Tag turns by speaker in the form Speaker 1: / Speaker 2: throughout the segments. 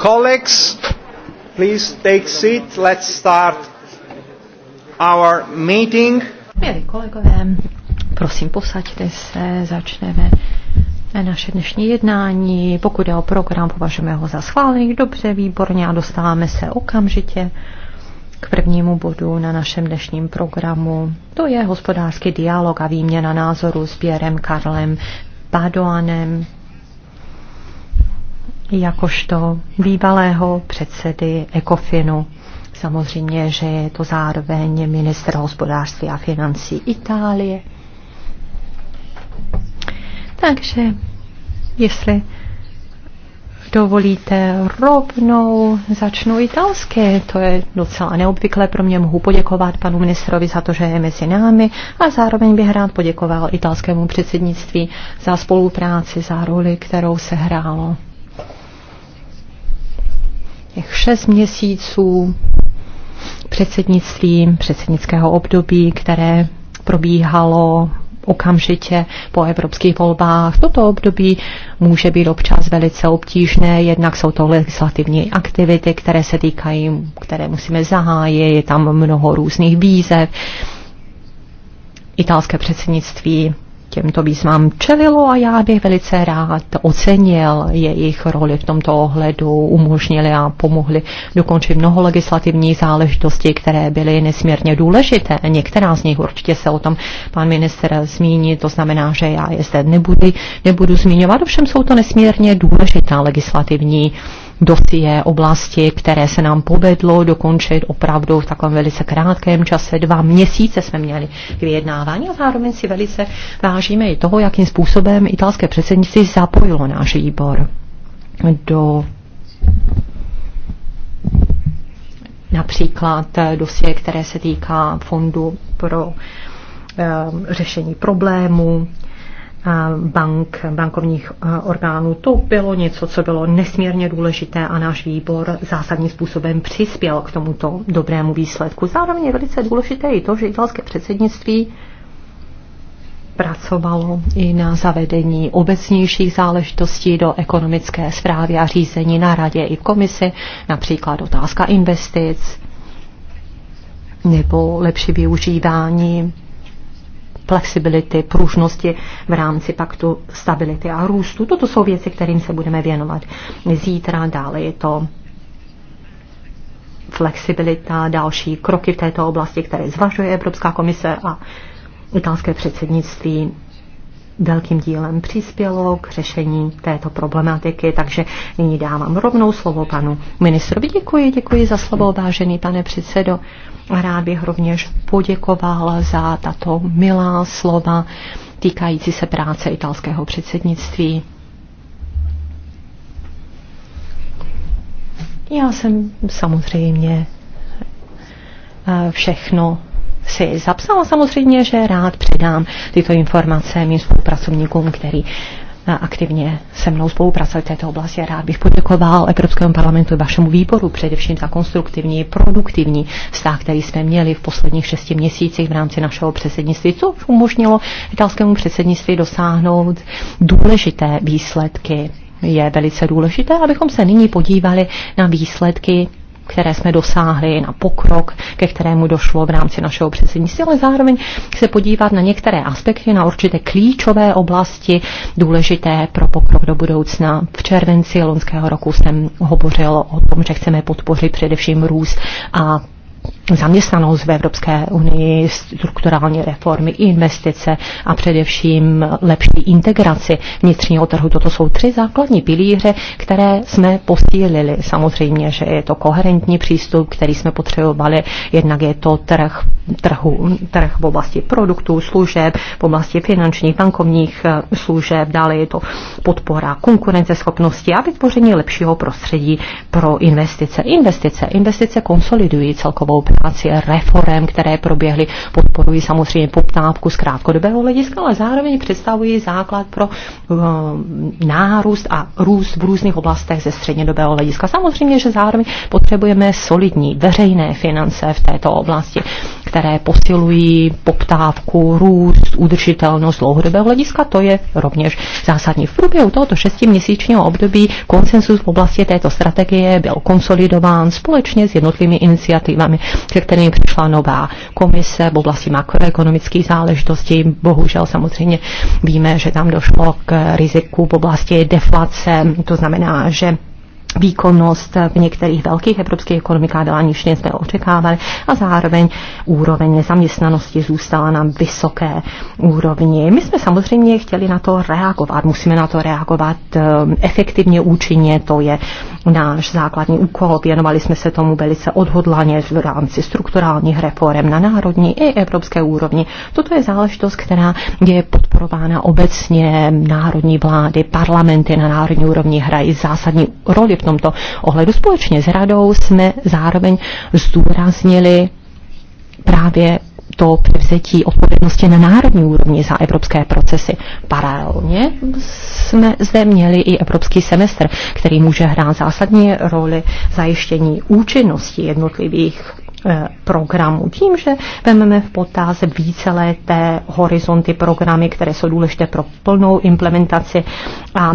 Speaker 1: Colleagues, please take seat. Let's start our meeting.
Speaker 2: Milí kolegové, prosím, posaďte se, začneme naše dnešní jednání. Pokud je o program, považujeme ho za schválený. Dobře, výborně a dostáváme se okamžitě k prvnímu bodu na našem dnešním programu. To je hospodářský dialog a výměna názoru s Běrem Karlem Padoanem, jakožto bývalého předsedy Ekofinu. Samozřejmě, že je to zároveň minister hospodářství a financí Itálie. Takže, jestli dovolíte, rovnou začnu italské. To je docela neobvyklé pro mě. Mohu poděkovat panu ministrovi za to, že je mezi námi a zároveň bych rád poděkoval italskému předsednictví za spolupráci, za roli, kterou se hrálo těch šest měsíců předsednictví, předsednického období, které probíhalo okamžitě po evropských volbách. Toto období může být občas velice obtížné, jednak jsou to legislativní aktivity, které se týkají, které musíme zahájit, je tam mnoho různých výzev. Italské předsednictví těmto výzvám čelilo a já bych velice rád ocenil jejich roli v tomto ohledu, umožnili a pomohli dokončit mnoho legislativních záležitostí, které byly nesmírně důležité. Některá z nich určitě se o tom pan minister zmíní, to znamená, že já je zde nebudu, nebudu zmiňovat, ovšem jsou to nesmírně důležitá legislativní dosie oblasti, které se nám povedlo dokončit opravdu v takovém velice krátkém čase. Dva měsíce jsme měli k vyjednávání a zároveň si velice vážíme i toho, jakým způsobem italské předsednictví zapojilo náš výbor do například dosie, které se týká fondu pro eh, řešení problémů, bank, bankovních orgánů. To bylo něco, co bylo nesmírně důležité a náš výbor zásadním způsobem přispěl k tomuto dobrému výsledku. Zároveň je velice důležité i to, že italské předsednictví pracovalo i na zavedení obecnějších záležitostí do ekonomické zprávy a řízení na radě i v komisi, například otázka investic nebo lepší využívání flexibility, pružnosti v rámci paktu stability a růstu. Toto jsou věci, kterým se budeme věnovat zítra. Dále je to flexibilita, další kroky v této oblasti, které zvažuje Evropská komise a italské předsednictví velkým dílem přispělo k řešení této problematiky, takže nyní dávám rovnou slovo panu ministrovi. Děkuji, děkuji za slovo, vážený pane předsedo. Rád bych rovněž poděkoval za tato milá slova týkající se práce italského předsednictví. Já jsem samozřejmě eh, všechno si zapsal samozřejmě, že rád předám tyto informace mým spolupracovníkům, který eh, aktivně se mnou spolupracovat v této oblasti. Rád bych poděkoval Evropskému parlamentu i vašemu výboru především za konstruktivní, produktivní vztah, který jsme měli v posledních šesti měsících v rámci našeho předsednictví, což umožnilo italskému předsednictví dosáhnout důležité výsledky. Je velice důležité, abychom se nyní podívali na výsledky které jsme dosáhli, na pokrok, ke kterému došlo v rámci našeho předsednictví, ale zároveň se podívat na některé aspekty, na určité klíčové oblasti důležité pro pokrok do budoucna. V červenci loňského roku jsem hovořil o tom, že chceme podpořit především růst a zaměstnanost v Evropské unii, strukturální reformy, investice a především lepší integraci vnitřního trhu. Toto jsou tři základní pilíře, které jsme posílili. Samozřejmě, že je to koherentní přístup, který jsme potřebovali. Jednak je to trh, trhu, trh v oblasti produktů, služeb, v oblasti finančních, bankovních eh, služeb, dále je to podpora konkurenceschopnosti a vytvoření lepšího prostředí pro investice. Investice, investice konsolidují celkovou rámci reform, které proběhly, podporují samozřejmě poptávku z krátkodobého hlediska, ale zároveň představují základ pro uh, nárůst a růst v různých oblastech ze střednědobého hlediska. Samozřejmě, že zároveň potřebujeme solidní veřejné finance v této oblasti, které posilují poptávku, růst, udržitelnost dlouhodobého hlediska. To je rovněž zásadní. V průběhu tohoto šestiměsíčního období konsensus v oblasti této strategie byl konsolidován společně s jednotlivými iniciativami se kterými přišla nová komise v oblasti makroekonomických záležitostí. Bohužel samozřejmě víme, že tam došlo k riziku v oblasti deflace, to znamená, že výkonnost v některých velkých evropských ekonomikách byla nižší, než jsme očekávali a zároveň úroveň nezaměstnanosti zůstala na vysoké úrovni. My jsme samozřejmě chtěli na to reagovat, musíme na to reagovat eh, efektivně, účinně, to je náš základní úkol. Věnovali jsme se tomu velice odhodlaně v rámci strukturálních reform na národní i evropské úrovni. Toto je záležitost, která je podporována obecně národní vlády, parlamenty na národní úrovni hrají zásadní roli v tomto ohledu. Společně s radou jsme zároveň zdůraznili právě to převzetí odpovědnosti na národní úrovni za evropské procesy. Paralelně jsme zde měli i evropský semestr, který může hrát zásadní roli zajištění účinnosti jednotlivých eh, programu. Tím, že vememe v potaz víceleté horizonty programy, které jsou důležité pro plnou implementaci a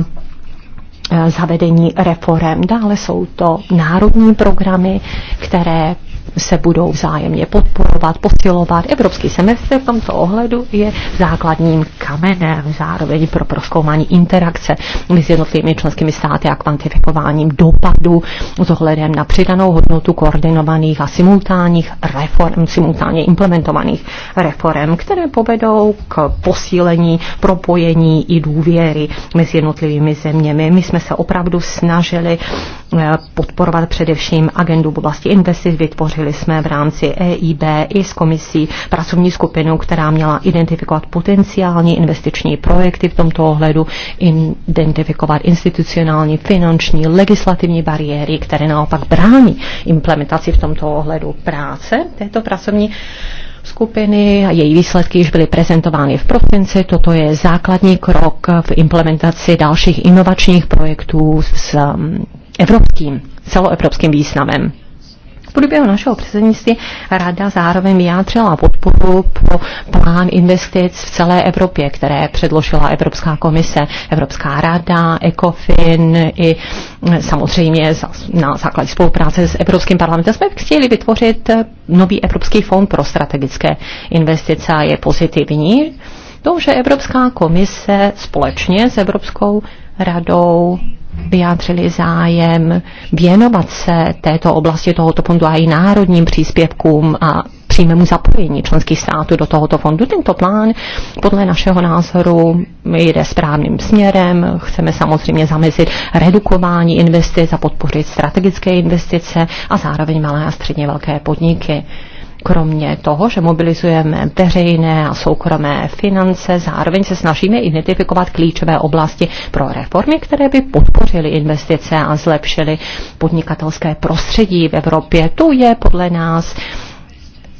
Speaker 2: eh, zavedení reform. Dále jsou to národní programy, které se budou vzájemně podporovat, posilovat. Evropský semestr v tomto ohledu je základním kamenem zároveň pro proskoumání interakce mezi jednotlivými členskými státy a kvantifikováním dopadu s ohledem na přidanou hodnotu koordinovaných a simultánních reform, simultánně implementovaných reform, které povedou k posílení, propojení i důvěry mezi jednotlivými zeměmi. My jsme se opravdu snažili eh, podporovat především agendu v oblasti investic, vytvořit Vytvořili jsme v rámci EIB i s komisí pracovní skupinu, která měla identifikovat potenciální investiční projekty v tomto ohledu, identifikovat institucionální, finanční, legislativní bariéry, které naopak brání implementaci v tomto ohledu práce této pracovní skupiny a její výsledky již byly prezentovány v provinci. Toto je základní krok v implementaci dalších inovačních projektů s um, evropským, celoevropským významem průběhu našeho předsednictví rada zároveň vyjádřila podporu pro plán investic v celé Evropě, které předložila Evropská komise, Evropská rada, ECOFIN i eh, samozřejmě na základě spolupráce s Evropským parlamentem jsme chtěli vytvořit eh, nový Evropský fond pro strategické investice a je pozitivní to, že Evropská komise společně s Evropskou radou vyjádřili zájem věnovat se této oblasti tohoto fondu a i národním příspěvkům a přímému zapojení členských států do tohoto fondu. Tento plán podle našeho názoru jde správným směrem. Chceme samozřejmě zamezit redukování investic a podpořit strategické investice a zároveň malé a středně velké podniky kromě toho, že mobilizujeme veřejné a soukromé finance, zároveň se snažíme identifikovat klíčové oblasti pro reformy, které by podpořily investice a zlepšily podnikatelské prostředí v Evropě. To je podle nás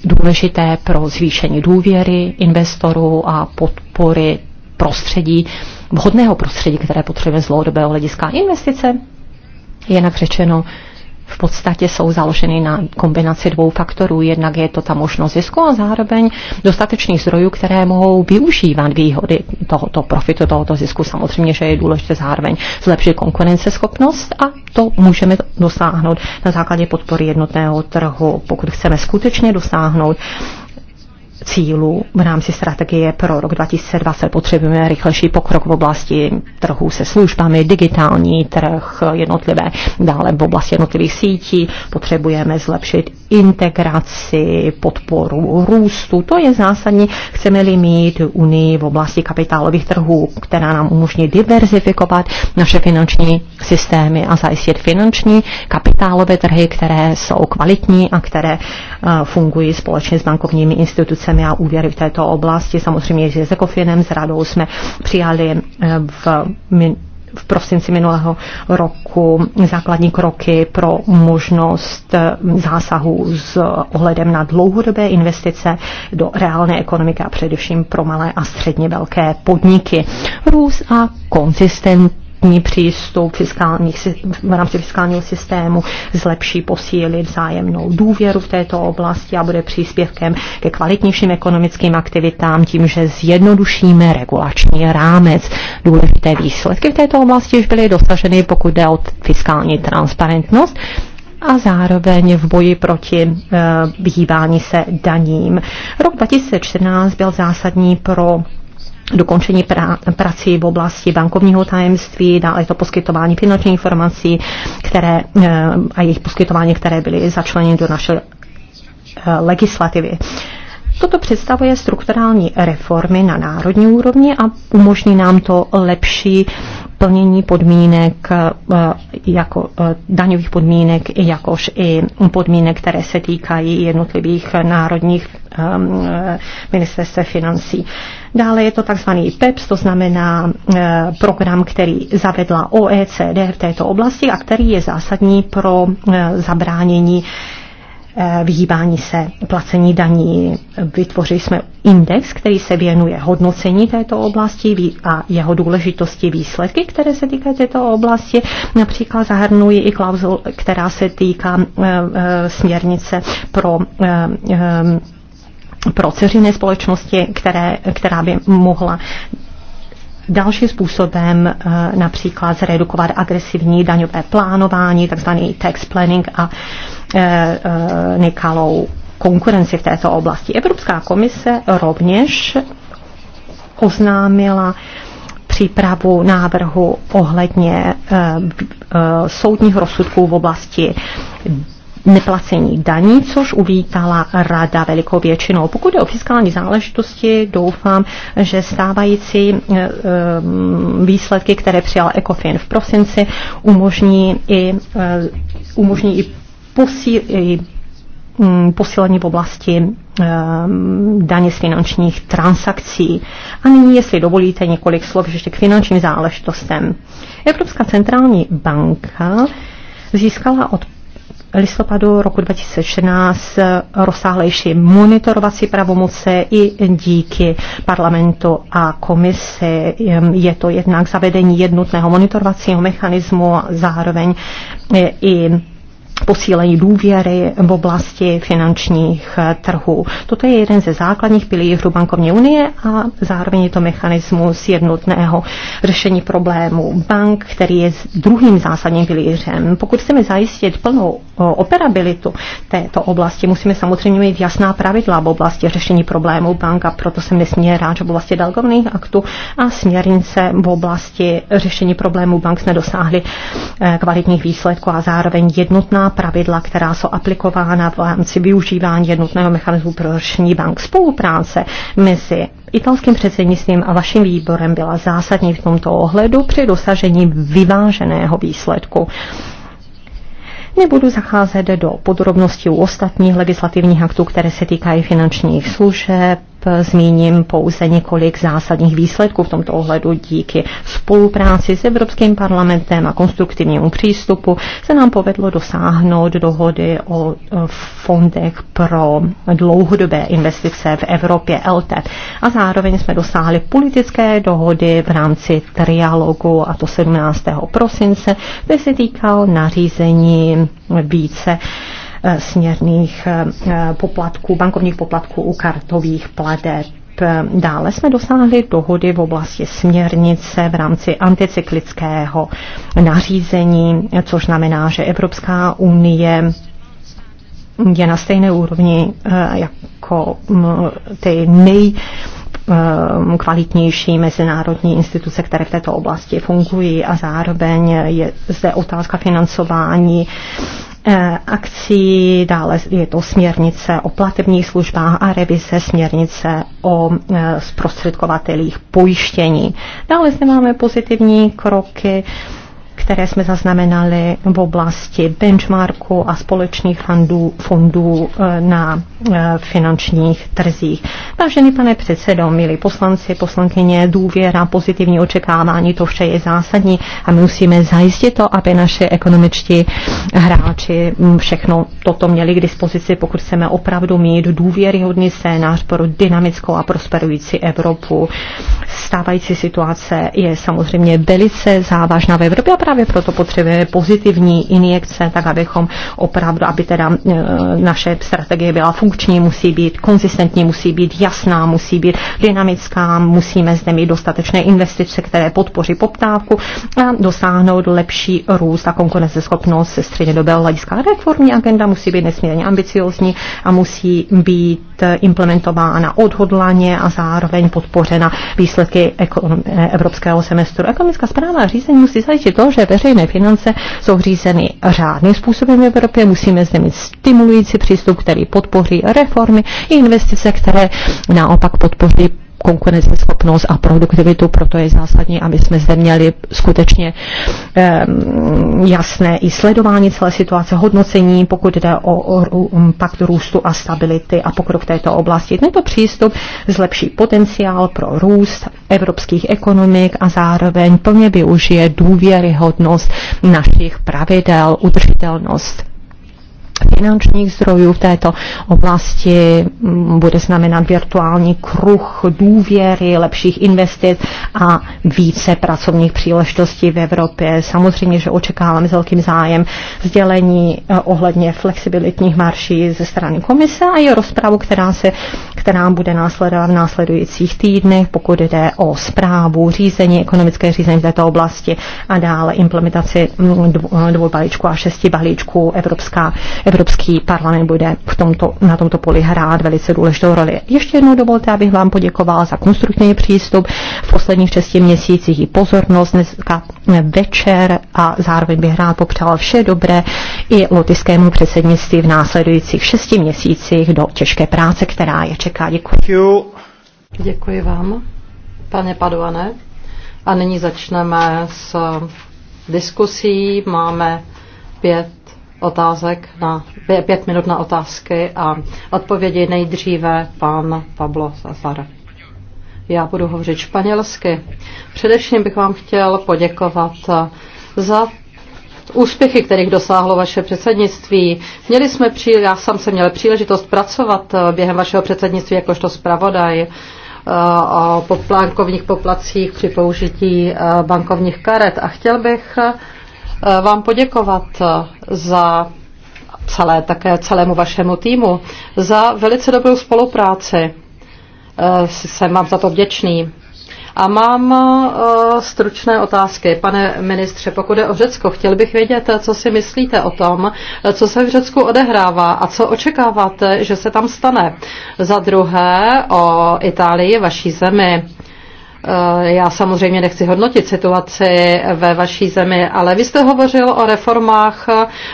Speaker 2: důležité pro zvýšení důvěry investorů a podpory prostředí, vhodného prostředí, které potřebujeme z dlouhodobého hlediska investice. Jinak řečeno, v podstatě jsou založeny na kombinaci dvou faktorů. Jednak je to ta možnost zisku a zároveň dostatečných zdrojů, které mohou využívat výhody tohoto profitu, tohoto zisku. Samozřejmě, že je důležité zároveň zlepšit konkurenceschopnost a to můžeme dosáhnout na základě podpory jednotného trhu. Pokud chceme skutečně dosáhnout cílů v rámci strategie pro rok 2020 potřebujeme rychlejší pokrok v oblasti trhu se službami, digitální trh, jednotlivé, dále v oblasti jednotlivých sítí, potřebujeme zlepšit integraci, podporu růstu, to je zásadní, chceme-li mít unii v oblasti kapitálových trhů, která nám umožní diverzifikovat naše finanční systémy a zajistit finanční kapitálové trhy, které jsou kvalitní a které uh, fungují společně s bankovními institucemi jsem a úvěry v této oblasti. Samozřejmě, že s Ekofinem, s radou jsme přijali eh, v v prosinci minulého roku základní kroky pro možnost eh, zásahu s ohledem na dlouhodobé investice do reálné ekonomiky a především pro malé a středně velké podniky. Růst a konzistent koherentní přístup fiskálních, v rámci fiskálního systému zlepší, posílit vzájemnou důvěru v této oblasti a bude příspěvkem ke kvalitnějším ekonomickým aktivitám tím, že zjednodušíme regulační rámec. Důležité výsledky v této oblasti už byly dosaženy, pokud jde o fiskální transparentnost a zároveň v boji proti eh, vyhýbání se daním. Rok 2014 byl zásadní pro dokončení pra, prací v oblasti bankovního tajemství, dále to poskytování finančních informací které, eh, a jejich poskytování, které byly začleněny do naší eh, legislativy. Toto představuje strukturální reformy na národní úrovni a umožní nám to lepší plnění podmínek, eh, jako eh, daňových podmínek, jakož i podmínek, které se týkají jednotlivých národních ehm, eh, ministerstv financí. Dále je to takzvaný PEPS, to znamená program, který zavedla OECD v této oblasti a který je zásadní pro zabránění Eh, vyhýbání se placení daní. Vytvořili jsme index, který se věnuje hodnocení této oblasti a jeho důležitosti výsledky, které se týkají této oblasti. Například zahrnují i klauzul, která se týká eh, eh, směrnice pro pro ceřinné společnosti, které, která by mohla dalším způsobem například zredukovat agresivní daňové plánování, takzvaný tax planning a Eh, eh, nekalou konkurenci v této oblasti. Evropská komise rovněž oznámila přípravu návrhu ohledně eh, soudních rozsudků v oblasti neplacení daní, což uvítala rada velikou většinou. Pokud je o fiskální záležitosti, doufám, že stávající výsledky, které přijal ECOFIN v prosinci, umožní i, umožní i posíl, mm, posílení v oblasti ehm, daně z finančních transakcí. A nyní, jestli dovolíte, několik slov ještě k finančním záležitostem. Evropská centrální banka získala od listopadu roku 2014 rozsáhlejší monitorovací pravomoce i díky parlamentu a komisi. Ehm, je to jednak zavedení jednotného monitorovacího mechanismu a zároveň e, i posílení důvěry v oblasti finančních eh, trhů. Toto je jeden ze základních pilířů bankovní unie a zároveň je to mechanismus jednotného řešení problémů bank, který je druhým zásadním pilířem. Pokud chceme zajistit plnou eh, operabilitu této oblasti, musíme samozřejmě mít jasná pravidla v oblasti řešení problémů bank a proto jsem nesmírně rád, že v oblasti dalgovných aktů a směrnice v oblasti řešení problémů bank jsme dosáhli eh, kvalitních výsledků a zároveň jednotná pravidla, která jsou aplikována v rámci využívání jednotného mechanismu pro roční bank. Spolupráce mezi italským předsednictvím a vaším výborem byla zásadní v tomto ohledu při dosažení vyváženého výsledku. Nebudu zacházet do podrobností u ostatních legislativních aktů, které se týkají finančních služeb, Eh, zmíním pouze několik zásadních výsledků v tomto ohledu díky spolupráci s Evropským parlamentem a konstruktivnímu přístupu se nám povedlo dosáhnout dohody o eh, fondech pro dlouhodobé investice v Evropě LT. E a zároveň jsme dosáhli politické dohody v rámci trialogu a to 17. prosince, kde se týkal nařízení více Eh, směrných eh, poplatků, bankovních poplatků u kartových plateb. Dále jsme dosáhli dohody v oblasti směrnice v rámci anticyklického nařízení, což znamená, že Evropská unie je na stejné úrovni eh, jako mm, ty nej kvalitnější mezinárodní instituce, které v této oblasti fungují a zároveň je zde otázka financování Eh, akcí, dále je to směrnice o platebních službách a revize směrnice o eh, zprostředkovatelích pojištění. Dále zde máme pozitivní kroky které jsme zaznamenali v oblasti benchmarku a společných fondů, fondů eh, na eh, finančních trzích. Vážený pane předsedo, milí poslanci, poslankyně, důvěra, pozitivní očekávání, to vše je zásadní a my musíme zajistit to, aby naše ekonomičtí hráči mm, všechno toto měli k dispozici, pokud chceme opravdu mít důvěryhodný scénář pro dynamickou a prosperující Evropu. Stávající situace je samozřejmě velice závažná v Evropě a právě proto potřebujeme pozitivní injekce, tak abychom opravdu, aby teda e, naše strategie byla funkční, musí být konzistentní, musí být jasná, musí být dynamická, musíme zde mít dostatečné investice, které podpoří poptávku a dosáhnout lepší růst a konkurenceschopnost se střednědobého hlediska. Reformní agenda musí být nesmírně ambiciozní a musí být implementována odhodlaně a zároveň podpořena výsledky ekonom- e, evropského semestru. Ekonomická zpráva a řízení musí zajistit to, že veřejné finance jsou řízeny řádným způsobem v Evropě, musíme zde mít stimulující přístup, který podpoří reformy i investice, které naopak podpoří konkurenceschopnost a produktivitu, proto je zásadní, aby jsme zde měli skutečně ehm, jasné i sledování celé situace, hodnocení, pokud jde o, o pakt růstu a stability a pokrok této oblasti. Tento přístup zlepší potenciál pro růst evropských ekonomik a zároveň plně využije důvěryhodnost našich pravidel, udržitelnost finančních zdrojů v této oblasti mm, bude znamenat virtuální kruh důvěry, lepších investic a více pracovních příležitostí v Evropě. Samozřejmě, že očekáváme velkým zájem sdělení eh, ohledně flexibilitních marší ze strany komise a je rozpravu, která, se, která bude následovat v následujících týdnech, pokud jde o zprávu, řízení, ekonomické řízení v této oblasti a dále implementaci mm, eh, dvou, dvou balíčku a šesti balíčku Evropská Evropský parlament bude v tomto, na tomto poli hrát velice důležitou roli. Ještě jednou dovolte, abych vám poděkoval za konstruktivní přístup v posledních šesti měsících i pozornost dneska večer a zároveň bych rád popřál vše dobré i lotyšskému předsednictví v následujících šesti měsících do těžké práce, která je čeká. Děkuji. Děkuji vám,
Speaker 1: pane Padované. A nyní začneme s diskusí. Máme pět otázek na pět minut na otázky a odpovědi nejdříve pan Pablo Cesar. Já budu hovořit španělsky. Především bych vám chtěl poděkovat eh, za úspěchy, kterých dosáhlo vaše předsednictví. Měli jsme při, já jsem se měl příležitost pracovat eh, během vašeho předsednictví jakožto zpravodaj eh, o bankovních poplacích při použití bankovních karet. A chtěl bych vám poděkovat eh, za celé, také celému vašemu týmu za velice dobrou spolupráci. Eh, jsem vám za to vděčný. A mám eh, stručné otázky. Pane ministře, pokud je o Řecko, chtěl bych vědět, co si myslíte o tom, co se v Řecku odehrává a co očekáváte, že se tam stane. Za druhé o Itálii, vaší zemi. Eh, já samozřejmě nechci hodnotit situaci ve vaší zemi, ale vy jste hovořil o reformách,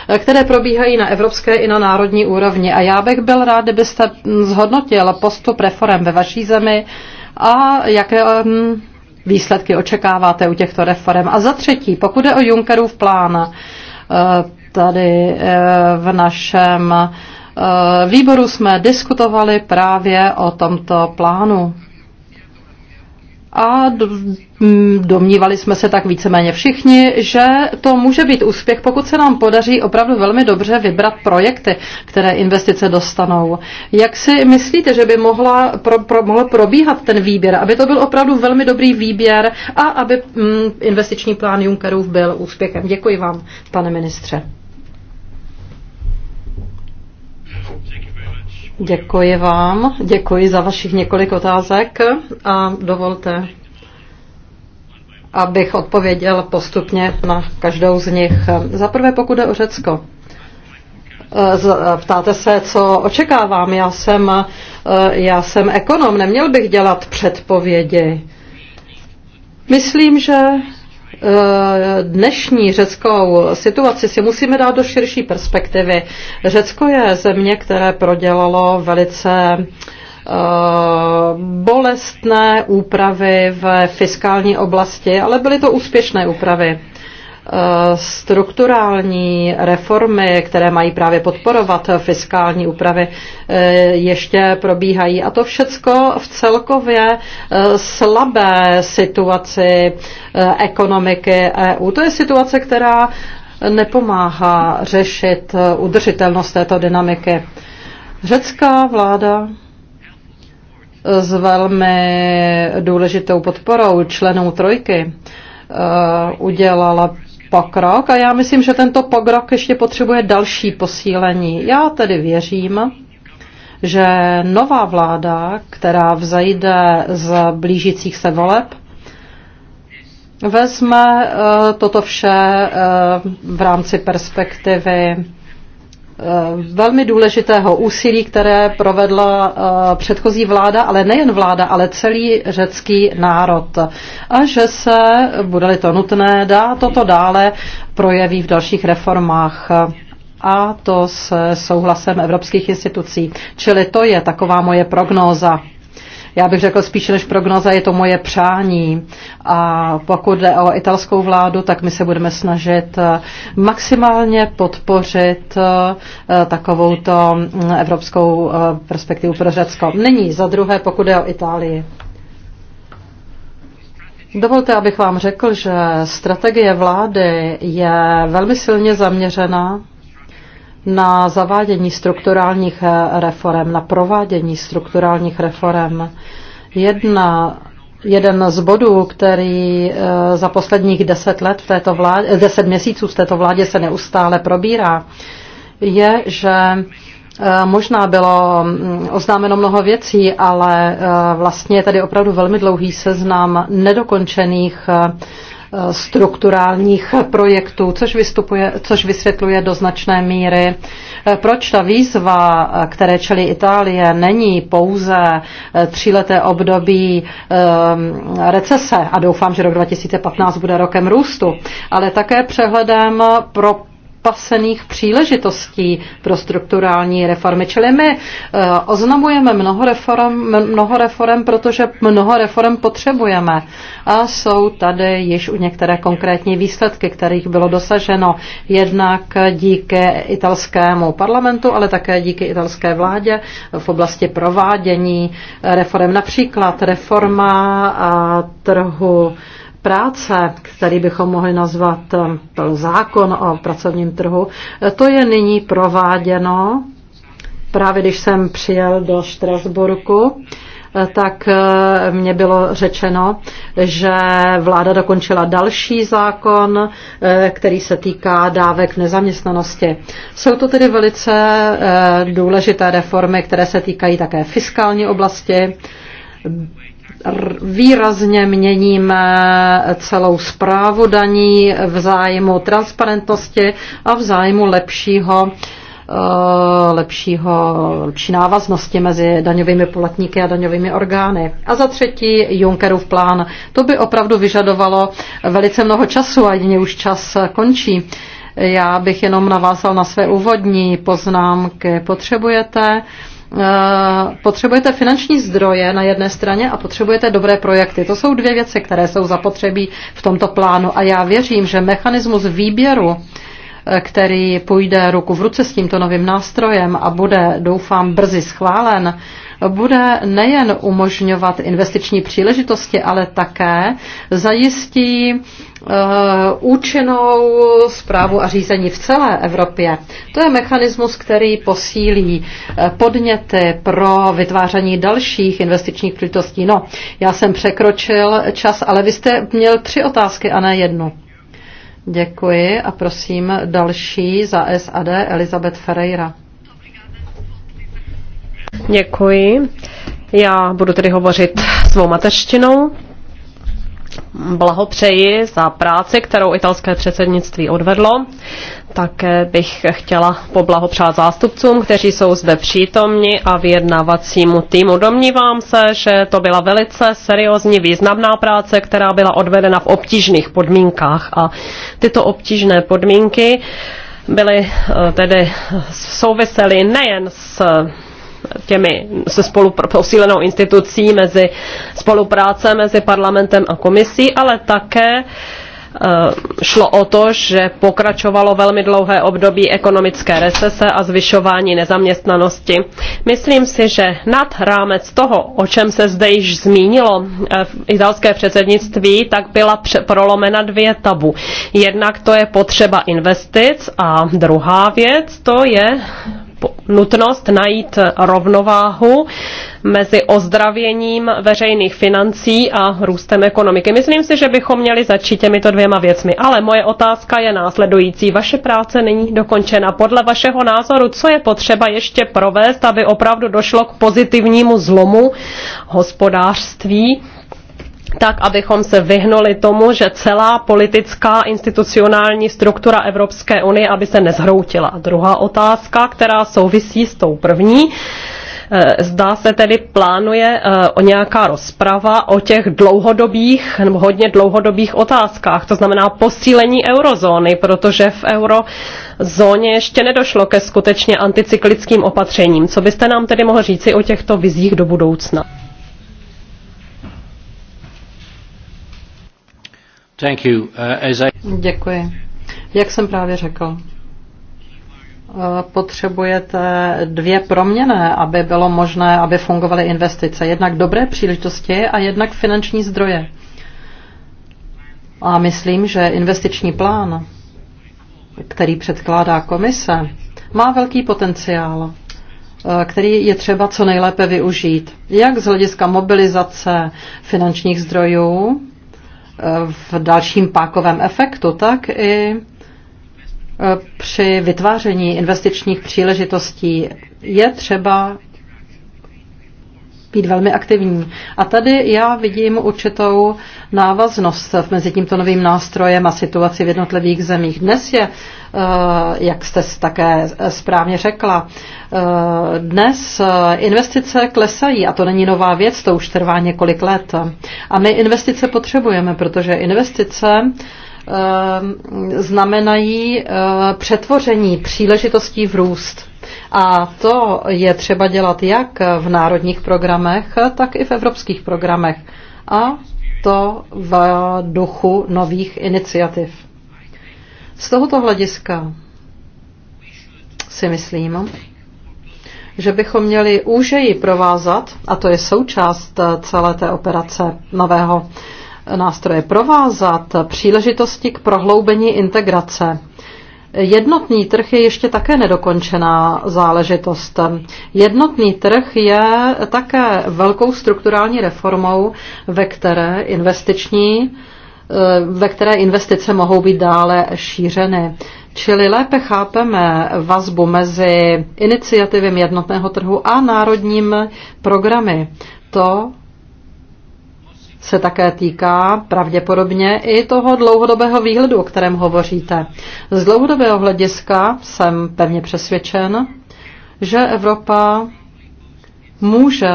Speaker 1: eh, které probíhají na evropské i na národní úrovni. A já bych byl rád, kdybyste zhodnotil postup reform ve vaší zemi a jaké mm, výsledky očekáváte u těchto reform. A za třetí, pokud je o Junckerův plán, eh, tady v našem výboru jsme diskutovali právě o tomto plánu a domnívali jsme se tak víceméně všichni, že to může být úspěch, pokud se nám podaří opravdu velmi dobře vybrat projekty, které investice dostanou. Jak si myslíte, že by mohla, pro, pro, mohl probíhat ten výběr, aby to byl opravdu velmi dobrý výběr a aby mm, investiční plán Junckerův byl úspěchem? Děkuji vám, pane ministře. Děkuji vám, děkuji za vašich několik otázek a dovolte, abych odpověděl postupně na každou z nich. Za prvé, pokud jde o Řecko. Ptáte se, co očekávám. Já jsem, já jsem ekonom, neměl bych dělat předpovědi. Myslím, že dnešní řeckou situaci si musíme dát do širší perspektivy. Řecko je země, které prodělalo velice eh, bolestné úpravy v fiskální oblasti, ale byly to úspěšné úpravy. Eh, strukturální reformy, které mají právě podporovat fiskální úpravy, eh, ještě probíhají. A to všecko v celkově eh, slabé situaci ekonomiky EU. To je situace, která nepomáhá řešit udržitelnost této dynamiky. Řecká vláda s velmi důležitou podporou členů trojky udělala pokrok a já myslím, že tento pokrok ještě potřebuje další posílení. Já tedy věřím, že nová vláda, která vzejde z blížících se voleb, vezme eh, toto vše eh, v rámci perspektivy Eh, velmi důležitého úsilí, které provedla eh, předchozí vláda, ale nejen vláda, ale celý řecký národ. A že se, bude-li to nutné, dá toto dále projeví v dalších reformách a to s souhlasem evropských institucí. Čili to je taková moje prognóza. Já bych řekl spíše než prognoza, je to moje přání. A pokud jde o italskou vládu, tak my se budeme snažit eh, maximálně podpořit eh, to mm, evropskou eh, perspektivu pro Řecko. Nyní za druhé, pokud jde o Itálii. Dovolte, abych vám řekl, že strategie vlády je velmi silně zaměřena na zavádění strukturálních reform, na provádění strukturálních reform. Jedna, jeden z bodů, který eh, za posledních deset, let v této vládě, eh, deset měsíců v této vládě se neustále probírá, je, že eh, Možná bylo mm, oznámeno mnoho věcí, ale vlastně je tady opravdu velmi dlouhý seznam nedokončených strukturálních projektů, což, vystupuje, což vysvětluje do značné míry, proč ta výzva, které čelí Itálie, není pouze tříleté období ehm, recese a doufám, že rok 2015 bude rokem růstu, ale také přehledem pro pasených příležitostí pro strukturální reformy. Čili my eh, oznamujeme mnoho reform, mnoho reform, protože mnoho reform potřebujeme. A jsou tady již u některé konkrétní výsledky, kterých bylo dosaženo jednak díky italskému parlamentu, ale také díky italské vládě v oblasti provádění reform. Například reforma eh, trhu práce, který bychom mohli nazvat um, zákon o pracovním trhu, to je nyní prováděno. Právě když jsem přijel do Štrasburku, eh, tak eh, mě bylo řečeno, že vláda dokončila další zákon, eh, který se týká dávek nezaměstnanosti. Jsou to tedy velice důležité reformy, které se týkají také fiskální oblasti výrazně měníme celou zprávu daní v zájmu transparentnosti a v zájmu lepšího eh, lepšího, lepší návaznosti mezi daňovými poplatníky a daňovými orgány. A za třetí Junckerův plán. To by opravdu vyžadovalo velice mnoho času a jedině už čas končí. Já bych jenom navázal na své úvodní poznámky. Potřebujete uh, Eh, potřebujete finanční zdroje na jedné straně a potřebujete dobré projekty. To jsou dvě věci, které jsou zapotřebí v tomto plánu a já věřím, že mechanismus výběru Eh, který půjde ruku v ruce s tímto novým nástrojem a bude, doufám, brzy schválen, bude nejen umožňovat investiční příležitosti, ale také zajistí eh, účinnou zprávu a řízení v celé Evropě. To je mechanismus, který posílí eh, podněty pro vytváření dalších investičních příležitostí. No, já jsem překročil čas, ale vy jste měl tři otázky a ne jednu. Děkuji a prosím další za SAD Elizabeth Ferreira. Děkuji. Já budu tedy hovořit svou mateřštinou
Speaker 3: blahopřeji za práci, kterou italské předsednictví odvedlo. Také bych chtěla poblahopřát zástupcům, kteří jsou zde přítomni a vyjednávacímu týmu. Domnívám se, že to byla velice seriózní, významná práce, která byla odvedena v obtížných podmínkách. A tyto obtížné podmínky byly eh, tedy eh, souvisely nejen s těmi se spolu posílenou institucí mezi spolupráce mezi parlamentem a komisí, ale také eh, šlo o to, že pokračovalo velmi dlouhé období ekonomické recese a zvyšování nezaměstnanosti. Myslím si, že nad rámec toho, o čem se zde již zmínilo eh, v italské předsednictví, tak byla prolomena dvě tabu. Jednak to je potřeba investic a druhá věc to je nutnost najít rovnováhu mezi ozdravěním veřejných financí a růstem ekonomiky. Myslím si, že bychom měli začít těmito dvěma věcmi. Ale moje otázka je následující. Vaše práce není dokončena. Podle vašeho názoru, co je potřeba ještě provést, aby opravdu došlo k pozitivnímu zlomu hospodářství? tak abychom se vyhnuli tomu, že celá politická institucionální struktura Evropské unie, aby se nezhroutila. A druhá otázka, která souvisí s tou první, eh, Zdá se tedy plánuje eh, o nějaká rozprava o těch dlouhodobých, nebo hodně dlouhodobých otázkách, to znamená posílení eurozóny, protože v eurozóně ještě nedošlo ke skutečně anticyklickým opatřením. Co byste nám tedy mohl říci o těchto vizích do budoucna?
Speaker 2: Uh,
Speaker 1: Děkuji. Jak jsem právě řekl, eh, potřebujete dvě proměny, aby bylo možné, aby fungovaly investice. Jednak dobré příležitosti a jednak finanční zdroje. A myslím, že investiční plán, který předkládá komise, má velký potenciál, eh, který je třeba co nejlépe využít. Jak z hlediska mobilizace finančních zdrojů, v dalším pákovém efektu, tak i e, při vytváření investičních příležitostí je třeba být velmi aktivní. A tady já vidím určitou návaznost mezi tímto novým nástrojem a situaci v jednotlivých zemích. Dnes je, eh, jak jste také správně řekla, eh, dnes eh, investice klesají a to není nová věc, to už trvá několik let. A my investice potřebujeme, protože investice znamenají přetvoření příležitostí v růst. A to je třeba dělat jak v národních programech, tak i v evropských programech. A to v duchu nových iniciativ. Z tohoto hlediska si myslím, že bychom měli úžeji provázat, a to je součást celé té operace nového nástroje, provázat příležitosti k prohloubení integrace Jednotný trh je ještě také nedokončená záležitost. Jednotný trh je také velkou strukturální reformou, ve které investiční eh, ve které investice mohou být dále šířeny. Čili lépe chápeme vazbu mezi iniciativem jednotného trhu a národním programy. To se také týká pravděpodobně i toho dlouhodobého výhledu, o kterém hovoříte. Z dlouhodobého hlediska jsem pevně přesvědčen, že Evropa může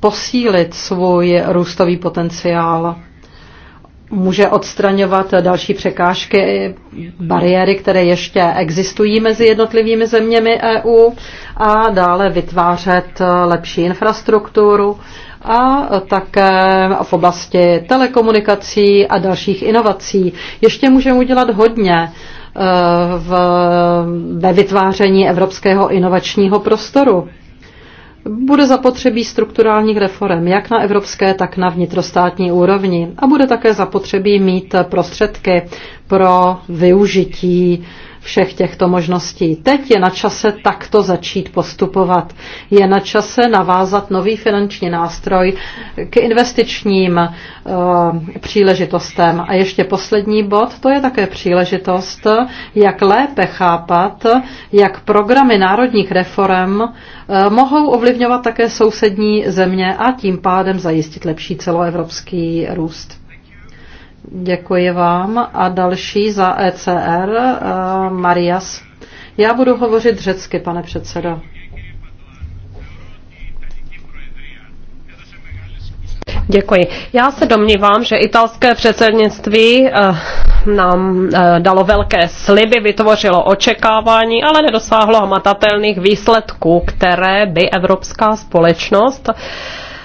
Speaker 1: posílit svůj růstový potenciál může odstraňovat další překážky, bariéry, které ještě existují mezi jednotlivými zeměmi EU a dále vytvářet lepší infrastrukturu a také v oblasti telekomunikací a dalších inovací. Ještě můžeme udělat hodně eh, v, ve vytváření evropského inovačního prostoru. Bude zapotřebí strukturálních reform, jak na evropské, tak na vnitrostátní úrovni. A bude také zapotřebí mít prostředky pro využití uh, všech těchto možností. Teď je na čase takto začít postupovat. Je na čase navázat nový finanční nástroj k investičním uh, příležitostem. A ještě poslední bod, to je také příležitost, jak lépe chápat, jak programy národních reform uh, mohou ovlivňovat také sousední země a tím pádem zajistit lepší celoevropský růst. Děkuji vám. A další za ECR, eh, Marias. Já budu hovořit řecky, pane předsedo. Děkuji.
Speaker 3: Já se domnívám, že italské předsednictví eh, nám eh, dalo velké sliby, vytvořilo očekávání, ale nedosáhlo hmatatelných výsledků, které by evropská společnost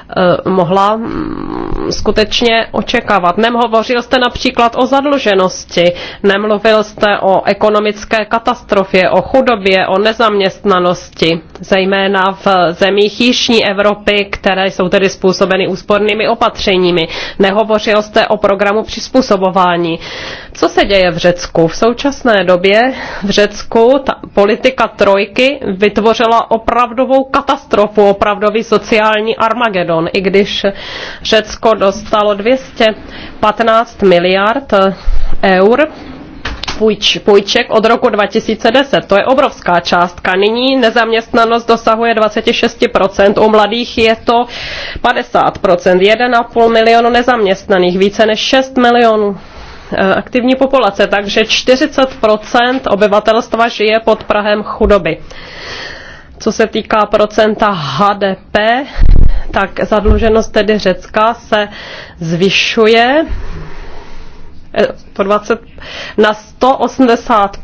Speaker 3: Eh, mohla mm, skutečně očekávat. Nemhovořil jste například o zadluženosti, nemluvil jste o ekonomické katastrofě, o chudobě, o nezaměstnanosti, zejména v zemích Jižní Evropy, které jsou tedy způsobeny úspornými opatřeními. Nehovořil jste o programu přizpůsobování. Co se děje v Řecku? V současné době v Řecku ta politika trojky vytvořila opravdovou katastrofu, opravdový sociální armagedon pardon, i když Řecko dostalo 215 miliard eh, eur půjč, půjček od roku 2010. To je obrovská částka. Nyní nezaměstnanost dosahuje 26%, u mladých je to 50%, 1,5 milionu nezaměstnaných, více než 6 milionů eh, aktivní populace, takže 40% obyvatelstva žije pod Prahem chudoby. Co se týká procenta HDP, tak zadluženost tedy Řecka se zvyšuje po eh, 20, na 180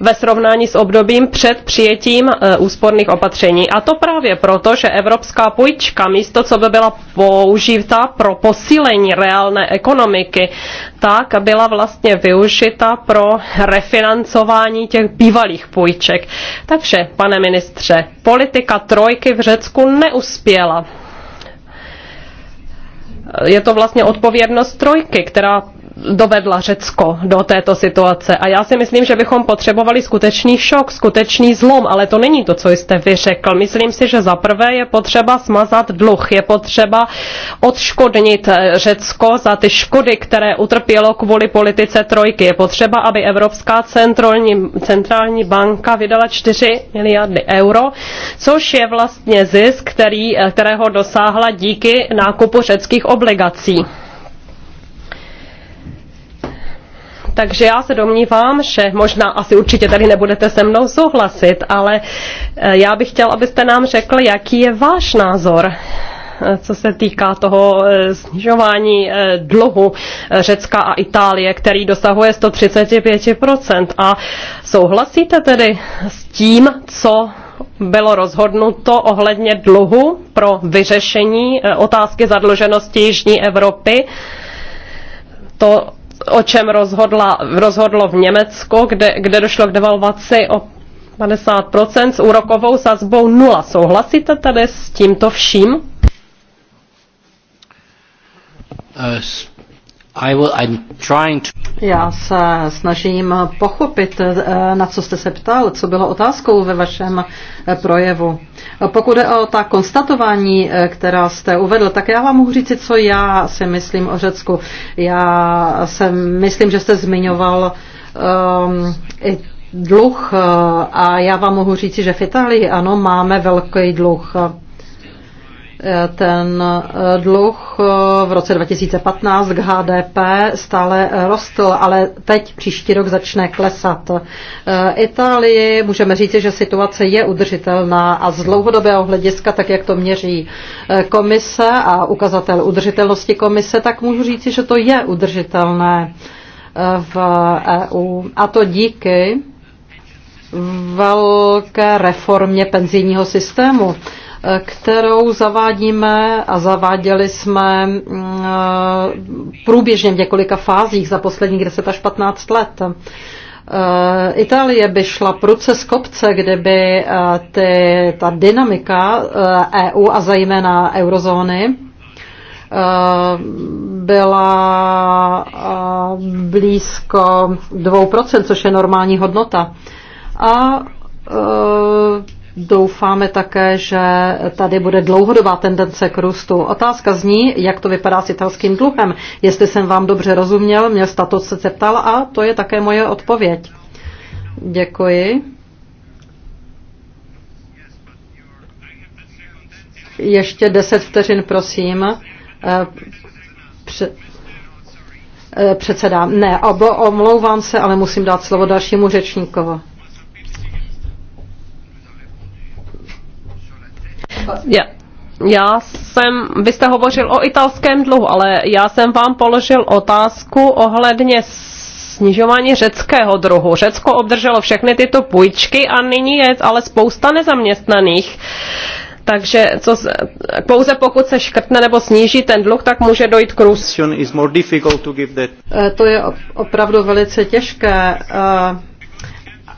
Speaker 3: ve srovnání s obdobím před přijetím e, úsporných opatření. A to právě proto, že evropská půjčka místo, co by byla použita pro posílení reálné ekonomiky, tak byla vlastně využita pro refinancování těch bývalých půjček. Takže, pane ministře, politika trojky v Řecku neuspěla je to vlastně odpovědnost trojky, která dovedla Řecko do této situace. A já si myslím, že bychom potřebovali skutečný šok, skutečný zlom, ale to není to, co jste vyřekl. Myslím si, že zaprvé je potřeba smazat dluh, je potřeba odškodnit eh, Řecko za ty škody, které utrpělo kvůli politice trojky. Je potřeba, aby Evropská centrální, centrální banka vydala 4 miliardy euro, což je vlastně zisk, který, eh, kterého dosáhla díky nákupu řeckých obligací. Takže já se domnívám, že možná asi určitě tady nebudete se mnou souhlasit, ale eh, já bych chtěl, abyste nám řekl, jaký je váš názor eh, co se týká toho eh, snižování dluhu Řecka a Itálie, který dosahuje 135%. A souhlasíte tedy s tím, co bylo rozhodnuto ohledně dluhu pro vyřešení otázky zadluženosti Jižní Evropy? To o čem rozhodla, rozhodlo v Německu, kde, kde došlo k devalvaci o 50% s úrokovou sazbou nula. Souhlasíte tady s tímto vším?
Speaker 2: Eh, i will, I'm trying to...
Speaker 1: Já se snažím pochopit, eh, na co jste se ptal, co bylo otázkou ve vašem eh, projevu. Pokud je o ta konstatování, eh, která jste uvedl, tak já vám mohu říct, co já si myslím o Řecku. Já se myslím, že jste zmiňoval um, i dluh a já vám mohu říct, že v Itálii ano, máme velký dluh. Ten eh, dluh eh, v roce 2015 k HDP stále eh, rostl, ale teď příští rok začne klesat. Itálii můžeme říci, že situace je udržitelná a z dlouhodobého hlediska, tak jak to měří komise a ukazatel udržitelnosti komise, tak můžu říci, že to je udržitelné v EU. A to díky velké reformě penzijního systému kterou zavádíme a zaváděli jsme mm, eh, průběžně v několika fázích za posledních 10 až 15 let. Eh, Itálie by šla pruce z kopce, kdyby eh, ty, ta dynamika EU e a zejména eurozóny byla blízko 2%, což je normální hodnota. A Doufáme také, že tady bude dlouhodobá tendence k růstu. Otázka zní, jak to vypadá s italským dluhem. Jestli jsem vám dobře rozuměl, měl status se zeptal a to je také moje odpověď. Děkuji. Ještě deset vteřin, prosím. Eh, pře- eh, předseda. Ne, omlouvám se, ale musím dát slovo dalšímu řečníkovi. Já, Já jsem, vy jste hovořil o italském
Speaker 3: dluhu, ale já jsem vám položil otázku ohledně snižování řeckého druhu. Řecko obdrželo všechny tyto půjčky a nyní je ale spousta nezaměstnaných. Takže co, pouze pokud se škrtne nebo sníží ten dluh, tak
Speaker 1: může dojít k růstu. Eh, to je opravdu velice těžké eh,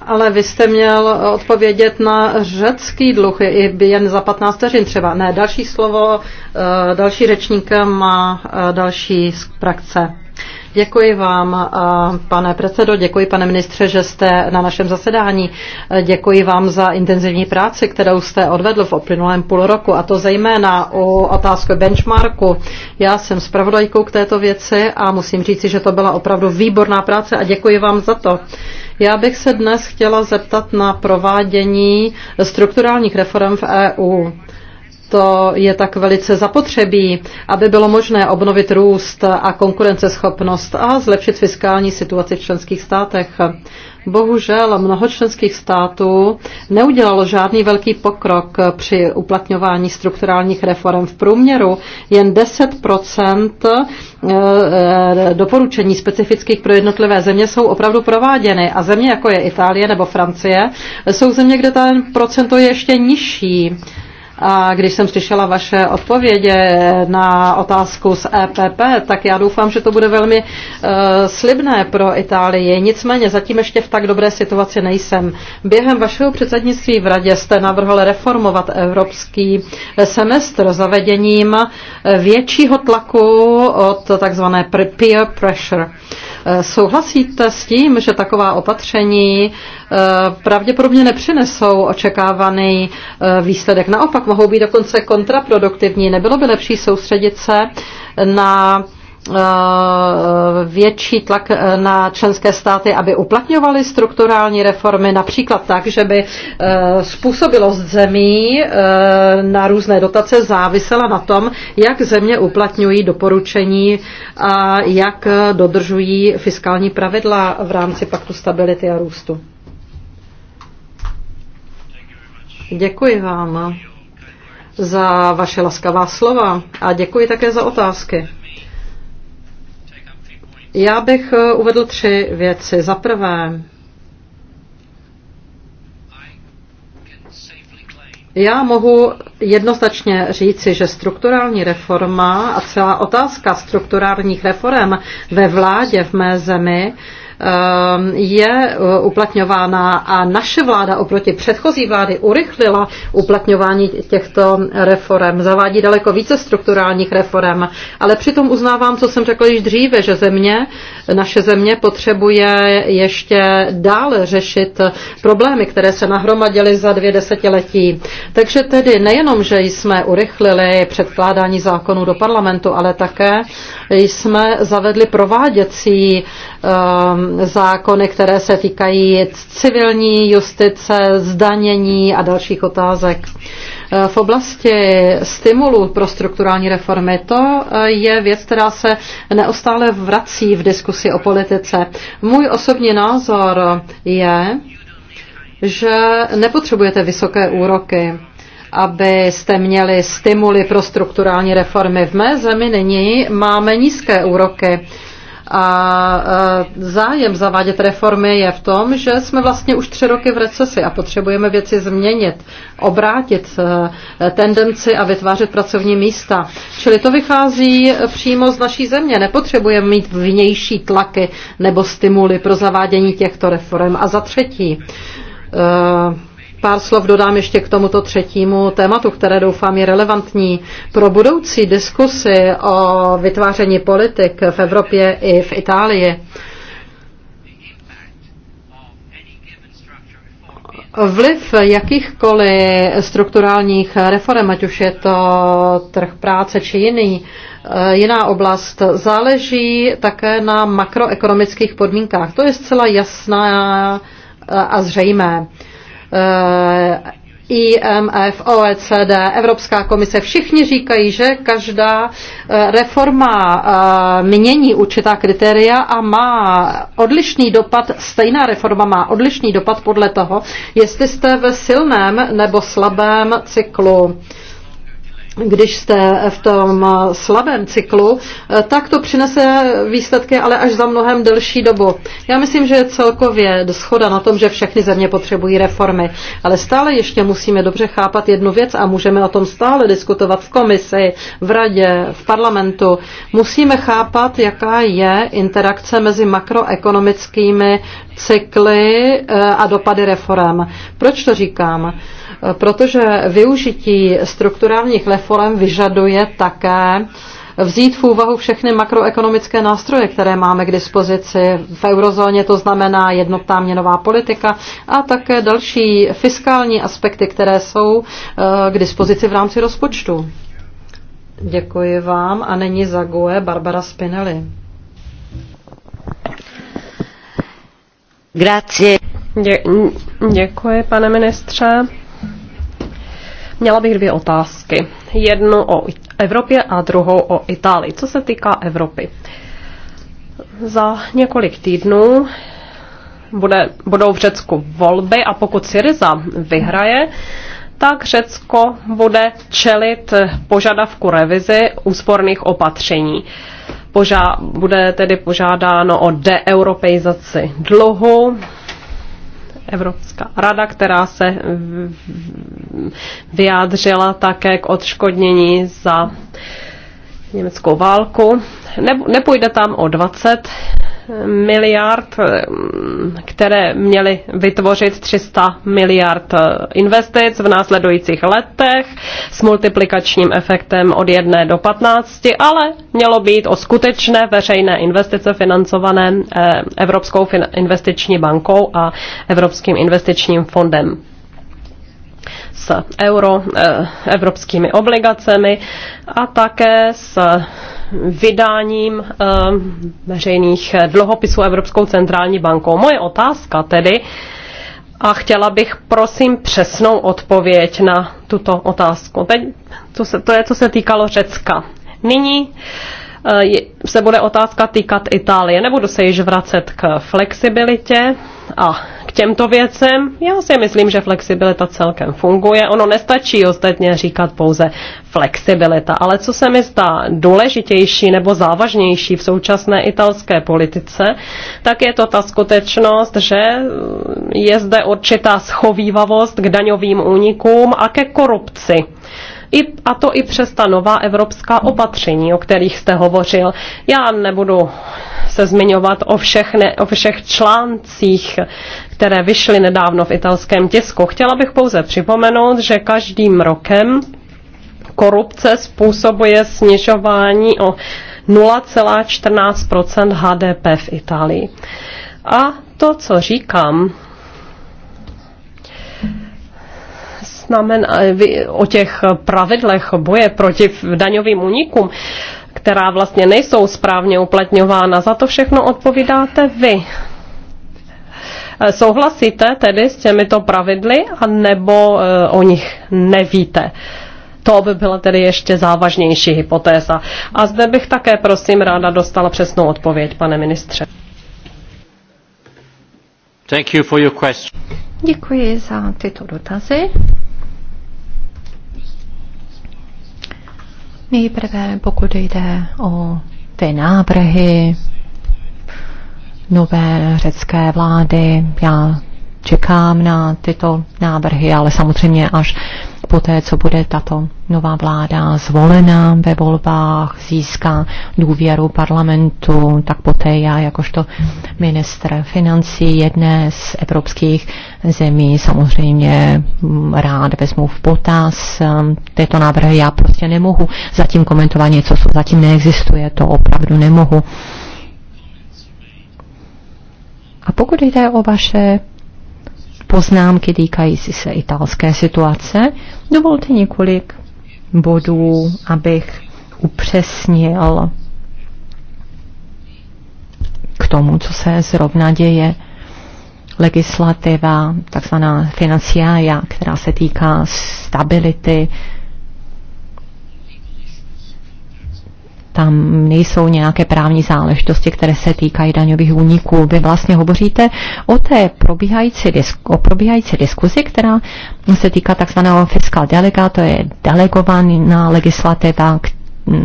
Speaker 1: ale vy jste měl odpovědět na řecký dluh i jen za 15 vteřin třeba. Ne, další slovo, eh, další řečník má eh, další z praxe. Děkuji vám, eh, pane předsedo, děkuji, pane ministře, že jste na našem zasedání. Eh, děkuji vám za intenzivní práci, kterou jste odvedl v uplynulém půl roku, a to zejména o otázku benchmarku. Já jsem zpravodajkou k této věci a musím říci, že to byla opravdu výborná práce a děkuji vám za to. Já bych se dnes chtěla zeptat na provádění strukturálních reform v EU to je tak velice zapotřebí, aby bylo možné obnovit růst a konkurenceschopnost a zlepšit fiskální situaci v členských státech. Bohužel mnoho členských států neudělalo žádný velký pokrok při uplatňování strukturálních reform. V průměru jen 10 e, e, doporučení specifických pro jednotlivé země jsou opravdu prováděny a země jako je Itálie nebo Francie jsou země, kde ten procento je ještě nižší. A když jsem slyšela vaše odpovědě na otázku z EPP, tak já doufám, že to bude velmi uh, slibné pro Itálii. Nicméně zatím ještě v tak dobré situaci nejsem. Během vašeho předsednictví v Radě jste navrhl reformovat evropský eh, semestr zavedením eh, většího tlaku od takzvané peer pressure. Uh, Eh, souhlasíte s tím, že taková opatření eh, pravděpodobně nepřinesou očekávaný eh, výsledek? Naopak mohou být dokonce kontraproduktivní. Nebylo by lepší soustředit se na Eh, větší tlak eh, na členské státy, aby uplatňovaly strukturální reformy, například tak, že by eh, způsobilost zemí na různé dotace závisela na tom, jak země uplatňují doporučení a jak dodržují fiskální pravidla v rámci paktu stability a růstu. Děkuji vám za vaše laskavá slova a děkuji také za otázky. Já bych eh, uvedl tři věci. Za prvé, Já mohu jednoznačně říci, že strukturální reforma a celá otázka strukturálních reform ve vládě v mé zemi Ehm, je eh, uplatňována a naše vláda oproti předchozí vlády urychlila uplatňování těchto reform, zavádí daleko více strukturálních reform, ale přitom uznávám, co jsem řekla již dříve, že země, naše země potřebuje ještě dále řešit problémy, které se nahromadily za dvě desetiletí. Takže tedy nejenom, že jsme urychlili předkládání zákonů do parlamentu, ale také jsme zavedli prováděcí um, zákony, které se týkají civilní justice, zdanění a dalších otázek. V oblasti stimulu pro strukturální reformy to je věc, která se neustále vrací v diskusi o politice. Můj osobní názor je, že nepotřebujete vysoké úroky abyste měli stimuly pro strukturální reformy. V mé zemi nyní máme nízké úroky a e, zájem zavádět reformy je v tom, že jsme vlastně už tři roky v recesi a potřebujeme věci změnit, obrátit e, tendenci a vytvářet pracovní místa. Čili to vychází přímo z naší země. Nepotřebujeme mít vnější tlaky nebo stimuly pro zavádění těchto reform. A za třetí, e, Pár slov dodám ještě k tomuto třetímu tématu, které doufám je relevantní pro budoucí diskusy o vytváření politik v Evropě i v Itálii. Vliv jakýchkoliv strukturálních reform, ať už je to trh práce či jiný, jiná oblast, záleží také na makroekonomických podmínkách. To je zcela jasná a zřejmé. Eh, IMF, OECD, Evropská komise, všichni říkají, že každá eh, reforma eh, mění určitá kritéria a má odlišný dopad, stejná reforma má odlišný dopad podle toho, jestli jste ve silném nebo slabém cyklu když jste v tom eh, slabém cyklu, eh, tak to přinese výsledky ale až za mnohem delší dobu. Já myslím, že je celkově schoda na tom, že všechny země potřebují reformy, ale stále ještě musíme dobře chápat jednu věc a můžeme o tom stále diskutovat v komisi, v radě, v parlamentu. Musíme chápat, jaká je interakce mezi makroekonomickými cykly eh, a dopady reform. Proč to říkám? Protože využití strukturálních reform reform vyžaduje také vzít v úvahu všechny makroekonomické nástroje, které máme k dispozici. V eurozóně to znamená jednotná měnová politika a také další fiskální aspekty, které jsou eh, k dispozici v rámci rozpočtu. Děkuji vám a není za GUE Barbara Spinelli.
Speaker 3: Grazie. Dě- děkuji, pane ministře. Měla bych dvě otázky. Jednu o Evropě a druhou o Itálii. Co se týká Evropy? Za několik týdnů bude, budou v Řecku volby a pokud Syriza vyhraje, tak Řecko bude čelit požadavku revizi úsporných opatření. Poža- bude tedy požádáno o deeuropeizaci dluhu, Evropská rada, která se vyjádřila také k odškodnění za německou válku. Ne, nepůjde tam o 20 miliard, eh, které měly vytvořit 300 miliard eh, investic v následujících letech s multiplikačním efektem od 1 do 15, ale mělo být o skutečné veřejné investice financované eh, Evropskou investiční bankou a Evropským investičním fondem s euro, eh, evropskými obligacemi a také s vydáním eh, veřejných dluhopisů Evropskou centrální bankou. Moje otázka tedy, a chtěla bych prosím přesnou odpověď na tuto otázku. Teď to, se, to je, co se týkalo Řecka. Nyní Eh, se bude otázka týkat Itálie. Nebudu se již vracet k flexibilitě a k těmto věcem. Já si myslím, že flexibilita celkem funguje. Ono nestačí ostatně říkat pouze flexibilita, ale co se mi zdá důležitější nebo závažnější v současné italské politice, tak je to ta skutečnost, že eh, je zde určitá schovývavost k daňovým únikům a ke korupci. I, a to i přes ta nová evropská opatření, o kterých jste hovořil. Já nebudu se zmiňovat o všech, ne, o všech článcích, které vyšly nedávno v italském tisku. Chtěla bych pouze připomenout, že každým rokem korupce způsobuje snižování o 0,14 HDP v Itálii. A to, co říkám, znamen, eh, o těch eh, pravidlech boje proti daňovým unikům, která vlastně nejsou správně uplatňována. Za to všechno odpovídáte vy. Eh, souhlasíte tedy s těmito pravidly, anebo o nich nevíte? To by byla tedy ještě závažnější hypotéza. A zde bych také, prosím, ráda dostala přesnou odpověď, pane ministře.
Speaker 1: Thank you for your question.
Speaker 2: Děkuji za tyto dotazy. Nejprve, pokud jde o ty návrhy nové řecké vlády, já čekám na tyto návrhy, ale samozřejmě až poté, co bude tato nová vláda zvolena ve volbách, získá důvěru parlamentu, tak poté já jakožto ministr financí jedné z evropských zemí samozřejmě rád vezmu v potaz um, tyto návrhy. Já prostě nemohu zatím komentovat něco, co zatím neexistuje, to opravdu nemohu. A pokud jde o vaše poznámky týkající se italské situace. Dovolte několik bodů, abych upřesnil k tomu, co se zrovna děje legislativa, takzvaná financiája, která se týká stability tam nejsou nějaké právní záležitosti, které se týkají daňových úniků. Vy vlastně hovoříte o té probíhající, disku, o probíhající diskuzi, která se týká takzvaného fiskal delega, to je delegovaná legislativa,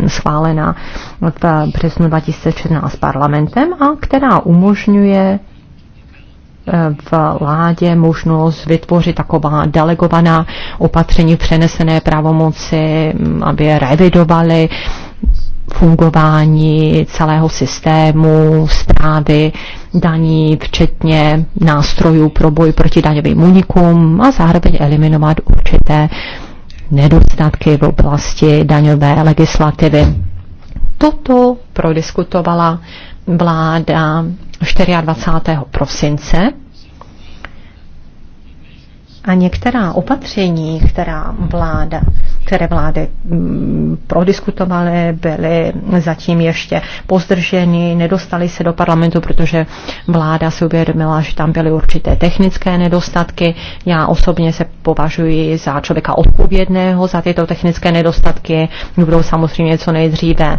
Speaker 2: schválená v březnu 2016 parlamentem a která umožňuje eh, v vládě možnost vytvořit taková delegovaná opatření přenesené pravomoci, aby revidovali fungování celého systému, zprávy daní, včetně nástrojů pro boj proti daňovým únikům a zároveň eliminovat určité nedostatky v oblasti daňové legislativy. Toto prodiskutovala vláda 24. prosince a některá opatření, která vláda, které vlády mm, prodiskutovaly, byly zatím ještě pozdrženy, nedostaly se do parlamentu, protože vláda si uvědomila, že tam byly určité technické nedostatky. Já osobně se považuji za člověka odpovědného za tyto technické nedostatky. Budou samozřejmě co nejdříve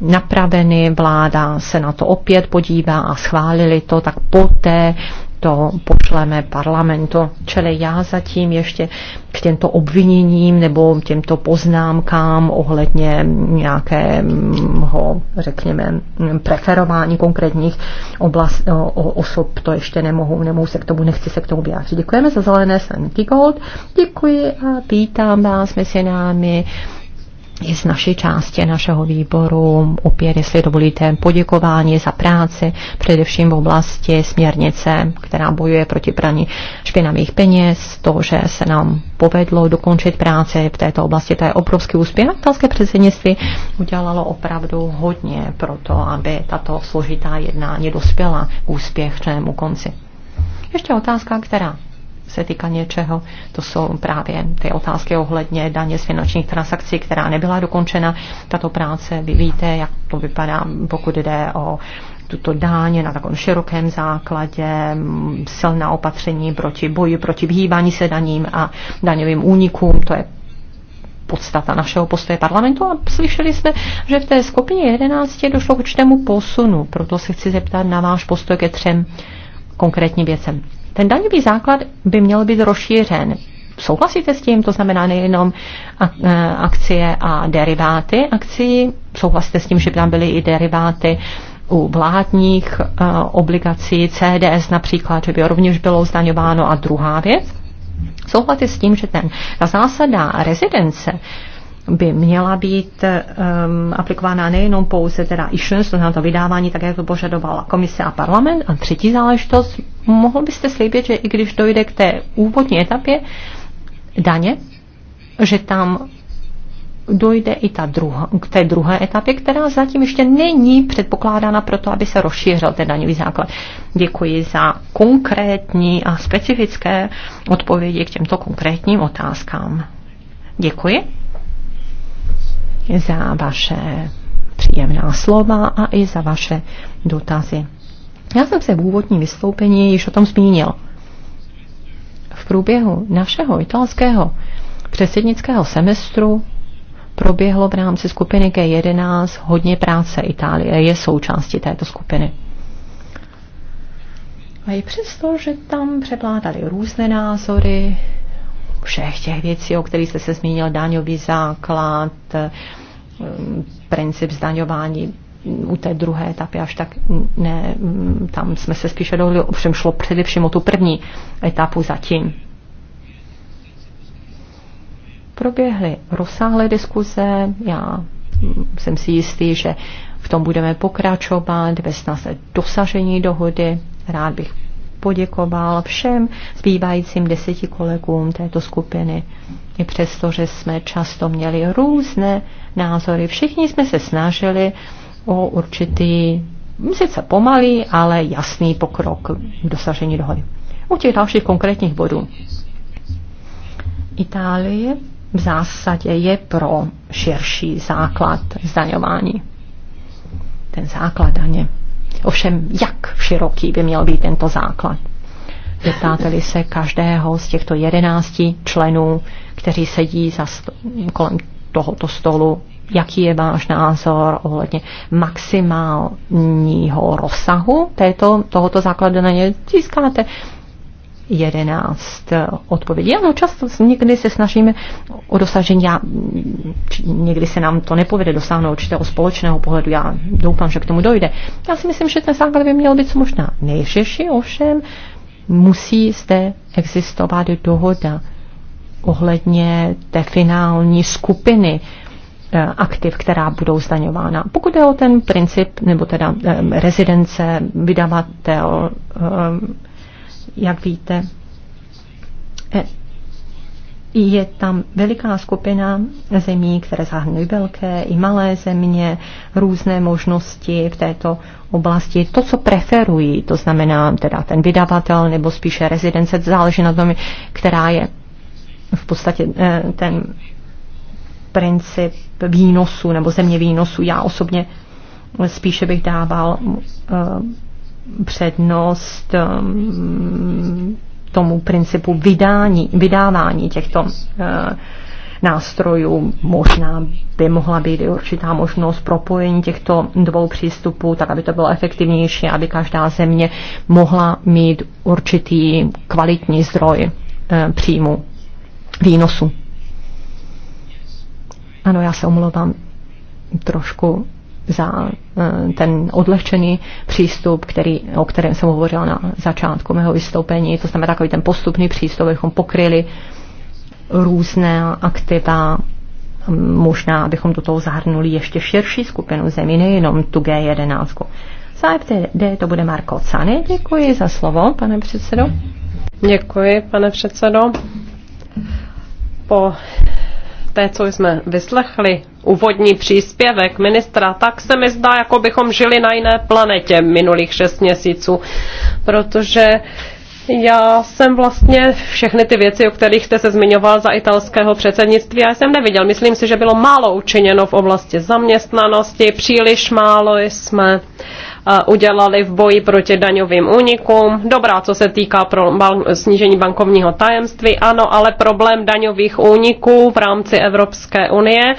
Speaker 2: napraveny, vláda se na to opět podívá a schválili to, tak poté to pošleme parlamentu. Čili já zatím ještě k těmto obviněním nebo těmto poznámkám ohledně nějakého, řekněme, preferování konkrétních oblast, o, o, osob, to ještě nemohu, nemohu se k tomu, nechci se k tomu vyjádřit. Děkujeme za zelené, jsem Gold. Děkuji a vítám vás mezi námi i z naší části našeho výboru opět, jestli dovolíte, poděkování za práci, především v oblasti směrnice, která bojuje proti praní špinavých peněz, to, že se nám povedlo dokončit práci v této oblasti, to je obrovský úspěch. Italské předsednictví udělalo opravdu hodně pro to, aby tato složitá jednání dospěla k úspěšnému konci. Ještě otázka, která se týká něčeho. To jsou právě ty otázky ohledně daně z finančních transakcí, která nebyla dokončena. Tato práce, vy víte, jak to vypadá, pokud jde o tuto dáně na takovém širokém základě, silná opatření proti boji, proti vyhýbání se daním a daňovým únikům. To je podstata našeho postoje parlamentu a slyšeli jsme, že v té skupině 11 došlo k určitému posunu. Proto se chci zeptat na váš postoj ke třem konkrétním věcem. Ten daňový základ by měl být rozšířen. Souhlasíte s tím? To znamená nejenom e, akcie a deriváty akcí. Souhlasíte s tím, že by tam byly i deriváty u vládních e, obligací, CDS například, že by rovněž bylo zdaňováno. A druhá věc, Souhlasíte s tím, že ten, ta zásada rezidence by měla být um, aplikována nejenom pouze teda issuance, to znamená to vydávání, tak jak to požadovala komise a parlament. A třetí záležitost, mohl byste slíbit, že i když dojde k té úvodní etapě daně, že tam dojde i ta druha, k té druhé etapě, která zatím ještě není předpokládána pro to, aby se rozšířil ten daňový základ. Děkuji za konkrétní a specifické odpovědi k těmto konkrétním otázkám. Děkuji za vaše příjemná slova a i za vaše dotazy. Já jsem se v úvodním vystoupení již o tom zmínil. V průběhu našeho italského předsednického semestru proběhlo v rámci skupiny G11 hodně práce. Itálie je součástí této skupiny. A i přesto, že tam převládaly různé názory, všech těch věcí, o kterých jste se zmínil, daňový základ, Ehm, princip zdaňování u té druhé etapy až tak ne, ehm, tam jsme se spíše dohodli, ovšem šlo především o tu první etapu zatím. Proběhly rozsáhlé diskuze, já jsem si jistý, že v tom budeme pokračovat ve snaze dosažení dohody. Rád bych poděkoval všem zbývajícím deseti kolegům této skupiny. I přesto, že jsme často měli různé názory, všichni jsme se snažili o určitý, sice pomalý, ale jasný pokrok v dosažení dohody. U těch dalších konkrétních bodů. Itálie v zásadě je pro širší základ zdaňování. Ten základ daně. Ovšem, jak široký by měl být tento základ? Zeptáte-li se každého z těchto jedenácti členů, kteří sedí za sto- kolem tohoto stolu, jaký je váš názor ohledně maximálního rozsahu této, tohoto základu na ně získáte 11 odpovědí. Ano, často někdy se snažíme o dosažení, já, někdy se nám to nepovede dosáhnout určitého společného pohledu, já doufám, že k tomu dojde. Já si myslím, že ten základ by měl být co možná nejřeší, ovšem musí zde existovat dohoda ohledně té finální skupiny eh, aktiv, která budou zdaňována. Pokud je o ten princip, nebo teda eh, rezidence, vydavatel, eh, jak víte, e, je tam veliká skupina zemí, které zahrnují velké i malé země, různé možnosti v této oblasti. To, co preferují, to znamená teda ten vydavatel nebo spíše rezidence, záleží na tom, která je v podstatě e, ten princip výnosu nebo země výnosu. Já osobně spíše bych dával e, přednost um, tomu principu vydání, vydávání těchto uh, nástrojů. Možná by mohla být i určitá možnost propojení těchto dvou přístupů, tak aby to bylo efektivnější, aby každá země mohla mít určitý kvalitní zdroj eh, příjmu výnosu. Ano, já se omlouvám trošku za eh, ten odlehčený přístup, který, o kterém jsem hovořila na začátku mého vystoupení. To znamená takový ten postupný přístup, abychom pokryli různé aktiva, možná abychom do toho zahrnuli ještě širší skupinu zemí, nejenom tu G11. Za FTD to bude Marko Cany. Děkuji za slovo, pane předsedo. Děkuji, pane předsedo. Po
Speaker 3: té, co jsme vyslechli úvodní příspěvek ministra, tak se mi zdá, jako bychom žili na jiné planetě minulých šest měsíců, protože uh, já jsem vlastně všechny ty věci, o kterých jste se zmiňoval za italského předsednictví, já jsem neviděl. Myslím si, že bylo málo učiněno v oblasti zaměstnanosti, příliš málo jsme eh, udělali v boji proti daňovým únikům. Dobrá, co se týká pro snížení bankovního tajemství, ano, ale problém daňových úniků v rámci Evropské unie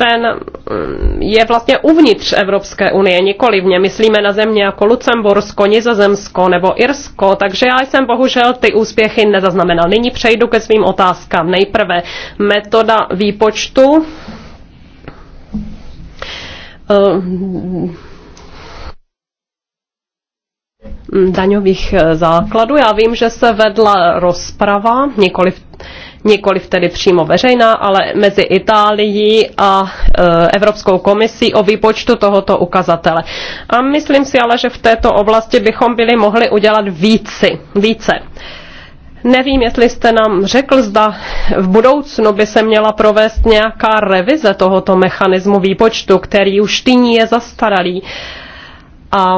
Speaker 3: ten mm, je vlastně uvnitř Evropské unie, nikoli v ně. Myslíme na země jako Lucembursko, Nizozemsko nebo Irsko, takže já jsem bohužel ty úspěchy nezaznamenal. Nyní přejdu ke svým otázkám. Nejprve metoda výpočtu. Ehm, daňových eh, základů. Já vím, že se vedla rozprava, nikoli nikoliv tedy přímo veřejná, ale mezi Itálií a e, Evropskou komisí o výpočtu tohoto ukazatele. A myslím si ale, že v této oblasti bychom byli mohli udělat víci, více. Nevím, jestli jste nám řekl, zda v budoucnu by se měla provést nějaká revize tohoto mechanismu výpočtu, který už nyní je zastaralý. A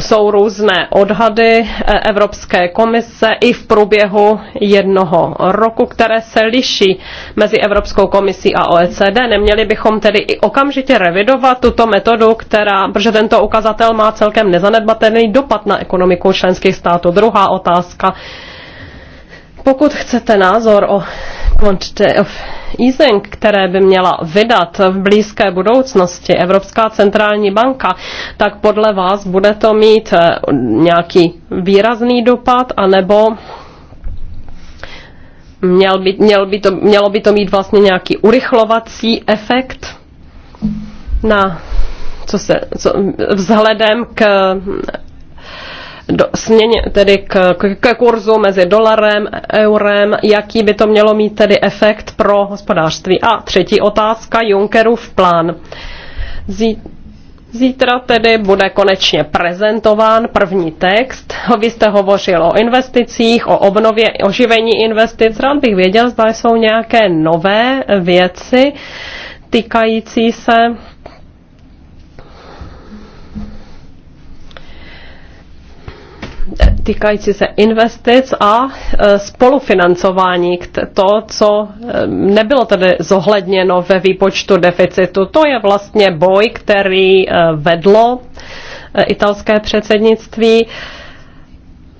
Speaker 3: jsou různé odhady eh, Evropské komise i v průběhu jednoho roku, které se liší mezi Evropskou komisí a OECD. Neměli bychom tedy i okamžitě revidovat tuto metodu, která, protože tento ukazatel má celkem nezanedbatelný dopad na ekonomiku členských států. Druhá otázka. Pokud chcete názor o Quantity of easing, které by měla vydat v blízké budoucnosti Evropská centrální banka, tak podle vás bude to mít eh, nějaký výrazný dopad, anebo měl by, měl by to, mělo by to mít vlastně nějaký urychlovací efekt na co se, co, vzhledem k do, směně, tedy k, k, k kurzu mezi dolarem, eurem, jaký by to mělo mít tedy efekt pro hospodářství. A třetí otázka, Junckerův plán. Zí, Zítra tedy bude konečně prezentován první text. Vy jste hovořil o investicích, o obnově, oživení investic. Rád bych věděl, zda jsou nějaké nové věci týkající se týkající se investic a e, spolufinancování, to, co e, nebylo tedy zohledněno ve výpočtu deficitu. To je vlastně boj, který e, vedlo italské předsednictví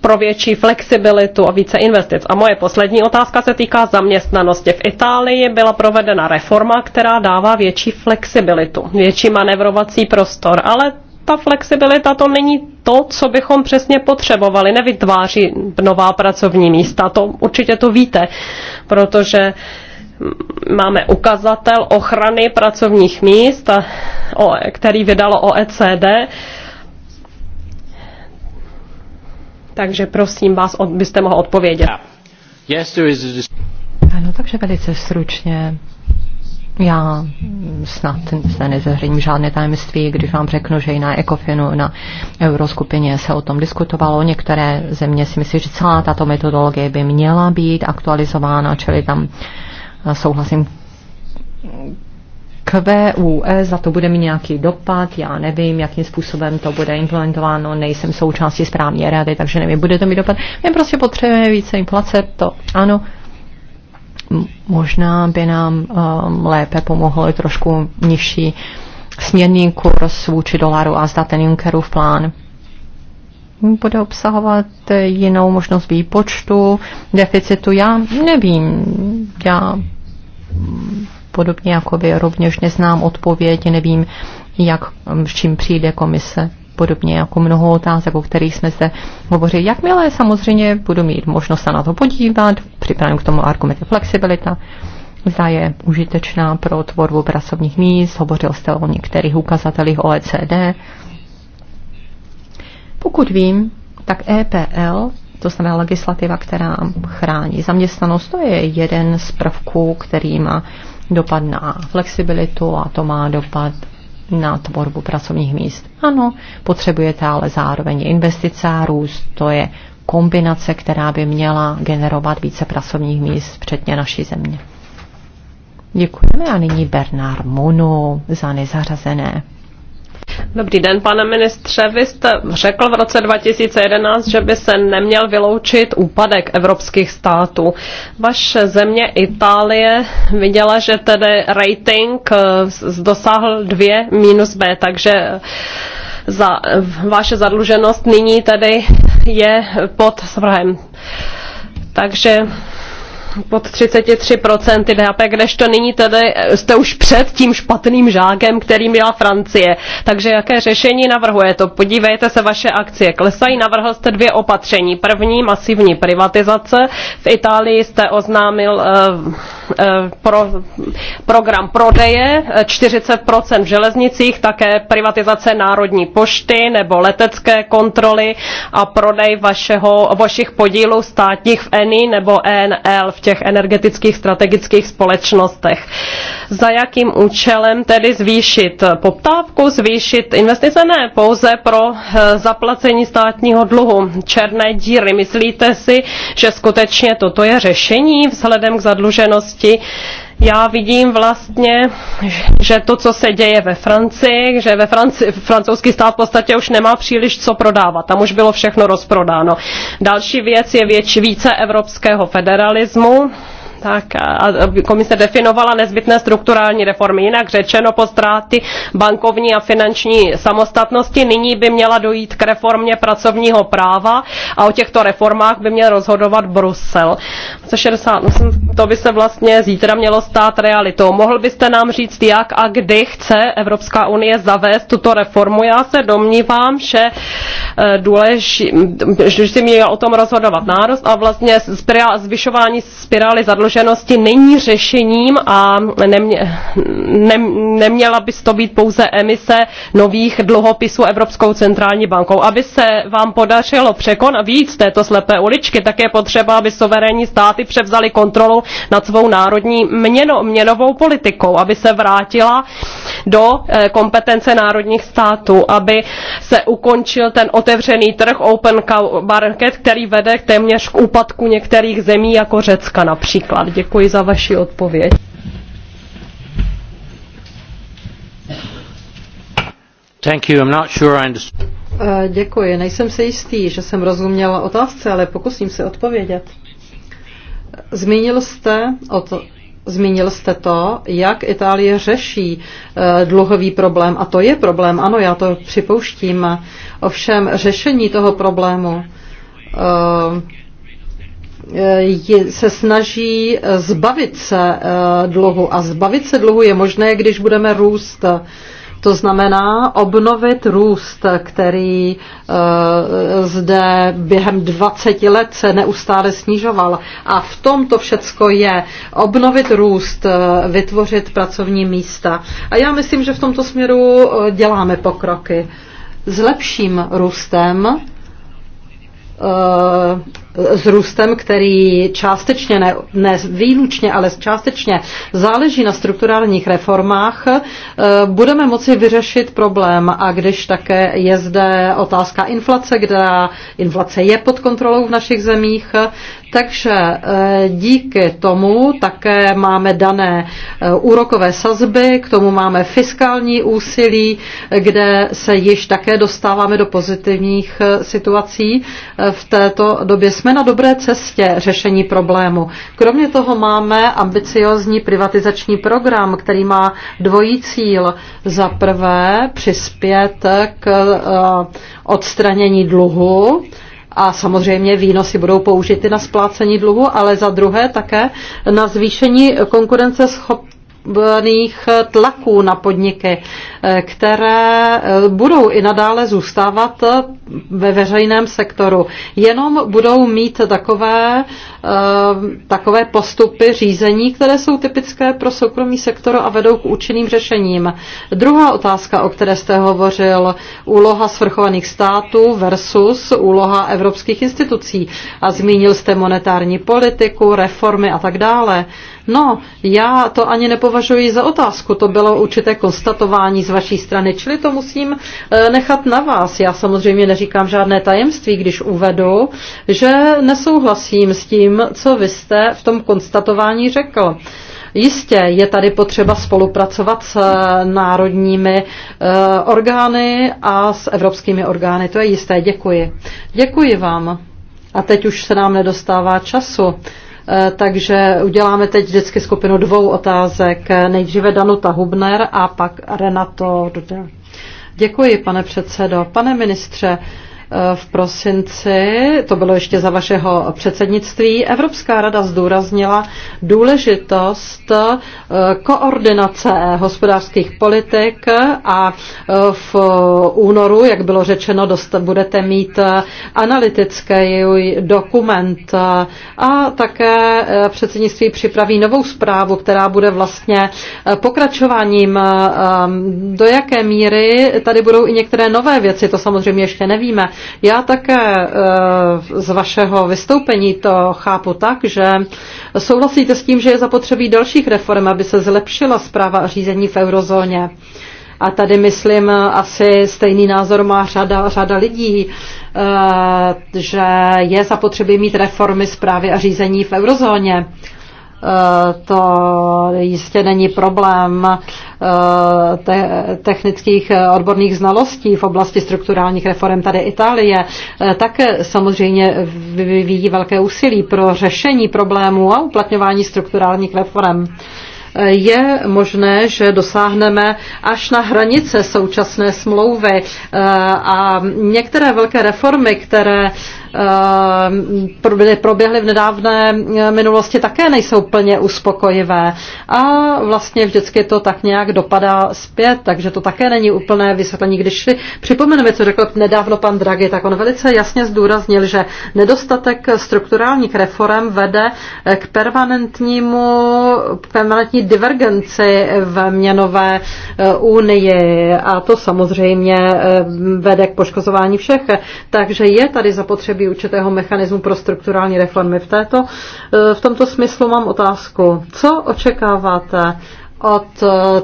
Speaker 3: pro větší flexibilitu a více investic. A moje poslední otázka se týká zaměstnanosti. V Itálii byla provedena reforma, která dává větší flexibilitu, větší manevrovací prostor, ale ta flexibilita to není to, co bychom přesně potřebovali. Nevytváří nová pracovní místa, to určitě to víte, protože máme ukazatel ochrany pracovních míst, který vydalo OECD. Takže prosím
Speaker 2: vás, byste mohl odpovědět. Ano, takže velice stručně. Já snad se nezahřejím žádné tajemství, když vám řeknu, že i na ECOFINu, na Euroskupině se o tom diskutovalo. Některé země si myslí, že celá tato metodologie by měla být aktualizována, čili tam eh, souhlasím QUE, za to bude mít nějaký dopad, já nevím, jakým způsobem to bude implementováno, nejsem součástí správní rady, takže nevím, bude to mít dopad. My prostě potřebujeme více inflace, to ano, možná by nám um, lépe pomohlo i trošku nižší směrný kurz vůči dolaru a zda ten Junckerův plán bude obsahovat jinou možnost výpočtu deficitu. Já nevím, já podobně jako vy rovněž neznám odpověď, nevím, jak s čím přijde komise podobně jako mnoho otázek, o kterých jsme se hovořili. Jakmile samozřejmě budu mít možnost se na to podívat, připravím k tomu argumenty flexibilita, zda je užitečná pro tvorbu pracovních míst, hovořil jste o některých ukazatelích OECD. Pokud vím, tak EPL, to znamená legislativa, která chrání zaměstnanost, to je jeden z prvků, který má dopad na flexibilitu a to má dopad na tvorbu pracovních míst. Ano, potřebujete ale zároveň investice a růst. To je kombinace, která by měla generovat více pracovních míst, včetně naší země. Děkujeme a nyní Bernard Monu za nezařazené.
Speaker 3: Dobrý den, pane ministře. Vy jste řekl v roce 2011, že by se neměl vyloučit úpadek evropských států. Vaše země Itálie viděla, že tedy rating eh, dosáhl dvě minus B, takže eh, za, eh, vaše zadluženost nyní tedy je pod svrhem. Takže pod 33% DAP, to nyní tedy eh, jste už před tím špatným žákem, který měla Francie. Takže jaké řešení navrhuje to? Podívejte se, vaše akcie klesají. Navrhl jste dvě opatření. První, masivní privatizace. V Itálii jste oznámil uh, Eh, pro, program prodeje, 40% eh, v železnicích, také privatizace národní pošty nebo letecké kontroly a prodej vašeho, vašich podílů státních v ENI nebo ENL v těch energetických strategických společnostech. Za jakým účelem tedy zvýšit poptávku, zvýšit investice? Ne, pouze pro eh, zaplacení státního dluhu. Černé díry. Myslíte si, že skutečně toto je řešení vzhledem k zadluženosti společnosti. Já vidím vlastně, že to, co se děje ve Francii, že ve Francii francouzský stát v podstatě už nemá příliš co prodávat. Tam už bylo všechno rozprodáno. Další věc je větší více evropského federalismu tak a komise definovala nezbytné strukturální reformy. Jinak řečeno po ztráty bankovní a finanční samostatnosti nyní by měla dojít k reformě pracovního práva a o těchto reformách by měl rozhodovat Brusel. 68, no, to by se vlastně zítra mělo stát realitou. Mohl byste nám říct, jak a kdy chce Evropská unie zavést tuto reformu? Já se domnívám, že e, důležitý, že si měl o tom rozhodovat nárost a vlastně zvyšování spirály zadlužení zadluženosti není řešením a nemě, ne, neměla by to být pouze emise nových dluhopisů Evropskou centrální bankou. Aby se vám podařilo překonat víc této slepé uličky, tak je potřeba, aby suverénní státy převzali kontrolu nad svou národní měno, měnovou politikou, aby se vrátila do eh, kompetence národních států, aby se ukončil ten otevřený trh Open Market, který vede téměř k úpadku některých zemí, jako Řecka například rád. Děkuji za vaši odpověď.
Speaker 2: Thank you. I'm not sure I understand.
Speaker 1: Eh, děkuji. Nejsem si jistý, že jsem rozuměla otázce, ale pokusím se odpovědět. Zmínil jste o to, Zmínil jste to, jak Itálie řeší eh, dluhový problém. A to je problém, ano, já to připouštím. Ovšem řešení toho problému eh, Eh, se snaží eh, zbavit se eh, dluhu. A zbavit se dluhu je možné, když budeme růst. To znamená obnovit růst, který zde během 20 let se neustále snižoval. A v tom to všecko je. Obnovit růst, vytvořit pracovní místa. A já myslím, že v tomto směru děláme pokroky. S lepším růstem s růstem, který částečně, ne, ne výlučně, ale částečně záleží na strukturálních reformách, eh, budeme moci vyřešit problém. A když také je zde otázka inflace, kde inflace je pod kontrolou v našich zemích, takže eh, díky tomu také máme dané eh, úrokové sazby, k tomu máme fiskální úsilí, kde se již také dostáváme do pozitivních situací. V této době jsme jsme na dobré cestě řešení problému. Kromě toho máme ambiciozní privatizační program, který má dvojí cíl. Za prvé přispět k eh, odstranění dluhu, a samozřejmě výnosy budou použity na splácení dluhu, ale za druhé také na zvýšení konkurence způsobených tlaků na podniky, eh, které eh, budou i nadále zůstávat eh, ve veřejném sektoru. Jenom budou mít takové, takové postupy řízení, které jsou typické pro soukromý sektor a vedou k účinným řešením. Druhá otázka, o které jste hovořil, úloha svrchovaných států versus úloha evropských institucí. A zmínil jste monetární politiku, reformy a tak dále. No, já to ani nepovažuji za otázku, to bylo určité konstatování z vaší strany, čili to musím eh, nechat na vás. Já samozřejmě neříkám žádné tajemství, když uvedu, že nesouhlasím s tím, co vy jste v tom konstatování řekl. Jistě je tady potřeba spolupracovat s eh, národními eh, orgány a s evropskými orgány. To je jisté. Děkuji. Děkuji vám. A teď už se nám nedostává času. Eh, takže uděláme teď vždycky skupinu dvou otázek. Nejdříve Danuta Hubner a pak Renato Duder. Děkuji, pane předsedo. Pane ministře, Eh, v prosinci, to bylo ještě za vašeho předsednictví, Evropská rada zdůraznila důležitost eh, koordinace hospodářských politik a eh, v únoru, jak bylo řečeno, dost, budete mít analytický dokument a také předsednictví připraví novou zprávu, která bude vlastně pokračováním, do jaké míry tady budou i některé nové věci, to samozřejmě ještě nevíme, já také eh, z vašeho vystoupení to chápu tak, že souhlasíte s tím, že je zapotřebí dalších reform, aby se zlepšila zpráva a řízení v eurozóně. A tady, myslím, asi stejný názor má řada, řada lidí, eh, že je zapotřebí mít reformy zprávy a řízení v eurozóně. Eh, to jistě není problém eh, te- technických eh, odborných znalostí v oblasti strukturálních reform tady Itálie, tak samozřejmě vyvíjí velké úsilí pro řešení problémů a uplatňování strukturálních reform je možné, že dosáhneme až na hranice současné smlouvy eh, a některé velké reformy, které eh, proběhly v nedávné eh, minulosti, také nejsou plně uspokojivé. A vlastně vždycky to tak nějak dopadá zpět, takže to také není úplné vysvětlení. Když si připomeneme, co řekl nedávno pan Draghi, tak on velice jasně zdůraznil, že nedostatek strukturálních reform vede k permanentnímu, permanentní divergenci v měnové eh, unii a to samozřejmě eh, vede k poškozování všech. Takže je tady zapotřebí určitého mechanismu pro strukturální reformy. V, této, eh, v tomto smyslu mám otázku. Co očekáváte od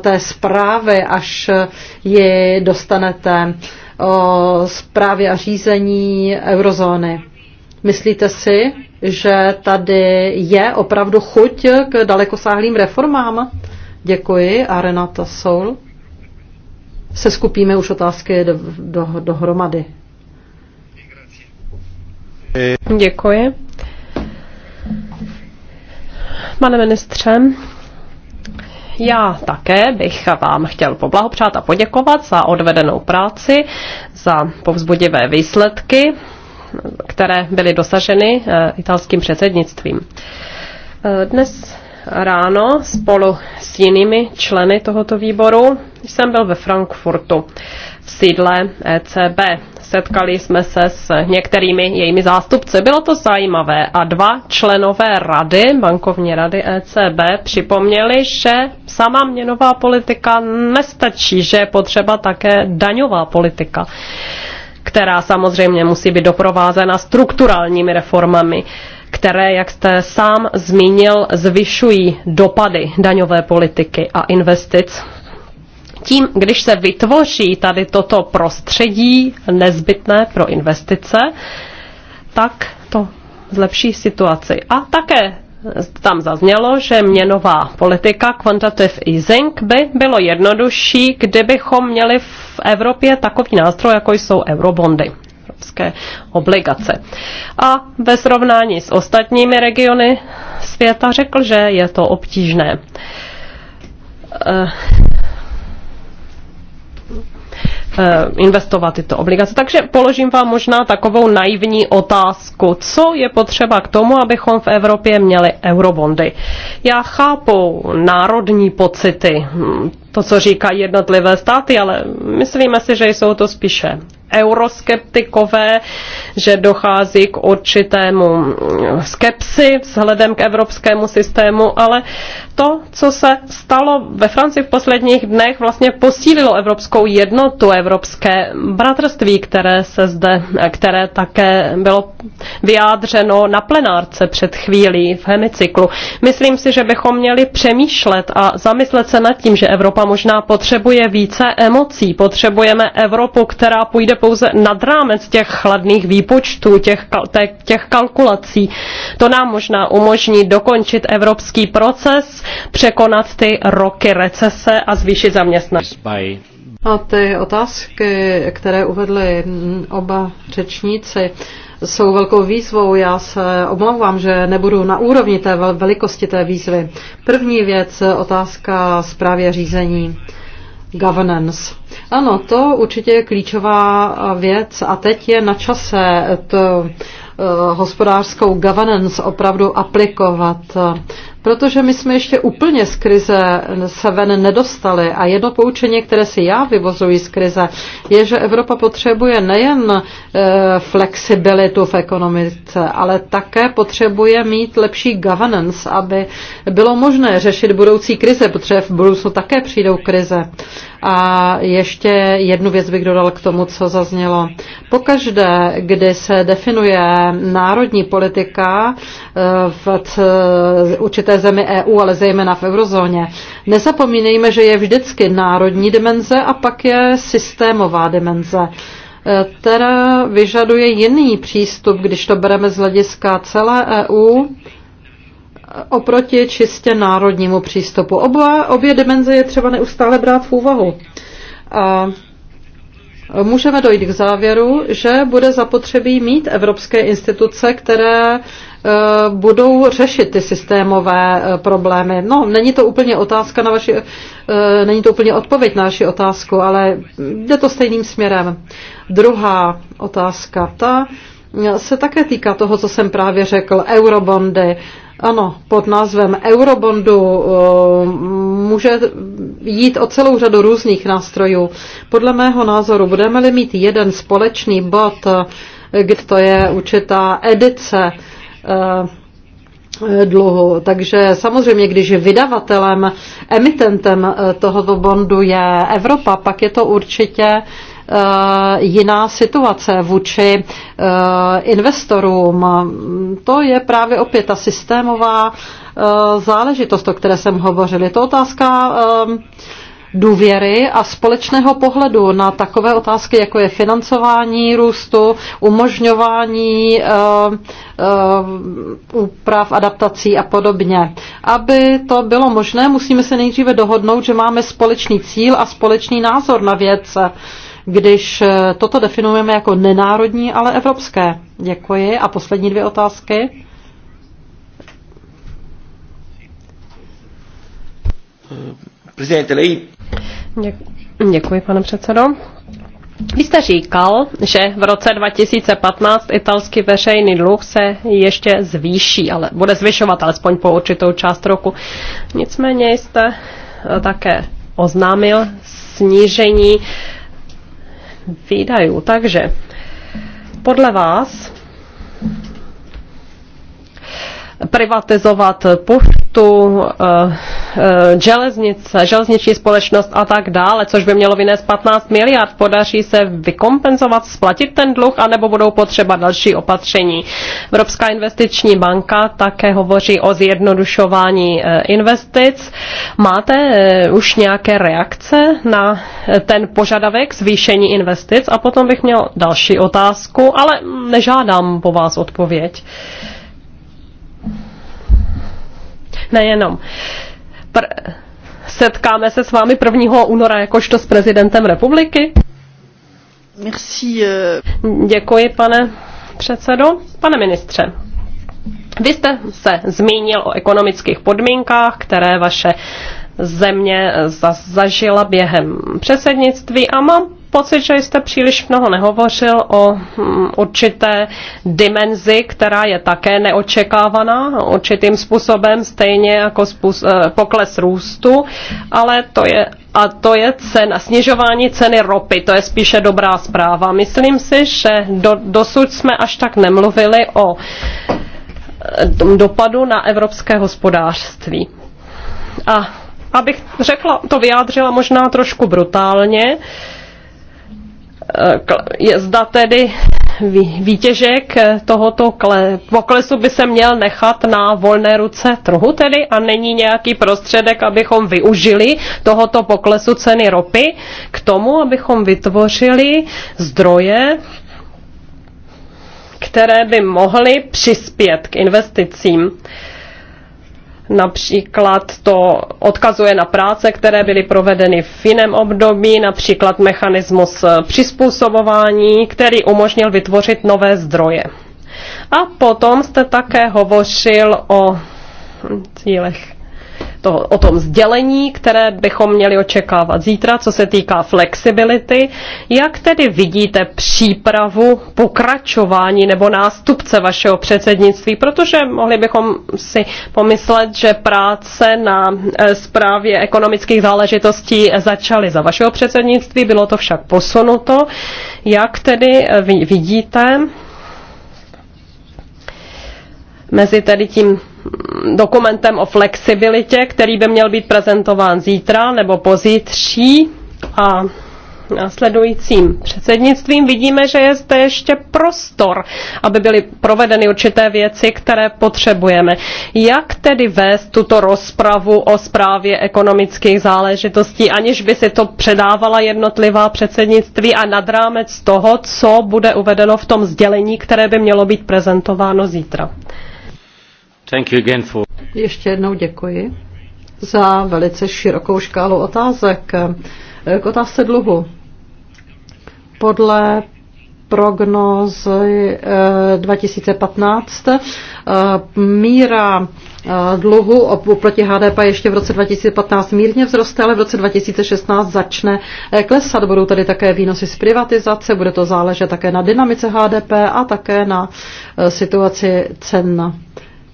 Speaker 1: té zprávy, až ji dostanete o zprávě a řízení eurozóny? Myslíte si, že tady je opravdu chuť k dalekosáhlým reformám? Děkuji a Renata Soul. Se skupíme už otázky do, do, dohromady. Děkuji. Pane ministře,
Speaker 3: já také bych vám chtěl poblahopřát a poděkovat za odvedenou práci, za povzbudivé výsledky které byly dosaženy eh, italským předsednictvím. Eh, dnes ráno spolu s jinými členy tohoto výboru jsem byl ve Frankfurtu v sídle ECB. Setkali jsme se s některými jejími zástupci. Bylo to zajímavé a dva členové rady, bankovní rady ECB, připomněli, že sama měnová politika nestačí, že je potřeba také daňová politika která samozřejmě musí být doprovázena strukturálními reformami, které, jak jste sám zmínil, zvyšují dopady daňové politiky a investic tím, když se vytvoří tady toto prostředí nezbytné pro investice, tak to zlepší situaci. A také tam zaznělo, že měnová politika quantitative easing by bylo jednodušší, kdybychom měli v Evropě takový nástroj, jako jsou eurobondy evropské obligace. A ve srovnání s ostatními regiony světa řekl, že je to obtížné eh, Eh, investovat tyto obligace. Takže položím vám možná takovou naivní otázku. Co je potřeba k tomu, abychom v Evropě měli eurobondy? Já chápu národní pocity, hm, to, co říkají jednotlivé státy, ale myslíme si, že jsou to spíše euroskeptikové, že dochází k určitému skepsi vzhledem k evropskému systému, ale to, co se stalo ve Francii v posledních dnech, vlastně posílilo evropskou jednotu, evropské bratrství, které se zde, které také bylo vyjádřeno na plenárce před chvílí v hemicyklu. Myslím si, že bychom měli přemýšlet a zamyslet se nad tím, že Evropa možná potřebuje více emocí, potřebujeme Evropu, která půjde pouze nad rámec těch chladných výpočtů, těch, těch kalkulací. To nám možná umožní dokončit evropský proces, překonat ty roky recese a zvýšit zaměstnanost.
Speaker 1: A ty otázky, které uvedly oba řečníci, jsou velkou výzvou. Já se omlouvám, že nebudu na úrovni té velikosti té výzvy. První věc, otázka zprávě řízení governance. Ano, to určitě je klíčová věc a teď je na čase to eh, hospodářskou governance opravdu aplikovat, protože my jsme ještě úplně z krize se ven nedostali a jedno poučení, které si já vyvozuji z krize, je, že Evropa potřebuje nejen eh, flexibilitu v ekonomice, ale také potřebuje mít lepší governance, aby bylo možné řešit budoucí krize, protože v budoucnu také přijdou krize. A ještě jednu věc bych dodal k tomu, co zaznělo. Pokaždé, kdy se definuje národní politika eh, v eh, určité zemi EU, ale zejména v eurozóně, nezapomínejme, že je vždycky národní dimenze a pak je systémová dimenze která eh, vyžaduje jiný přístup, když to bereme z hlediska celé EU oproti čistě národnímu přístupu. Oba, obě dimenze je třeba neustále brát v úvahu. A můžeme dojít k závěru, že bude zapotřebí mít evropské instituce, které e, budou řešit ty systémové e, problémy. No, není to úplně otázka na vaši, e, není to úplně odpověď na vaši otázku, ale jde to stejným směrem. Druhá otázka, ta se také týká toho, co jsem právě řekl, eurobondy. Ano, pod názvem eurobondu eh, může jít o celou řadu různých nástrojů. Podle mého názoru budeme-li mít jeden společný bod, eh, kde to je určitá edice eh, dluhu. Takže samozřejmě, když vydavatelem, emitentem tohoto bondu je Evropa, pak je to určitě Eh, jiná situace vůči eh, investorům. To je právě opět ta systémová eh, záležitost, o které jsem hovořil. Je to otázka důvěry a společného pohledu na takové otázky, jako je financování růstu, umožňování úprav, adaptací a podobně. Aby to bylo možné, musíme se nejdříve dohodnout, že máme společný cíl a společný názor na věc když eh, toto definujeme jako nenárodní, ale evropské? Děkuji. A poslední dvě otázky.
Speaker 3: Děkuji, pane předsedo. Vy jste říkal, že v roce 2015 italský veřejný dluh se ještě zvýší, ale bude zvyšovat alespoň po určitou část roku. Nicméně jste eh, také oznámil snížení výdajů. Takže podle vás privatizovat poštu tu eh, eh, železnice, železniční společnost a tak dále, což by mělo vynést 15 miliard. Podaří se vykompenzovat, splatit ten dluh, anebo budou potřeba další opatření. Evropská investiční banka také hovoří o zjednodušování eh, investic. Máte už nějaké reakce na ten požadavek zvýšení investic? A potom bych měl další otázku, ale nežádám po vás odpověď. Uh, nejenom. Pr- setkáme se s vámi 1. února jakožto s prezidentem republiky. Merci. Eh. Děkuji, pane předsedo. Pane ministře, vy jste se zmínil o ekonomických podmínkách, které vaše země zažila během předsednictví a mám pocit, že jste příliš mnoho nehovořil o hm, určité dimenzi, která je také neočekávaná, určitým způsobem stejně jako eh, pokles růstu, ale to je a to je cena, snižování ceny ropy, to je spíše dobrá zpráva. Myslím si, že do, dosud jsme až tak nemluvili o eh, dopadu na evropské hospodářství. A abych řekla, to vyjádřila možná trošku brutálně, uh, je zda tedy výtěžek eh, tohoto poklesu by se měl nechat na volné ruce trhu tedy a není nějaký prostředek, abychom využili tohoto poklesu ceny ropy k tomu, abychom vytvořili zdroje, které by mohly přispět k investicím. Například to odkazuje na práce, které byly provedeny v jiném období, například mechanismus přizpůsobování, který umožnil vytvořit nové zdroje. A potom jste také hovořil o cílech to, o tom sdělení, které bychom měli očekávat zítra, co se týká flexibility. Jak tedy vidíte přípravu pokračování nebo nástupce vašeho předsednictví? Protože mohli bychom si pomyslet, že práce na zprávě e, ekonomických záležitostí začaly za vašeho předsednictví, bylo to však posunuto. Jak tedy e, vidíte mezi tedy tím dokumentem o flexibilitě, který by měl být prezentován zítra nebo pozítří a následujícím předsednictvím vidíme, že je zde ještě prostor, aby byly provedeny určité věci, které potřebujeme. Jak tedy vést tuto rozpravu o zprávě ekonomických záležitostí, aniž by si to předávala jednotlivá předsednictví a nad rámec toho, co bude uvedeno v tom sdělení, které by mělo být prezentováno zítra?
Speaker 1: Thank you again for... Ještě jednou děkuji za velice širokou škálu otázek. Eh, k otázce dluhu. Podle prognoz 2015 eh, eh, míra dluhu oproti HDP ještě v roce 2015 mírně vzroste, ale v roce 2016 začne klesat. Budou tady také výnosy z privatizace, bude to záležet také na dynamice HDP a také na situaci cen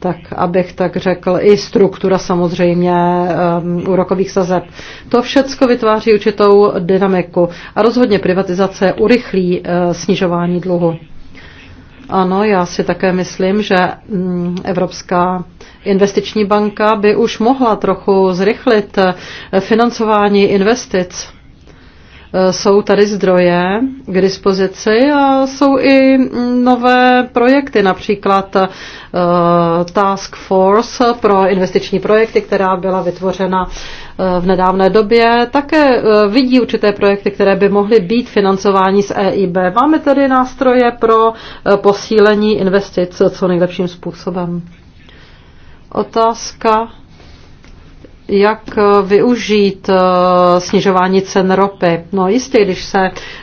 Speaker 1: tak abych tak řekl, i struktura samozřejmě um, úrokových sazeb. To všecko vytváří určitou dynamiku a rozhodně privatizace urychlí uh, snižování dluhu. Ano, já si také myslím, že mm, Evropská investiční banka by už mohla trochu zrychlit eh, financování investic Eh, jsou tady zdroje k dispozici a jsou i nové projekty, například eh, Task Force pro investiční projekty, která byla vytvořena eh, v nedávné době, také vidí určité projekty, které by mohly být financování z EIB. Máme tedy nástroje pro posílení investic co nejlepším způsobem. Otázka jak eh, využít eh, snižování cen ropy. No jistě, když se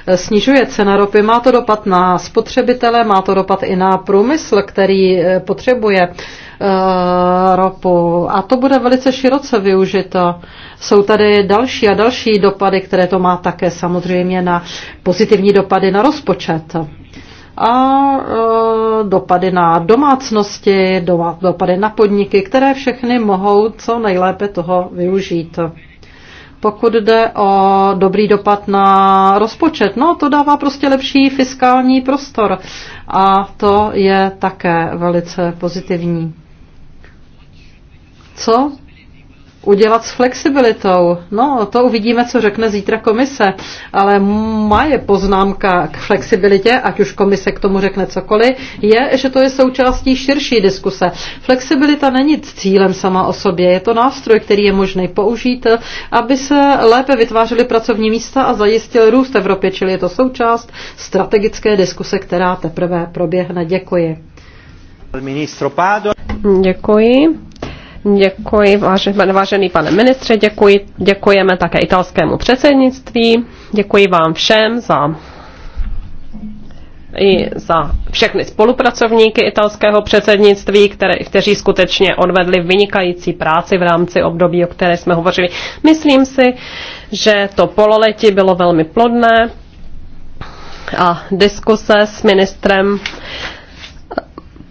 Speaker 1: eh, snižuje cena ropy, má to dopad na spotřebitele, má to dopad i na průmysl, který potřebuje ropu. A to bude velice široce využito. Jsou tady další a další dopady, které to má také samozřejmě na pozitivní dopady na rozpočet a e, dopady na domácnosti, dopady na podniky, které všechny mohou co nejlépe toho využít. Pokud jde o dobrý dopad na rozpočet, no to dává prostě lepší fiskální prostor a to je také velice pozitivní. Co udělat s flexibilitou? No, to uvidíme, co řekne zítra komise, ale moje poznámka k flexibilitě, ať už komise k tomu řekne cokoliv, je, že to je součástí širší diskuse. Flexibilita není cílem sama o sobě, je to nástroj, který je možný použít, aby se lépe vytvářely pracovní místa a zajistil růst Evropě, čili je to součást strategické diskuse, která teprve proběhne. Děkuji. Děkuji Děkuji, vážený pane ministře,
Speaker 3: děkuji, děkujeme také italskému předsednictví, děkuji vám všem za i za všechny spolupracovníky italského předsednictví, které, kteří skutečně odvedli vynikající práci v rámci období, o které jsme hovořili. Myslím si, že to pololetí bylo velmi plodné a diskuse s ministrem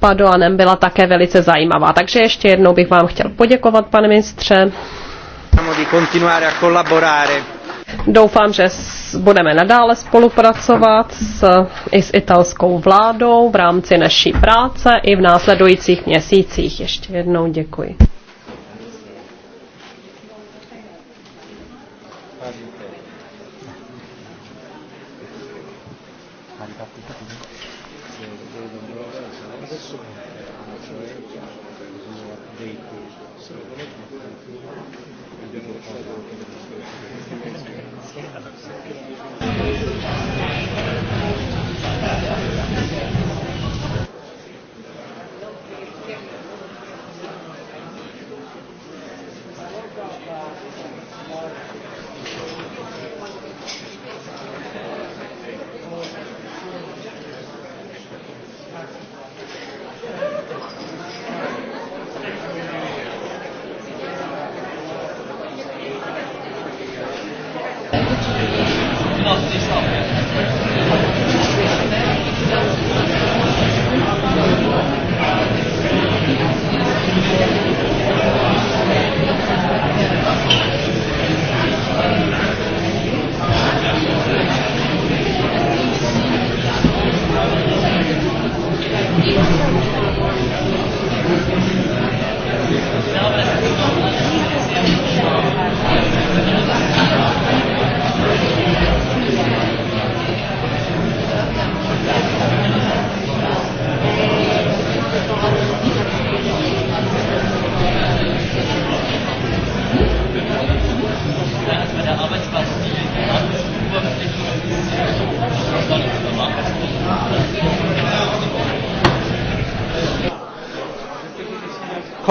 Speaker 3: Padoanem byla také velice zajímavá. Takže ještě jednou bych vám chtěl poděkovat, pane ministře. Doufám, že budeme nadále spolupracovat s, i s italskou vládou v rámci naší práce i v následujících měsících. Ještě jednou děkuji.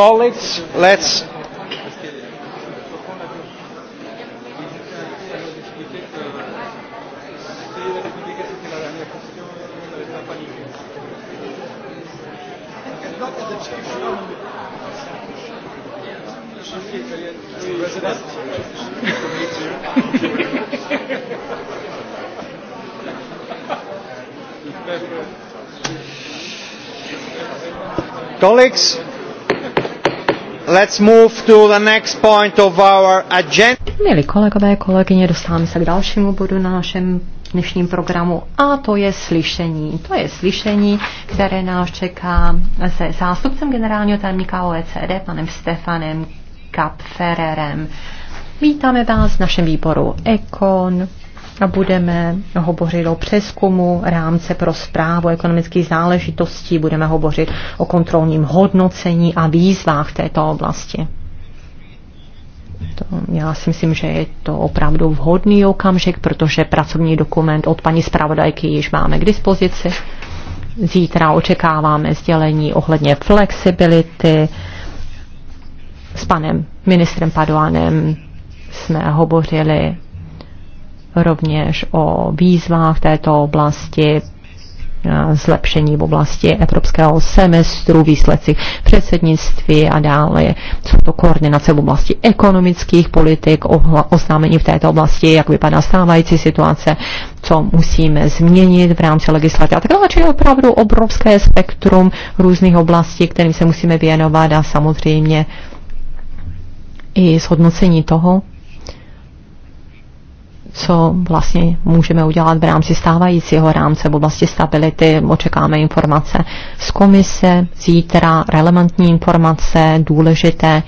Speaker 2: call it. let's
Speaker 1: colleagues, Let's move to the next point of our
Speaker 2: agenda. Milí kolegové, kolegyně, dostáváme se k dalšímu bodu na našem dnešním programu a to je slyšení. To je slyšení, které nás čeká se zástupcem generálního tajemníka OECD, panem Stefanem Kapfererem. Vítáme vás v našem výboru Econ a budeme hovořit o přeskumu rámce pro zprávu ekonomických záležitostí, budeme hovořit o kontrolním hodnocení a výzvách v této oblasti. To, já si myslím, že je to opravdu vhodný okamžik, protože pracovní dokument od paní zpravodajky již máme k dispozici. Zítra očekáváme sdělení ohledně flexibility. S panem ministrem Padoanem jsme hovořili rovněž o výzvách této oblasti, eh, zlepšení v oblasti evropského semestru, výsledcích předsednictví a dále. Jsou to koordinace v oblasti ekonomických politik, oznámení v této oblasti, jak vypadá stávající situace, co musíme změnit v rámci legislativy a tak dále. Čili opravdu obrovské spektrum různých oblastí, kterým se musíme věnovat a samozřejmě i shodnocení toho, co vlastně můžeme udělat v rámci stávajícího rámce v oblasti stability. Očekáme informace z komise, zítra relevantní informace, důležité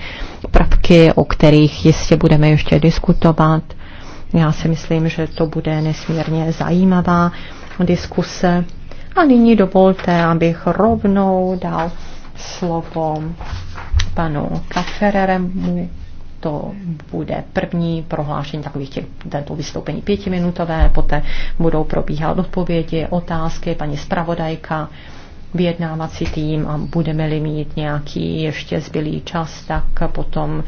Speaker 2: prvky, o kterých jistě budeme ještě diskutovat. Já si myslím, že to bude nesmírně zajímavá diskuse. A nyní dovolte, abych rovnou dal slovo panu Kaffereremu, to bude první prohlášení takových těch tento vystoupení pětiminutové, poté budou probíhat odpovědi, otázky, paní zpravodajka, vyjednávací tým a budeme-li mít nějaký ještě zbylý čas, tak potom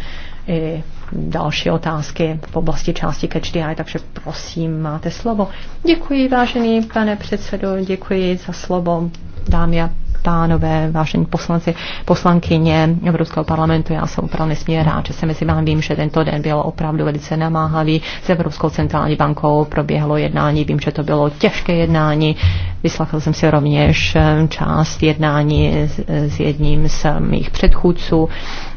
Speaker 2: i další otázky v oblasti části Catch the Eye, takže prosím, máte slovo. Děkuji, vážený pane předsedo, děkuji za slovo, dámy a pánové, vážení poslanci, poslankyně Evropského parlamentu, já jsem opravdu nesmírně rád, že se mezi vám vím, že tento den byl opravdu velice namáhavý. S Evropskou centrální bankou proběhlo jednání, vím, že to bylo těžké jednání. Vyslechl jsem si rovněž eh, část jednání s, s jedním z mých předchůdců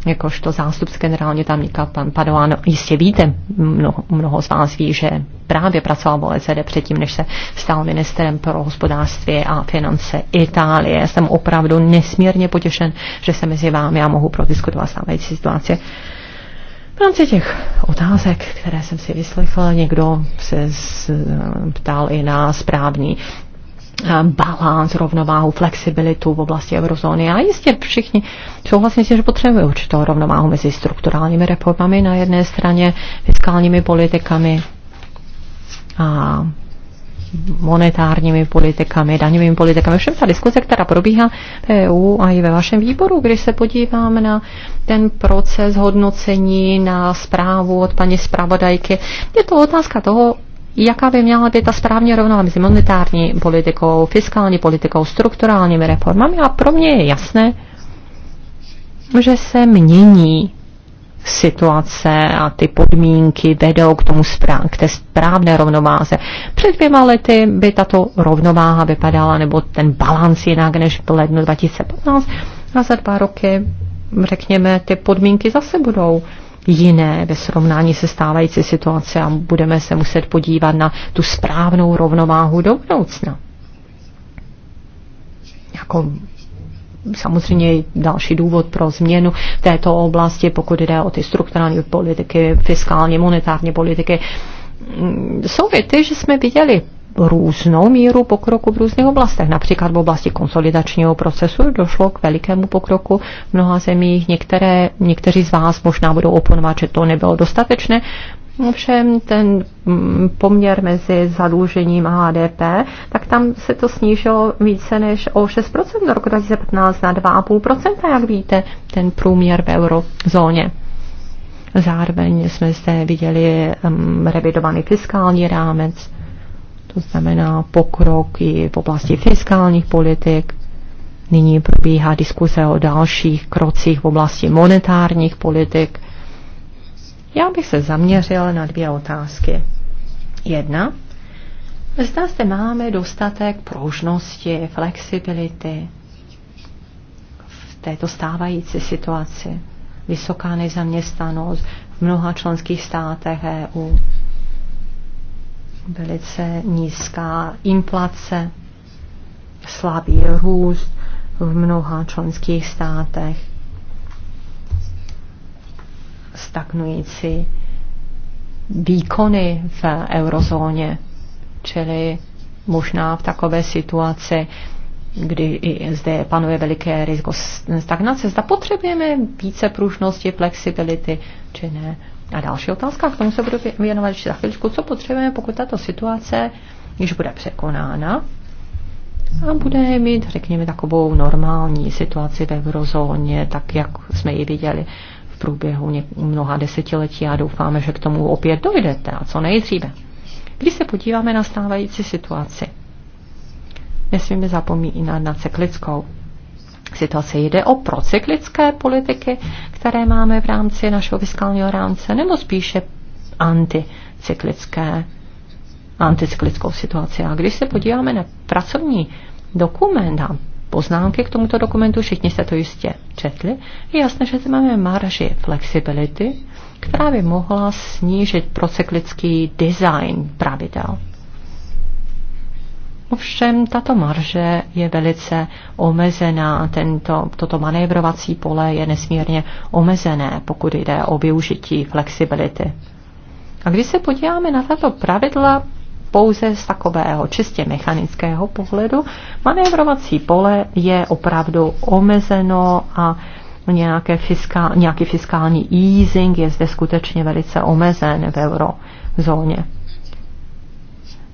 Speaker 2: jakožto zástupce generálně tamníka pan Padoán. jistě víte, mnoho, mnoho z vás ví, že právě pracoval v OECD předtím, než se stal ministrem pro hospodářství a finance Itálie. Jsem opravdu nesmírně potěšen, že se mezi vámi a mohu prodiskutovat stávající situaci. V rámci těch otázek, které jsem si vyslechla, někdo se z, ptal i na správní Eh, balans, rovnováhu, flexibilitu v oblasti eurozóny. A jistě všichni souhlasím si, že potřebuje určitou rovnováhu mezi strukturálními reformami na jedné straně, fiskálními politikami a monetárními politikami, daňovými politikami. Všem ta diskuse, která probíhá v EU a i ve vašem výboru, když se podívám na ten proces hodnocení, na zprávu od paní zpravodajky, je to otázka toho, jaká by měla být ta správně rovnováha mezi monetární politikou, fiskální politikou, strukturálními reformami a pro mě je jasné, že se mění situace a ty podmínky vedou k, tomu správ, k té správné rovnováze. Před dvěma lety by tato rovnováha vypadala, nebo ten balans jinak než v lednu 2015 a za dva roky, řekněme, ty podmínky zase budou jiné ve srovnání se stávající situace a budeme se muset podívat na tu správnou rovnováhu do budoucna. Jako samozřejmě další důvod pro změnu v této oblasti, pokud jde o ty strukturální politiky, fiskálně, monetární politiky, mm, jsou věty, že jsme viděli různou míru pokroku v různých oblastech. Například v oblasti konsolidačního procesu došlo k velikému pokroku v mnoha zemích. Některé, někteří z vás možná budou oponovat, že to nebylo dostatečné. Ovšem ten mm, poměr mezi zadlužením a HDP, tak tam se to snížilo více než o 6% do roku 2015 na 2,5%, jak víte, ten průměr v eurozóně. Zároveň jsme zde viděli um, revidovaný fiskální rámec, to znamená pokrok i v oblasti fiskálních politik. Nyní probíhá diskuse o dalších krocích v oblasti monetárních politik. Já bych se zaměřil na dvě otázky. Jedna. Zda zde máme dostatek pružnosti, flexibility v této stávající situaci. Vysoká nezaměstnanost v mnoha členských státech EU velice nízká inflace, slabý růst v mnoha členských státech, stagnující výkony v eurozóně, čili možná v takové situaci, kdy i zde panuje veliké riziko stagnace. Zda potřebujeme více pružnosti, flexibility, či ne. A další otázka, k tomu se budu věnovat ještě za chvíličku, co potřebujeme, pokud tato situace již bude překonána a bude mít, řekněme, takovou normální situaci ve eurozóně, tak jak jsme ji viděli v průběhu mnoha desetiletí a doufáme, že k tomu opět dojdete a co nejdříve. Když se podíváme na stávající situaci, nesmíme zapomínat na cyklickou situaci. Jde o procyklické politiky, které máme v rámci našeho fiskálního rámce, nebo spíše anticyklické, anticyklickou situaci. A když se podíváme na pracovní dokument a poznámky k tomuto dokumentu, všichni se to jistě četli, je jasné, že zde máme marži flexibility, která by mohla snížit procyklický design pravidel. Ovšem tato marže je velice omezená, Tento, toto manévrovací pole je nesmírně omezené, pokud jde o využití flexibility. A když se podíváme na tato pravidla pouze z takového čistě mechanického pohledu, manévrovací pole je opravdu omezeno a nějaké fiskál, nějaký fiskální easing je zde skutečně velice omezen v eurozóně.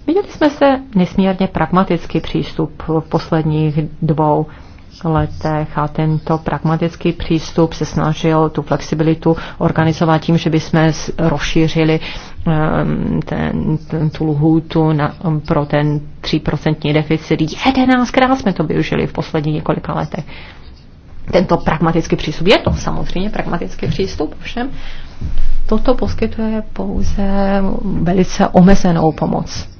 Speaker 2: Viděli jsme se nesmírně pragmatický přístup v posledních dvou letech a tento pragmatický přístup se snažil tu flexibilitu organizovat tím, že bychom rozšířili ehm, ten, ten, tu lhůtu na, pro ten 3% deficit. Jedenáctkrát jsme to využili v posledních několika letech. Tento pragmatický přístup, je to samozřejmě pragmatický přístup, ovšem toto poskytuje pouze velice omezenou pomoc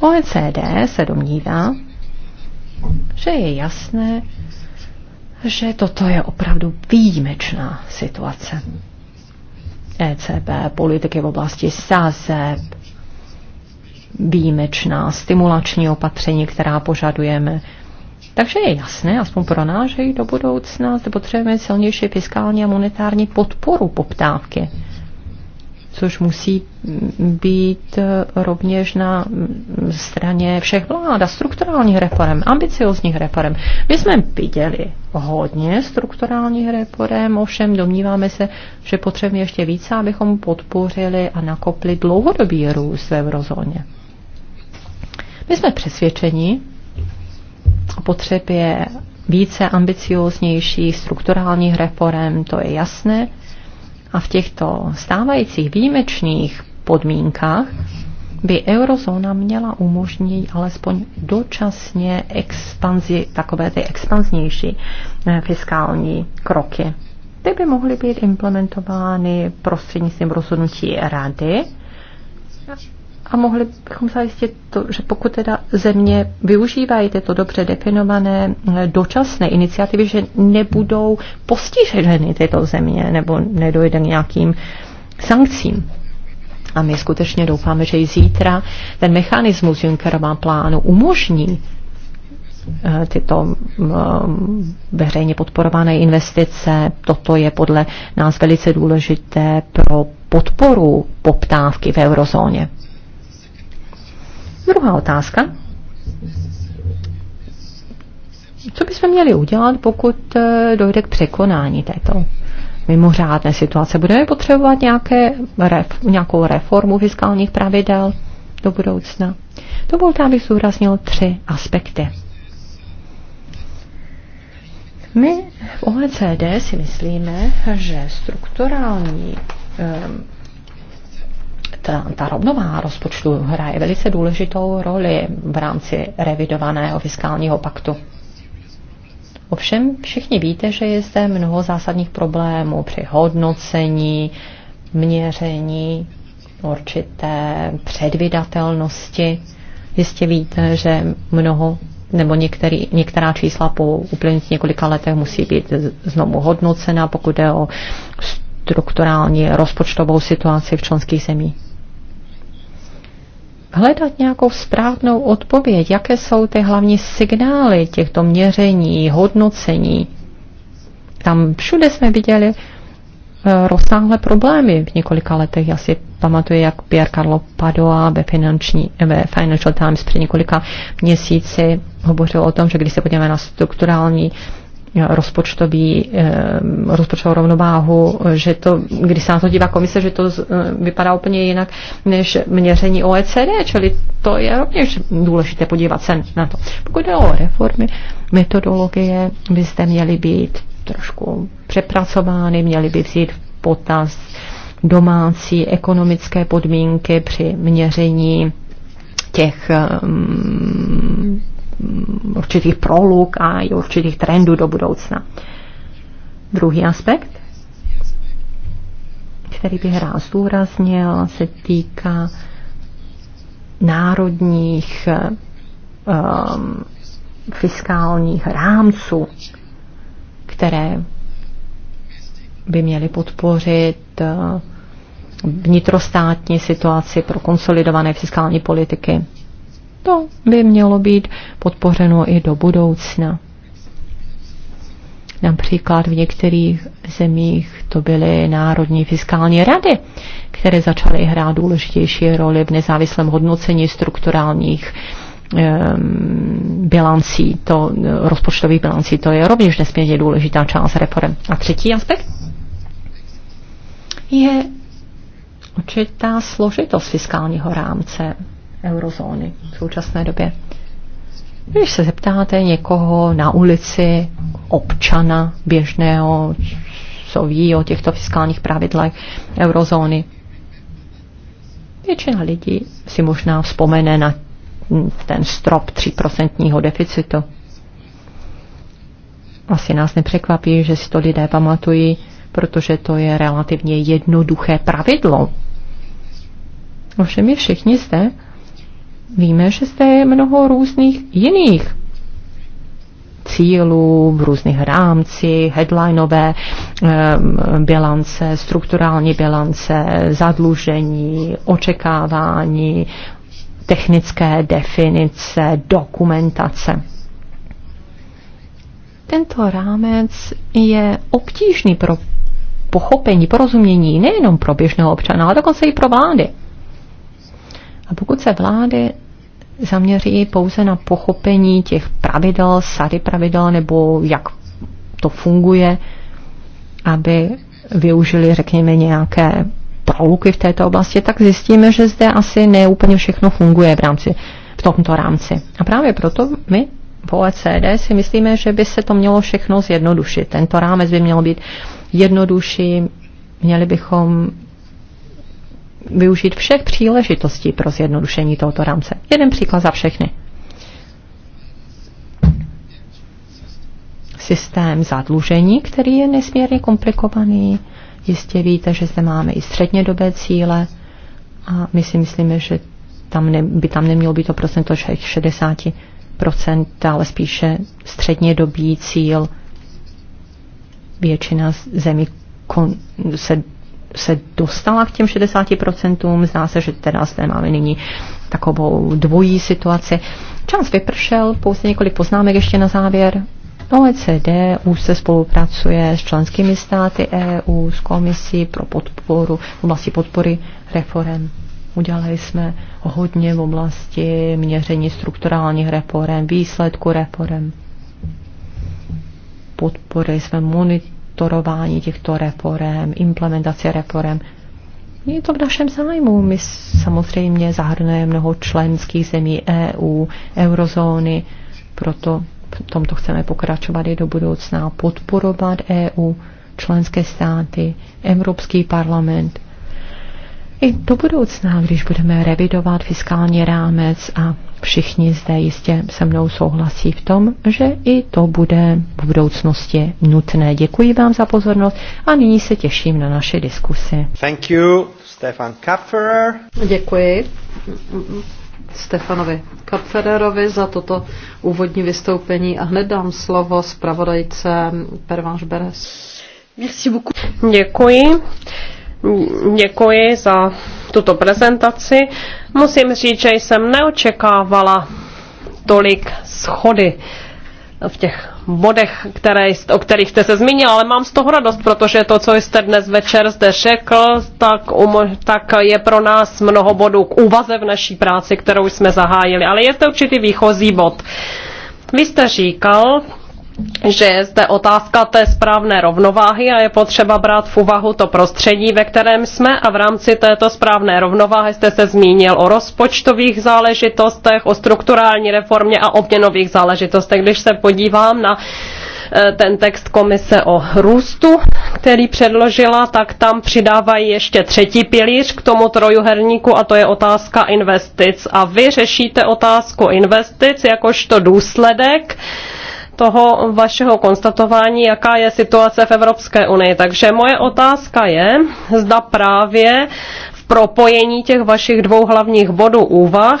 Speaker 2: OECD se domnívá, že je jasné, že toto je opravdu výjimečná situace. ECB, politiky v oblasti sázeb, výjimečná stimulační opatření, která požadujeme. Takže je jasné, aspoň pro nás, že i do budoucna zde potřebujeme silnější fiskální a monetární podporu poptávky což musí být rovněž na straně všech vlád a strukturálních reform, ambiciozních reform. My jsme viděli hodně strukturálních reform, ovšem domníváme se, že potřebujeme ještě více, abychom podpořili a nakopli dlouhodobý růst v eurozóně. My jsme přesvědčeni o potřebě více ambicióznější strukturálních reform, to je jasné, a v těchto stávajících výjimečných podmínkách by eurozóna měla umožnit alespoň dočasně expanzi, takové ty expanznější eh, fiskální kroky. Ty by mohly být implementovány prostřednictvím rozhodnutí rady a mohli bychom zajistit to, že pokud teda země využívají tyto dobře definované eh, dočasné iniciativy, že nebudou postiženy tyto země nebo nedojde k nějakým sankcím. A my skutečně doufáme, že i zítra ten mechanismus Junckerova plánu umožní eh, tyto eh, veřejně podporované investice. Toto je podle nás velice důležité pro podporu poptávky v eurozóně. Druhá otázka. Co bychom měli udělat, pokud eh, dojde k překonání této mimořádné situace? Budeme potřebovat nějaké, ref, nějakou reformu fiskálních pravidel do budoucna? Dovolte, abych zúraznil tři aspekty. My v OECD si myslíme, že strukturální um, ta, ta rovnováha rozpočtu hraje velice důležitou roli v rámci revidovaného fiskálního paktu. Ovšem všichni víte, že je zde mnoho zásadních problémů při hodnocení, měření, určité předvydatelnosti. Jistě víte, že mnoho nebo některý, některá čísla po uplynutí několika letech musí být znovu hodnocena, pokud jde o strukturální rozpočtovou situaci v členských zemích hledat nějakou správnou odpověď, jaké jsou ty hlavní signály těchto měření, hodnocení. Tam všude jsme viděli eh, rozsáhlé problémy v několika letech. Já si pamatuju, jak Pierre Carlo Padoa ve, finanční, ve Financial Times před několika měsíci hovořil o tom, že když se podíváme na strukturální Eh, rozpočtový, eh, rozpočtovou rovnováhu, že to, když se na to dívá komise, že to eh, vypadá úplně jinak než měření OECD, čili to je rovněž důležité podívat se na to. Pokud jde o reformy, metodologie byste měly být trošku přepracovány, měly by vzít v potaz domácí ekonomické podmínky při měření těch um, určitých proluk a i určitých trendů do budoucna. Druhý aspekt, který bych rád zdůraznil, se týká národních um, fiskálních rámců, které by měly podpořit eh, vnitrostátní situaci pro konsolidované fiskální politiky to by mělo být podpořeno i do budoucna. Například v některých zemích to byly národní fiskální rady, které začaly hrát důležitější roli v nezávislém hodnocení strukturálních ehm, bilancí, to rozpočtových bilancí, to je rovněž nesmírně důležitá část reform. A třetí aspekt je určitá složitost fiskálního rámce eurozóny v současné době. Když se zeptáte někoho na ulici, občana běžného, co ví o těchto fiskálních pravidlech eurozóny, většina lidí si možná vzpomene na ten strop 3% deficitu. Asi nás nepřekvapí, že si to lidé pamatují, protože to je relativně jednoduché pravidlo. Ovšem my všichni zde víme, že zde je mnoho různých jiných cílů, v různých rámcích, headlineové ehm, bilance, strukturální bilance, zadlužení, očekávání, technické definice, dokumentace. Tento rámec je obtížný pro pochopení, porozumění nejenom pro běžného občana, ale dokonce i pro vlády. A pokud se vlády zaměří pouze na pochopení těch pravidel, sady pravidel, nebo jak to funguje, aby využili, řekněme, nějaké proluky v této oblasti, tak zjistíme, že zde asi neúplně všechno funguje v rámci v tomto rámci. A právě proto my v OECD si myslíme, že by se to mělo všechno zjednodušit. Tento rámec by měl být jednodušší, měli bychom využít všech příležitostí pro zjednodušení tohoto rámce. Jeden příklad za všechny. Systém zadlužení, který je nesmírně komplikovaný. Jistě víte, že zde máme i střednědobé cíle a my si myslíme, že tam ne, by tam nemělo být to procento 60%, ale spíše střednědobý cíl. Většina zemí kon, se se dostala k těm 60%. Zdá se, že teda zde máme nyní takovou dvojí situaci. Čas vypršel, pouze několik poznámek ještě na závěr. OECD už se spolupracuje s členskými státy EU, s komisí pro podporu, v oblasti podpory reform. Udělali jsme hodně v oblasti měření strukturálních reform, výsledku reform. Podpory jsme monitorovali monitorování těchto reform, implementace reform. Je to v našem zájmu. My samozřejmě zahrnujeme mnoho členských zemí EU, eurozóny, proto v tomto chceme pokračovat i do budoucna podporovat EU, členské státy, Evropský parlament. I do budoucna, když budeme revidovat fiskální rámec a všichni zde jistě se mnou souhlasí v tom, že i to bude v budoucnosti nutné. Děkuji vám za pozornost a nyní se těším na naše diskusy.
Speaker 1: Thank you, Stefan Kapferer.
Speaker 2: Děkuji Stefanovi
Speaker 1: Kapfererovi za toto úvodní vystoupení a hned dám slovo zpravodajce Pervanš Beres.
Speaker 3: Merci beaucoup. Děkuji. Děkuji za tuto prezentaci. Musím říct, že jsem neočekávala tolik schody v těch bodech, které, o kterých jste se zmínil, ale mám z toho radost, protože to, co jste dnes večer zde řekl, tak, um, tak je pro nás mnoho bodů k úvaze v naší práci, kterou jsme zahájili. Ale je to určitý výchozí bod. Vy jste říkal, že je zde otázka té správné rovnováhy a je potřeba brát v úvahu to prostředí, ve kterém jsme a v rámci této správné rovnováhy jste se zmínil o rozpočtových záležitostech, o strukturální reformě a obměnových záležitostech. Když se podívám na eh, ten text komise o růstu, který předložila, tak tam přidávají ještě třetí pilíř k tomu trojuherníku a to je otázka investic. A vy řešíte otázku investic jakožto důsledek toho vašeho konstatování, jaká je situace v Evropské unii. Takže moje otázka je, zda právě v propojení těch vašich dvou hlavních bodů úvah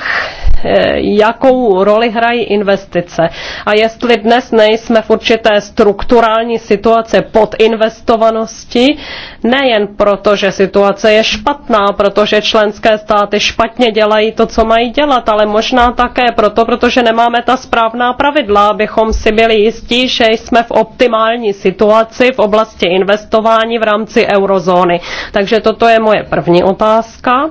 Speaker 3: Eh, jakou roli hrají investice. A jestli dnes nejsme v určité strukturální situace investovanosti, nejen proto, že situace je špatná, protože členské státy špatně dělají to, co mají dělat, ale možná také proto, protože nemáme ta správná pravidla, abychom si byli jistí, že jsme v optimální situaci v oblasti investování v rámci eurozóny. Takže toto je moje první otázka.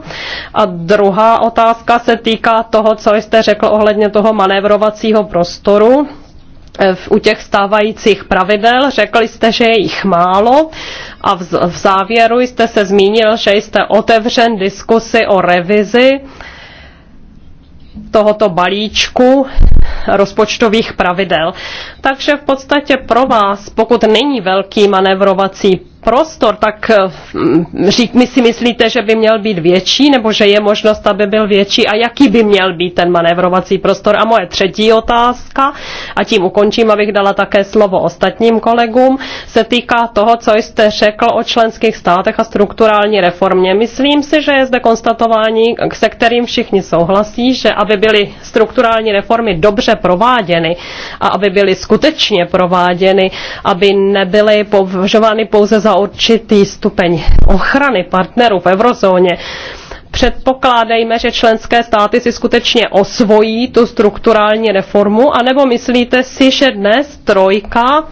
Speaker 3: A druhá otázka se týká toho, co jste řekl ohledně toho manévrovacího prostoru eh, u těch stávajících pravidel. Řekli jste, že je jich málo a v, v závěru jste se zmínil, že jste otevřen diskusy o revizi tohoto balíčku rozpočtových pravidel. Takže v podstatě pro vás, pokud není velký manevrovací prostor, tak eh, řík, my si myslíte, že by měl být větší, nebo že je možnost, aby byl větší a jaký by měl být ten manévrovací prostor? A moje třetí otázka, a tím ukončím, abych dala také slovo ostatním kolegům, se týká toho, co jste řekl o členských státech a strukturální reformě. Myslím si, že je zde konstatování, se kterým všichni souhlasí, že aby byly strukturální reformy dobře prováděny a aby byly skutečně prováděny, aby nebyly považovány pouze za určitý stupeň ochrany partnerů v eurozóně, předpokládejme, že členské státy si skutečně osvojí tu strukturální reformu, anebo myslíte si, že dnes trojka,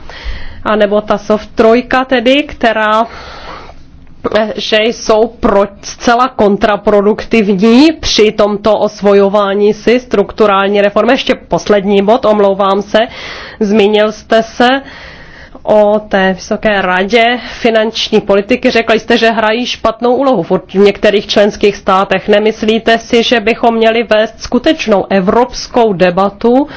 Speaker 3: anebo ta soft trojka tedy, která eh, že jsou pro, zcela kontraproduktivní při tomto osvojování si strukturální reformy. Ještě poslední bod, omlouvám se, zmínil jste se, o té Vysoké radě finanční politiky. Řekli jste, že hrají špatnou úlohu v některých členských státech. Nemyslíte si, že bychom měli vést skutečnou evropskou debatu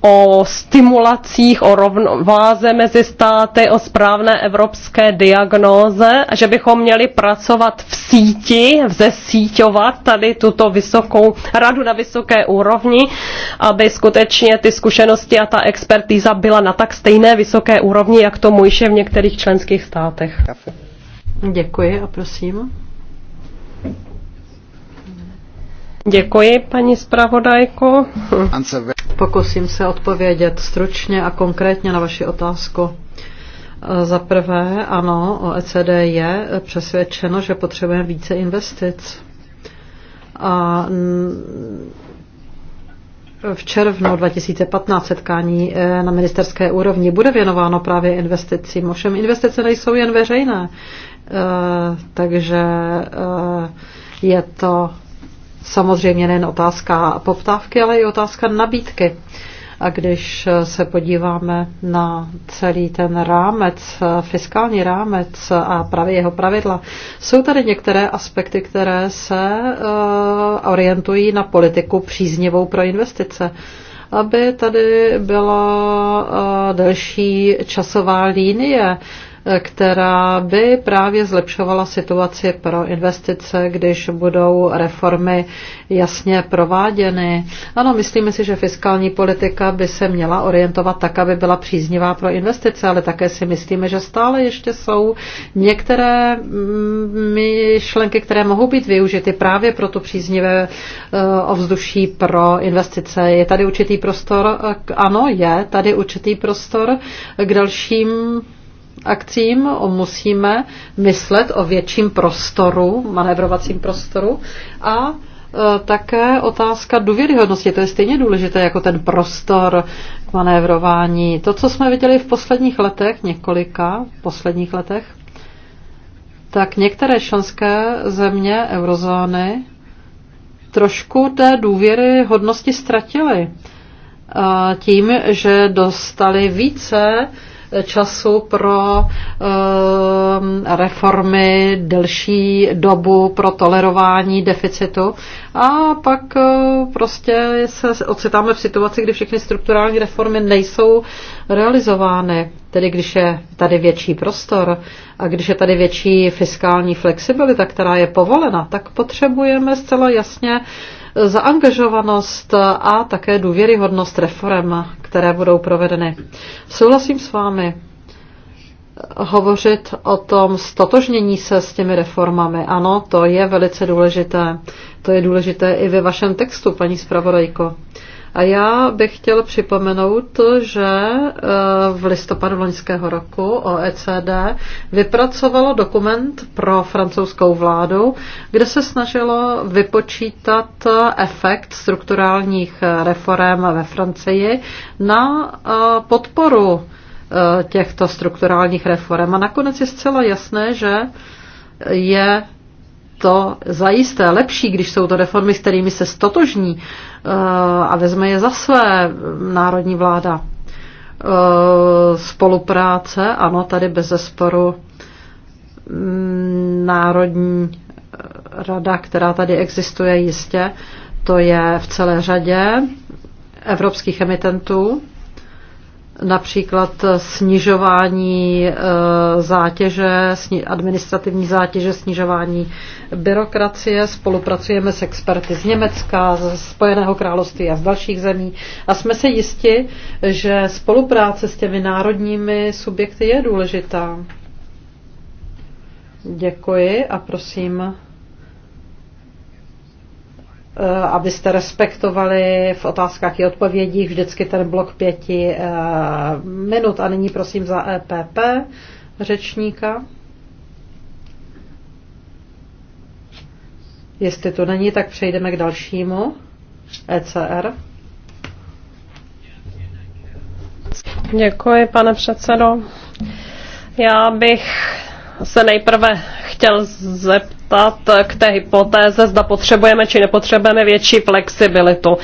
Speaker 3: o stimulacích, o rovnováze mezi státy, o správné evropské diagnóze, že bychom měli pracovat v síti, vzesíťovat tady tuto vysokou radu na vysoké úrovni, aby skutečně ty zkušenosti a ta expertíza byla na tak stejné vysoké úrovni, jak to již je v některých členských státech.
Speaker 1: Děkuji a prosím. Děkuji, paní zpravodajko. Pokusím se odpovědět stručně a konkrétně na vaši otázku. Za prvé, ano, OECD je přesvědčeno, že potřebujeme více investic. A v červnu 2015 setkání eh, na ministerské úrovni bude věnováno právě investicím. Ovšem investice nejsou jen veřejné, eh, takže eh, je to samozřejmě nejen otázka poptávky, ale i otázka nabídky. A když se podíváme na celý ten rámec, fiskální rámec a právě jeho pravidla, jsou tady některé aspekty, které se eh, orientují na politiku příznivou pro investice aby tady byla eh, delší časová linie která by právě zlepšovala situaci pro investice, když budou reformy jasně prováděny. Ano, myslíme si, že fiskální politika by se měla orientovat tak, aby byla příznivá pro investice, ale také si myslíme, že stále ještě jsou některé mm, myšlenky, které mohou být využity právě pro to příznivé eh, ovzduší pro investice. Je tady určitý prostor, eh, ano, je tady určitý prostor k dalším akcím musíme myslet o větším prostoru, manévrovacím prostoru a e, také otázka důvěryhodnosti. To je stejně důležité jako ten prostor k manévrování. To, co jsme viděli v posledních letech, několika v posledních letech, tak některé členské země eurozóny trošku té důvěryhodnosti ztratily e, tím, že dostali více času pro ehm, reformy, delší dobu pro tolerování deficitu a pak eh, prostě se ocitáme v situaci, kdy všechny strukturální reformy nejsou realizovány. Tedy když je tady větší prostor a když je tady větší fiskální flexibilita, která je povolena, tak potřebujeme zcela jasně uh, zaangažovanost a také důvěryhodnost reform, které budou provedeny. Souhlasím s vámi hovořit o tom stotožnění se s těmi reformami. Ano, to je velice důležité. To je důležité i ve vašem textu, paní zpravodajko. A já bych chtěla připomenout, že eh, v listopadu loňského roku OECD vypracovalo dokument pro francouzskou vládu, kde se snažilo vypočítat eh, efekt strukturálních eh, reform ve Francii na podporu těchto strukturálních reform. A nakonec je zcela jasné, že je to zajisté lepší, když jsou to reformy, s kterými se stotožní eh, a vezme je za své národní vláda. Eh, spolupráce, ano, tady bez zesporu mm, národní rada, která tady existuje jistě, to je v celé řadě evropských emitentů například snižování eh, zátěže, administrativní zátěže, snižování byrokracie. Spolupracujeme s experty z Německa, z Spojeného království a z dalších zemí a jsme se jisti, že spolupráce s těmi národními subjekty je důležitá. Děkuji a prosím Eh, abyste respektovali v otázkách i odpovědích vždycky ten blok pěti eh, minut. A nyní prosím za EPP řečníka. Jestli to není, tak přejdeme k dalšímu. ECR. Děkuji, pane předsedo.
Speaker 3: Já bych se nejprve chtěl zeptat, dostat k té hypotéze, zda potřebujeme či nepotřebujeme větší flexibilitu.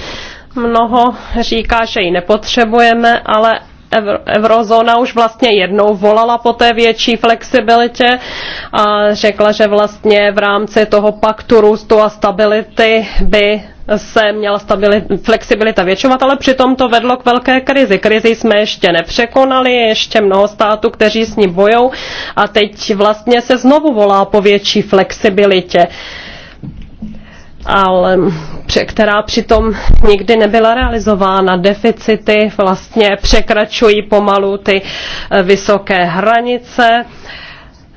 Speaker 3: Mnoho říká, že ji nepotřebujeme, ale eurozóna už vlastně jednou volala po té větší flexibilitě a řekla, že vlastně v rámci toho paktu růstu a stability by se měla stabilit, flexibilita většovat, ale přitom to vedlo k velké krizi. Krizi jsme ještě nepřekonali, ještě mnoho států, kteří s ní bojou a teď vlastně se znovu volá po větší flexibilitě. Uh, ale která přitom nikdy nebyla realizována. Deficity vlastně překračují pomalu ty eh, vysoké hranice.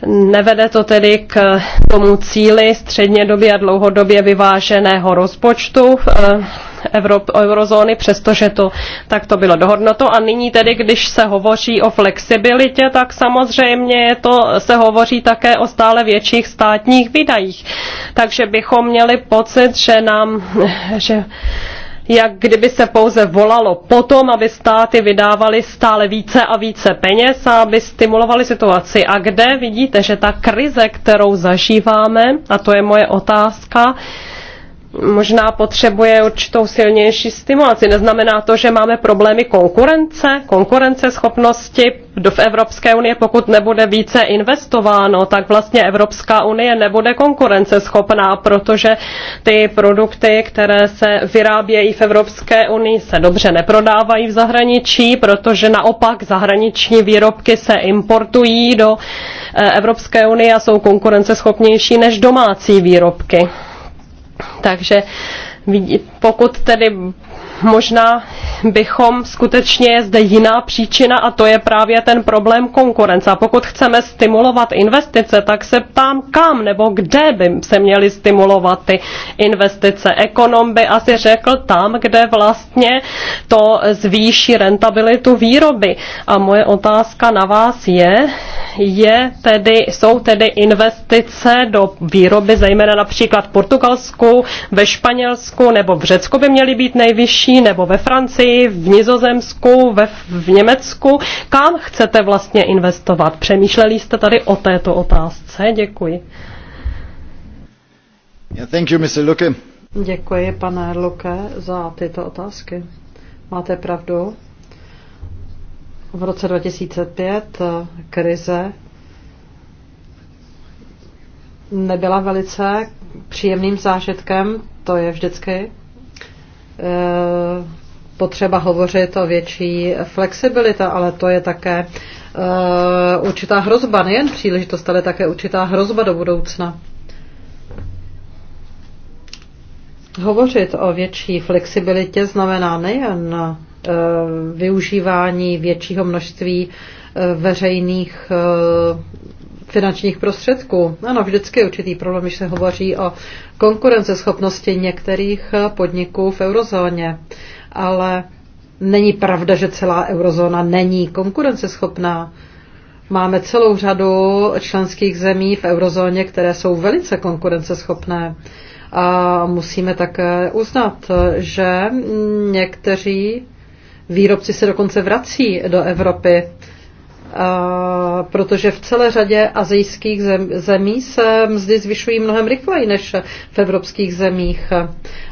Speaker 3: Nevede to tedy k eh, tomu cíli střednědobě a dlouhodobě vyváženého rozpočtu eh, Evrop, eurozóny, přestože to tak to bylo dohodnoto. A nyní tedy, když se hovoří o flexibilitě, tak samozřejmě je to, se hovoří také o stále větších státních výdajích. Takže bychom měli pocit, že nám, že jak kdyby se pouze volalo potom, aby státy vydávaly stále více a více peněz a aby stimulovaly situaci. A kde vidíte, že ta krize, kterou zažíváme, a to je moje otázka, možná potřebuje určitou silnější stimulaci. Neznamená to, že máme problémy konkurence, konkurenceschopnosti v Evropské unii, pokud nebude více investováno, tak vlastně Evropská unie nebude konkurenceschopná, protože ty produkty, které se vyrábějí v Evropské unii, se dobře neprodávají v zahraničí, protože naopak zahraniční výrobky se importují do eh, Evropské unie a jsou konkurenceschopnější než domácí výrobky. Takže pokud tedy možná bychom skutečně je zde jiná příčina a to je právě ten problém konkurence. A pokud chceme stimulovat investice, tak se ptám kam nebo kde by se měly stimulovat ty investice. Ekonom by asi řekl tam, kde vlastně to zvýší rentabilitu výroby. A moje otázka na vás je, je tedy, jsou tedy investice do výroby, zejména například v Portugalsku, ve Španělsku nebo v Řecku by měly být nejvyšší zahraničí nebo ve Francii, v Nizozemsku, ve, v Německu. Kam chcete vlastně investovat? Přemýšleli
Speaker 1: jste tady o této otázce? Děkuji. Yeah, thank you, Mr. Luke. Děkuji, pane Luke, za tyto otázky. Máte pravdu. V roce 2005 eh, krize nebyla velice příjemným zážitkem, to je vždycky. Eh, potřeba hovořit o větší flexibilita, ale to je také eh, určitá hrozba, nejen příležitost, ale také určitá hrozba do budoucna. Hovořit o větší flexibilitě znamená nejen eh, využívání většího množství veřejných finančních prostředků. Ano, vždycky je určitý problém, když se hovoří o konkurenceschopnosti některých podniků v eurozóně, ale není pravda, že celá eurozóna není konkurenceschopná. Máme celou řadu členských zemí v eurozóně, které jsou velice konkurenceschopné. A musíme také uznat, že někteří výrobci se dokonce vrací do Evropy protože v celé řadě azijských zemí se mzdy zvyšují mnohem rychleji než v evropských zemích.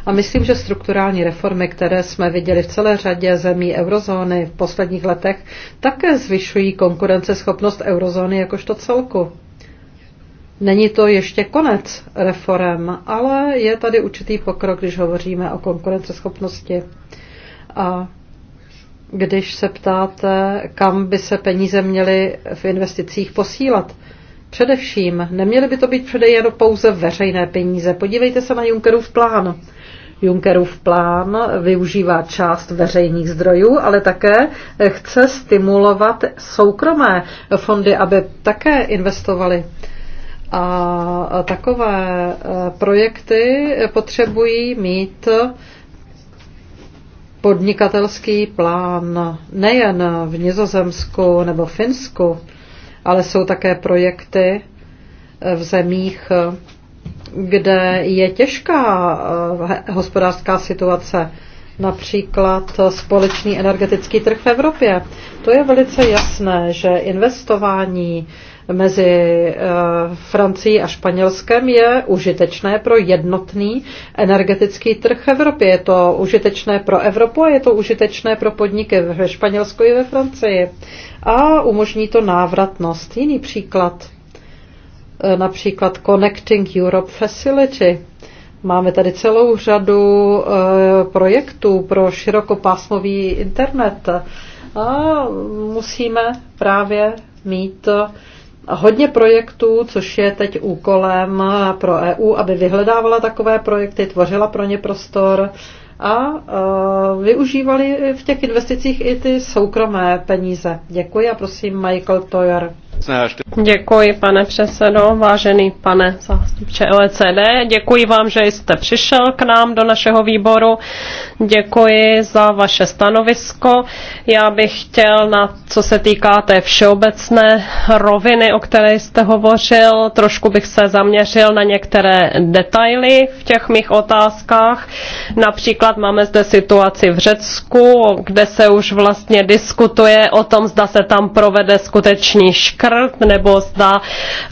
Speaker 1: A myslím, že strukturální reformy, které jsme viděli v celé řadě zemí eurozóny v posledních letech, také zvyšují konkurenceschopnost eurozóny jakožto celku. Není to ještě konec reform, ale je tady určitý pokrok, když hovoříme o konkurenceschopnosti. A když se ptáte, kam by se peníze měly v investicích posílat. Především, neměly by to být předejeno pouze veřejné peníze. Podívejte se na Junckerův plán. Junckerův plán využívá část veřejných zdrojů, ale také chce stimulovat soukromé fondy, aby také investovaly. A takové eh, projekty potřebují mít podnikatelský plán nejen v Nizozemsku nebo Finsku, ale jsou také projekty eh, v zemích, eh, kde je těžká eh, hospodářská situace, například společný energetický trh v Evropě. To je velice jasné, že investování mezi eh, Francií a Španělskem je užitečné pro jednotný energetický trh v Evropě. Je to užitečné pro Evropu a je to užitečné pro podniky ve Španělsku i ve Francii. A umožní to návratnost. Jiný příklad, eh, například Connecting Europe Facility. Máme tady celou řadu eh, projektů pro širokopásmový internet a musíme právě mít hodně projektů, což je teď úkolem pro EU, aby vyhledávala takové projekty, tvořila pro ně prostor a e, využívali v těch investicích i ty soukromé peníze. Děkuji a prosím Michael Toyer.
Speaker 3: Děkuji, pane předsedo, vážený pane zástupče OECD. Děkuji vám, že jste přišel k nám do našeho výboru. Děkuji za vaše stanovisko. Já bych chtěl, na co se týká té všeobecné roviny, o které jste hovořil, trošku bych se zaměřil na některé detaily v těch mých otázkách. Například máme zde situaci v Řecku, kde se už vlastně diskutuje o tom, zda se tam provede skutečný škrt škrt, nebo zda,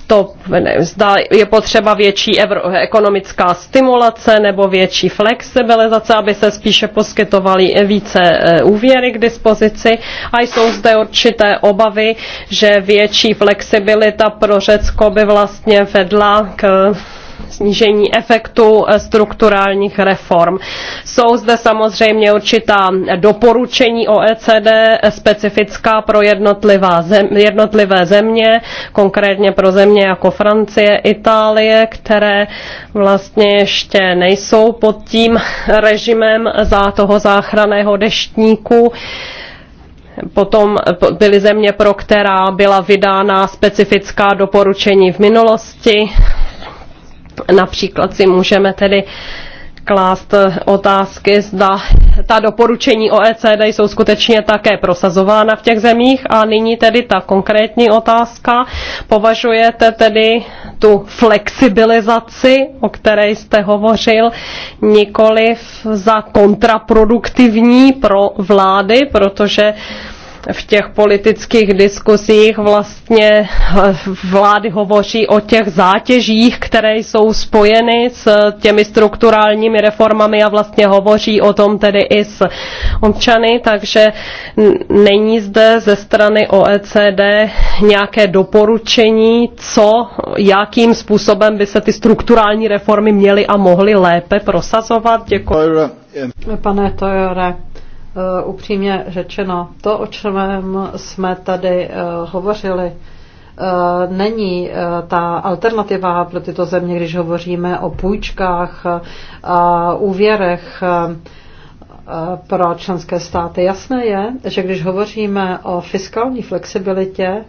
Speaker 3: to, ne, zda je potřeba větší evro, ekonomická stimulace nebo větší flexibilizace, aby se spíše poskytovaly více eh, úvěry k dispozici. A jsou zde určité obavy, že větší flexibilita pro Řecko by vlastně vedla k snížení efektu eh, strukturálních reform. Jsou zde samozřejmě určitá doporučení OECD specifická pro jednotlivá zem, jednotlivé země, konkrétně pro země jako Francie, Itálie, které vlastně ještě nejsou pod tím režimem za toho záchraného deštníku. Potom byly země, pro která byla vydána specifická doporučení v minulosti, Například si můžeme tedy klást otázky, zda ta doporučení OECD jsou skutečně také prosazována v těch zemích. A nyní tedy ta konkrétní otázka. Považujete tedy tu flexibilizaci, o které jste hovořil, nikoliv za kontraproduktivní pro vlády, protože v těch politických diskusích vlastně eh, vlády hovoří o těch zátěžích, které jsou spojeny s těmi strukturálními reformami a vlastně hovoří o tom tedy i s občany, takže není zde ze strany OECD nějaké doporučení, co, jakým způsobem by se ty strukturální reformy měly a mohly
Speaker 1: lépe prosazovat. Děkuji. Pane Tojore, Eh, upřímně řečeno, to, o čem jsme tady eh, hovořili, eh, není ta alternativa pro tyto země, když hovoříme o půjčkách a úvěrech pro členské státy. Jasné je, že když hovoříme o fiskální flexibilitě,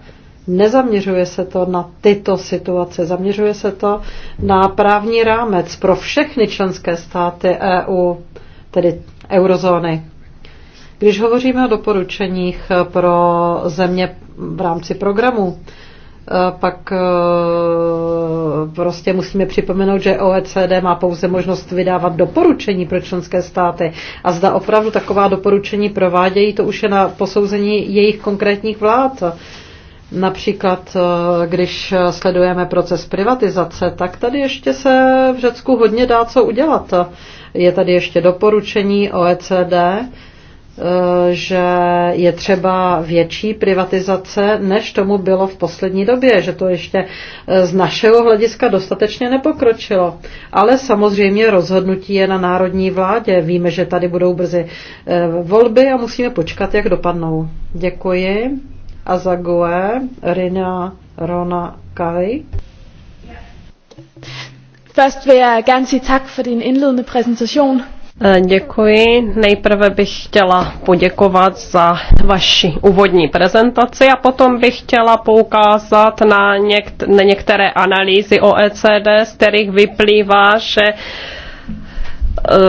Speaker 1: nezaměřuje se to na tyto situace, zaměřuje se to na právní rámec pro všechny členské státy EU, tedy eurozóny. Když hovoříme o doporučeních eh, pro země v rámci programu, eh, pak eh, prostě musíme připomenout, že OECD má pouze možnost vydávat doporučení pro členské státy a zda opravdu taková doporučení provádějí, to už je na posouzení jejich konkrétních vlád. Například, když sledujeme proces privatizace, tak tady ještě se v Řecku hodně dá co udělat. Je tady ještě doporučení OECD, Eh, že je třeba větší privatizace, než tomu bylo v poslední době, že to ještě eh, z našeho hlediska dostatečně nepokročilo. Ale samozřejmě rozhodnutí je na národní vládě. Víme, že tady budou brzy eh, volby a musíme počkat, jak dopadnou. Děkuji. Azagoe, Rina, Rona, Kai. Først vil jeg gerne sige tak for din indledende præsentation.
Speaker 3: Eh, děkuji. Nejprve bych chtěla poděkovat za vaši úvodní prezentaci a potom bych chtěla poukázat na, na některé analýzy OECD, z kterých vyplývá, že eh,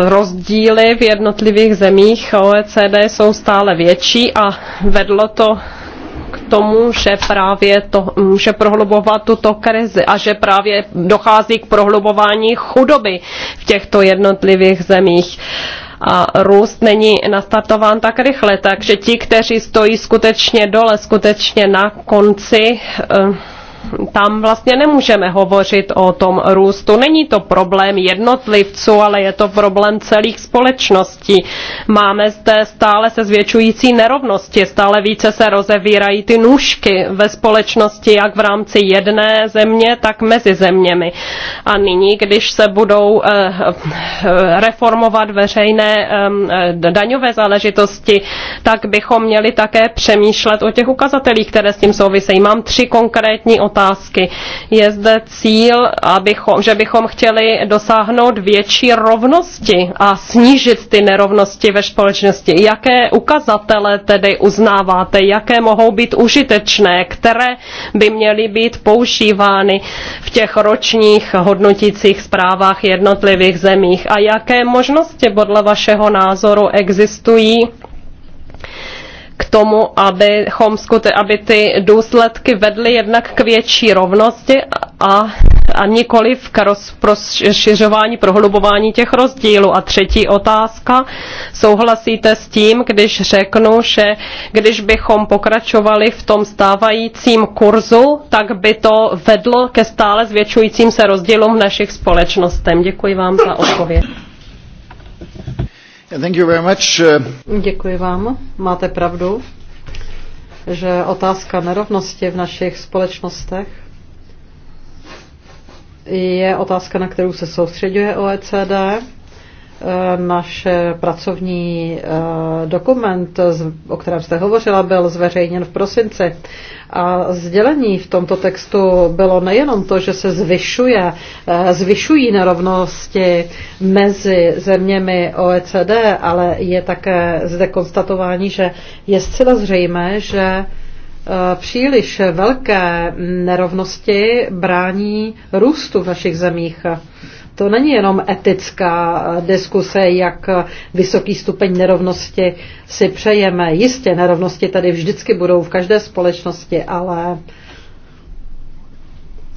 Speaker 3: rozdíly v jednotlivých zemích OECD jsou stále větší a vedlo to k tomu, že právě to může prohlubovat tuto krizi a že právě dochází k prohlubování chudoby v těchto jednotlivých zemích a růst není nastartován tak rychle. Takže ti, kteří stojí skutečně dole, skutečně na konci, eh, tam vlastně nemůžeme hovořit o tom růstu. Není to problém jednotlivců, ale je to problém celých společností. Máme zde stále se zvětšující nerovnosti, stále více se rozevírají ty nůžky ve společnosti, jak v rámci jedné země, tak mezi zeměmi. A nyní, když se budou eh, eh, reformovat veřejné eh, daňové záležitosti, tak bychom měli také přemýšlet o těch ukazatelích, které s tím souvisejí. Mám tři konkrétní otázky otázky. Je zde cíl, abychom, že bychom chtěli dosáhnout větší rovnosti a snížit ty nerovnosti ve společnosti. Jaké ukazatele tedy uznáváte, jaké mohou být užitečné, které by měly být používány v těch ročních hodnotících zprávách jednotlivých zemích a jaké možnosti podle vašeho názoru existují k tomu, abychom skute, aby ty důsledky vedly jednak k větší rovnosti a, a nikoliv k rozšiřování, prohlubování těch rozdílů. A třetí otázka, souhlasíte s tím, když řeknu, že když bychom pokračovali v tom stávajícím kurzu, tak by to vedlo ke stále zvětšujícím se rozdílům v našich společnostem. Děkuji vám za odpověď.
Speaker 1: Thank you very much. Uh, Děkuji vám. Máte pravdu, že otázka nerovnosti v našich společnostech je otázka, na kterou se soustředuje OECD Náš pracovní eh, dokument, o kterém jste hovořila, byl zveřejněn v prosinci. A sdělení v tomto textu bylo nejenom to, že se zvyšuje, eh, zvyšují nerovnosti mezi zeměmi OECD, ale je také zde konstatování, že je zcela zřejmé, že eh, příliš velké nerovnosti brání růstu v našich zemích. To není jenom etická eh, diskuse, jak eh, vysoký stupeň nerovnosti si přejeme. Jistě nerovnosti tady vždycky budou v každé společnosti, ale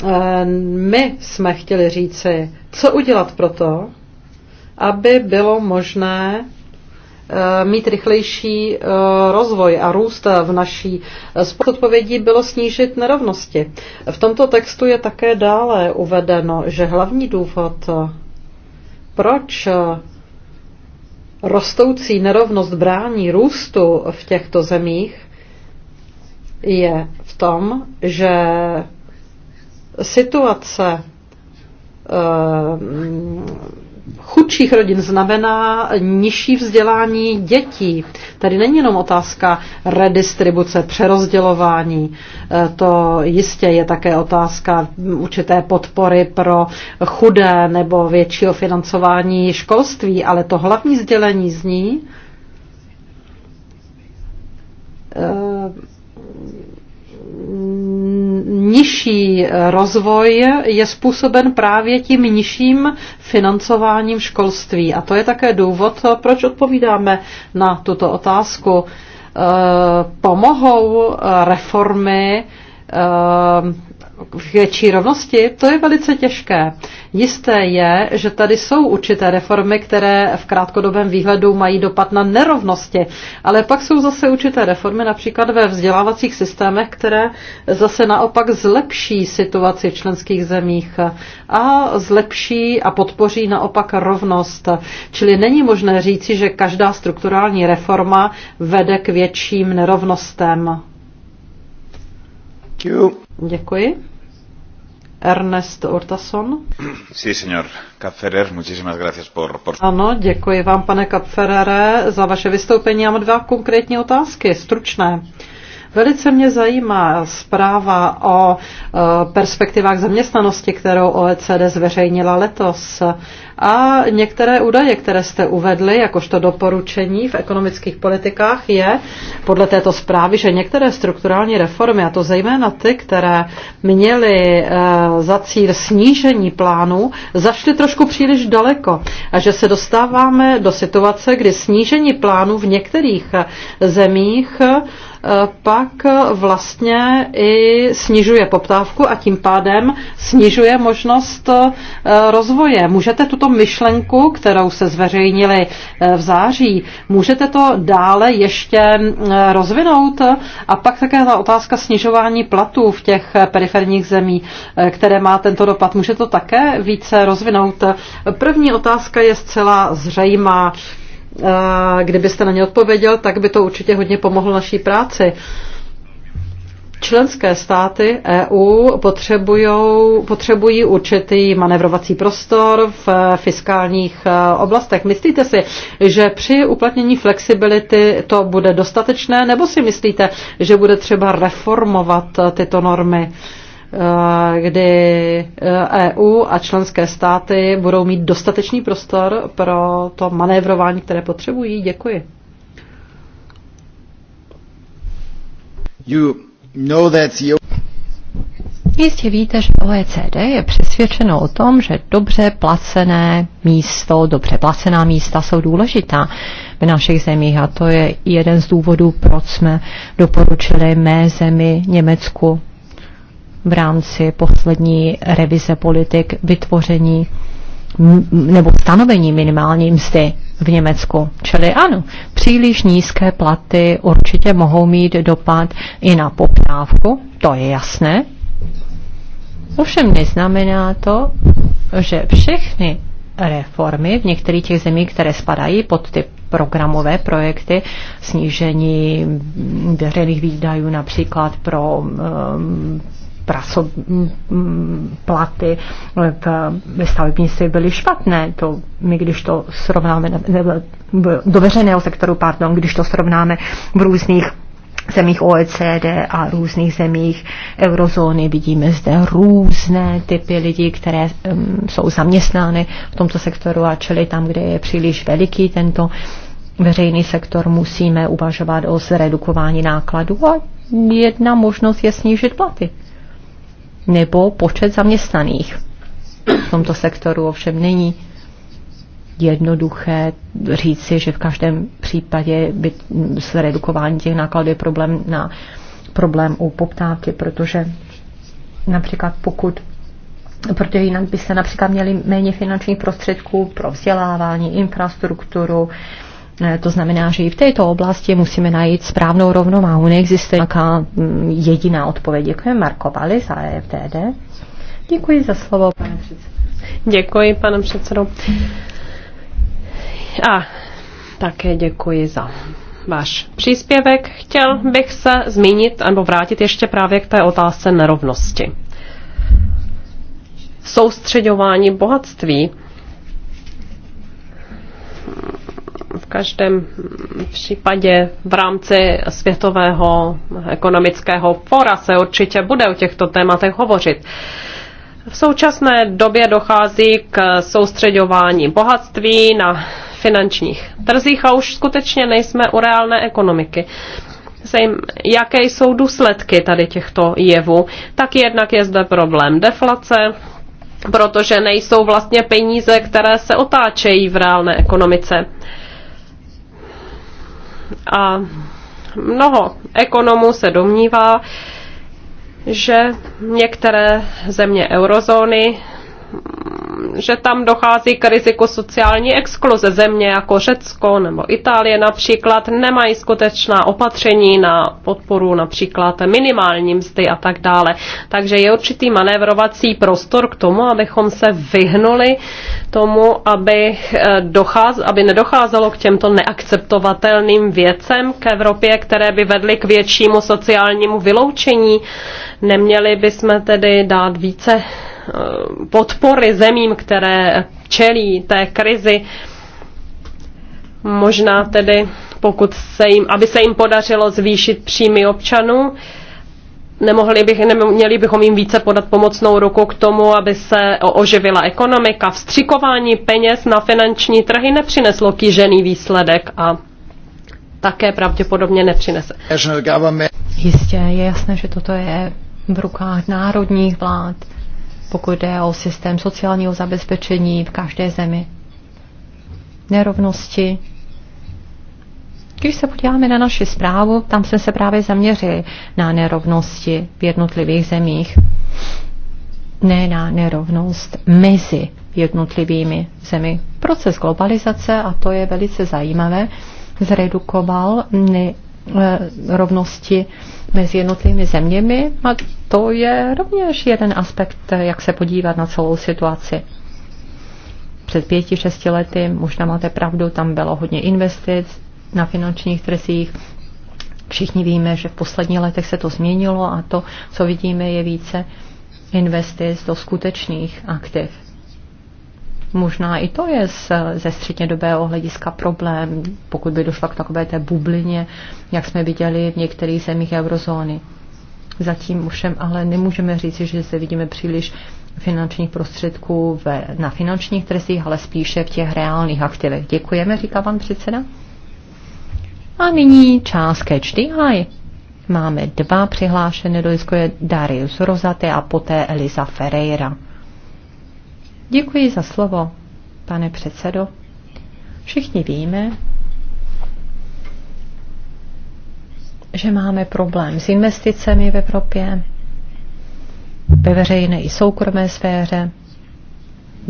Speaker 1: eh, my jsme chtěli říci, co udělat pro to, aby bylo možné Eh, mít rychlejší eh, rozvoj a růst v naší eh, odpovědí bylo snížit nerovnosti. V tomto textu je také dále uvedeno, že hlavní důvod, proč rostoucí nerovnost brání růstu v těchto zemích, je v tom, že situace chudších rodin znamená nižší vzdělání dětí. Tady není jenom otázka redistribuce, přerozdělování. E, to jistě je také otázka určité podpory pro chudé nebo většího financování školství, ale to hlavní sdělení zní,
Speaker 2: e,
Speaker 1: Mm, nižší rozvoj je způsoben právě tím nižším financováním školství. A to je také důvod, proč odpovídáme na tuto otázku. Eh, pomohou eh, reformy eh, větší rovnosti, to je velice těžké. Jisté je, že tady jsou určité reformy, které v krátkodobém výhledu mají dopad na nerovnosti, ale pak jsou zase určité reformy například ve vzdělávacích systémech, které zase naopak zlepší situaci v členských zemích a zlepší a podpoří naopak rovnost. Čili není možné říci, že každá strukturální reforma vede k větším nerovnostem. Děkuji. Ernest Ortason.
Speaker 3: Sí, señor Kapferer, muchísimas gracias
Speaker 1: por, por... Ano, děkuji vám, pane Kapferere, za vaše vystoupení. Já mám dva konkrétní otázky, stručné. Velice mě zajímá zpráva o e, perspektivách zaměstnanosti, kterou OECD zveřejnila letos. A některé údaje, které jste uvedli, jakožto doporučení v ekonomických politikách, je podle této zprávy, že některé strukturální reformy, a to zejména ty, které měly eh, za cíl snížení plánů, zašly trošku příliš daleko a že se dostáváme do situace, kdy snížení plánů v některých eh, zemích eh, pak vlastně i snižuje poptávku a tím pádem snižuje možnost rozvoje. Můžete tuto myšlenku, kterou se zveřejnili eh, v září, můžete to dále ještě mm, rozvinout? A pak také ta otázka snižování platů v těch eh, periferních zemí, eh, které má tento dopad. Může to také více rozvinout? První otázka je zcela zřejmá. Kdybyste na ně odpověděl, tak by to určitě hodně pomohlo naší práci. Členské státy EU potřebují určitý manevrovací prostor v fiskálních e, oblastech. Myslíte si, že při uplatnění flexibility to bude dostatečné, nebo si myslíte, že bude třeba reformovat e, tyto normy? E, kdy EU a členské státy budou mít dostatečný prostor pro to manévrování, které potřebují. Děkuji.
Speaker 3: You
Speaker 2: Jistě víte, že OECD je přesvědčeno o tom, že dobře placené místo, dobře placená místa jsou důležitá v našich zemích a to je jeden z důvodů, proč jsme doporučili mé zemi Německu v rámci poslední revize politik vytvoření nebo stanovení minimální mzdy v Německu. Čili ano, příliš nízké platy určitě mohou mít dopad i na poptávku, to je jasné. Ovšem neznamená to, že všechny reformy v některých těch zemích, které spadají pod ty programové projekty, snížení veřejných výdajů například pro um, praso, platy ve stavebnictví byly špatné. To my, když to srovnáme, do veřejného sektoru, pardon, když to srovnáme v různých zemích OECD a různých zemích eurozóny vidíme zde různé typy lidí, které um, jsou zaměstnány v tomto sektoru a čili tam, kde je příliš veliký tento veřejný sektor, musíme uvažovat o zredukování nákladů a jedna možnost je snížit platy nebo počet zaměstnaných. V tomto sektoru ovšem není jednoduché říci, že v každém případě by se redukování těch nákladů je problém na problém u poptávky, protože například pokud protože jinak by se například měli méně finančních prostředků pro vzdělávání, infrastrukturu, Eh, to znamená, že i v této oblasti musíme najít správnou rovnováhu. Neexistuje nějaká mm, jediná odpověď. Děkuji Markovali za EFTD.
Speaker 3: Děkuji za slovo, pane předsedo. Děkuji, pane předsedo. A také děkuji za váš příspěvek. Chtěl bych se zmínit nebo vrátit ještě právě k té otázce nerovnosti. Soustředování bohatství v každém případě v rámci Světového ekonomického fora se určitě bude o těchto tématech hovořit. V současné době dochází k soustředování bohatství na finančních trzích a už skutečně nejsme u reálné ekonomiky. Jaké jsou důsledky tady těchto jevů? Tak jednak je zde problém deflace, protože nejsou vlastně peníze, které se otáčejí v reálné ekonomice. A mnoho ekonomů se domnívá, že některé země eurozóny že tam dochází k riziku sociální exkluze. Země jako Řecko nebo Itálie například nemají skutečná opatření na podporu například minimální mzdy a tak dále. Takže je určitý manévrovací prostor k tomu, abychom se vyhnuli tomu, aby, eh, docház, aby nedocházelo k těmto neakceptovatelným věcem k Evropě, které by vedly k většímu sociálnímu vyloučení. Neměli bychom tedy dát více Eh, podpory zemím, které čelí té krizi. Možná tedy, pokud se jim, aby se jim podařilo zvýšit příjmy občanů, nemohli bych, neměli bychom jim více podat pomocnou ruku k tomu, aby se oživila ekonomika. Vstřikování peněz na finanční trhy nepřineslo kýžený výsledek a také pravděpodobně nepřinese.
Speaker 2: Jistě je jasné, že toto je v rukách národních vlád pokud jde o systém sociálního zabezpečení v každé zemi. Nerovnosti. Když se podíváme na naši zprávu, tam jsme se právě zaměřili na nerovnosti v jednotlivých zemích. Ne na nerovnost mezi jednotlivými zemi. Proces globalizace, a to je velice zajímavé, zredukoval nerovnosti. Eh, mezi jednotlivými zeměmi a to je rovněž jeden aspekt, jak se podívat na celou situaci. Před pěti, šesti lety, možná máte pravdu, tam bylo hodně investic na finančních trzích. Všichni víme, že v posledních letech se to změnilo a to, co vidíme, je více investic do skutečných aktiv Možná i to je z, ze střednědobého hlediska problém, pokud by došlo k takové té bublině, jak jsme viděli v některých zemích eurozóny. Zatím ovšem ale nemůžeme říci, že se vidíme příliš finančních prostředků ve, na finančních trzích, ale spíše v těch reálných aktivech. Děkujeme, říká pan předseda. A nyní část Catch the Máme dva přihlášené do je Darius Rozate a poté Eliza Ferreira. Děkuji za slovo, pane předsedo. Všichni víme, že máme problém s investicemi v Evropě, ve veřejné i soukromé sféře.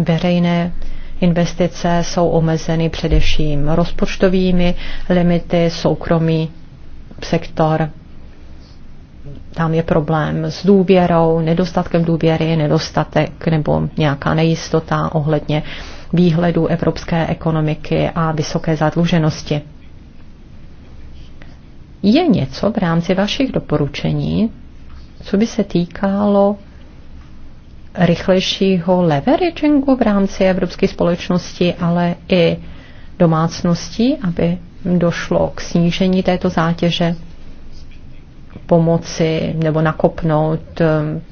Speaker 2: Veřejné investice jsou omezeny především rozpočtovými limity, soukromý sektor tam je problém s důvěrou, nedostatkem důvěry, nedostatek nebo nějaká nejistota ohledně výhledu evropské ekonomiky a vysoké zadluženosti. Je něco v rámci vašich doporučení, co by se týkalo rychlejšího leveragingu v rámci evropské společnosti, ale i domácností, aby došlo k snížení této zátěže? pomoci nebo nakopnout um,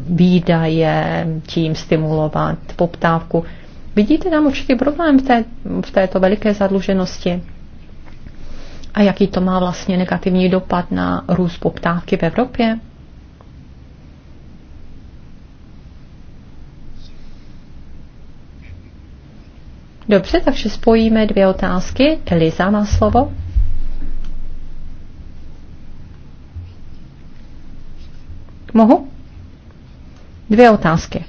Speaker 2: výdaje, tím stimulovat poptávku. Vidíte tam určitý problém v, té, v této veliké zadluženosti a jaký to má vlastně negativní dopad na růst poptávky v Evropě? Dobře, takže spojíme dvě otázky. Eliza má slovo. Mohu? Dvě otázky.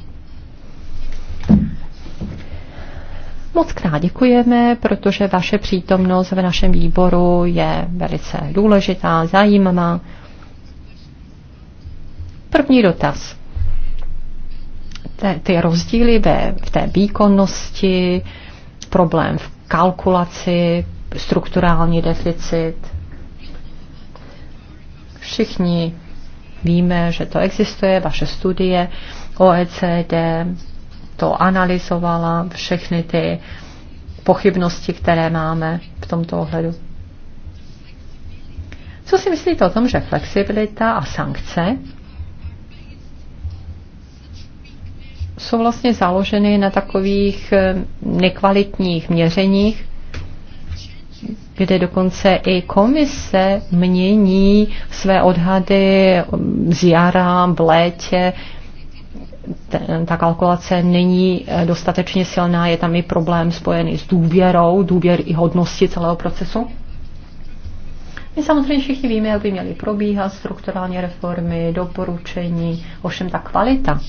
Speaker 2: Moc krát děkujeme, protože vaše přítomnost v našem výboru je velice důležitá, zajímavá. První dotaz. ty rozdíly ve, v té výkonnosti, problém v kalkulaci, strukturální deficit. Všichni Víme, že to existuje, vaše studie OECD to analyzovala, všechny ty pochybnosti, které máme v tomto ohledu. Co si myslíte o tom, že flexibilita a sankce jsou vlastně založeny na takových nekvalitních měřeních, kde dokonce i komise mění své odhady z um, jara, v létě. Ta kalkulace není eh, dostatečně silná, je tam i problém spojený s důvěrou, důvěr i hodnosti celého procesu. My samozřejmě všichni víme, jak by měly probíhat strukturální reformy, doporučení, ovšem ta kvalita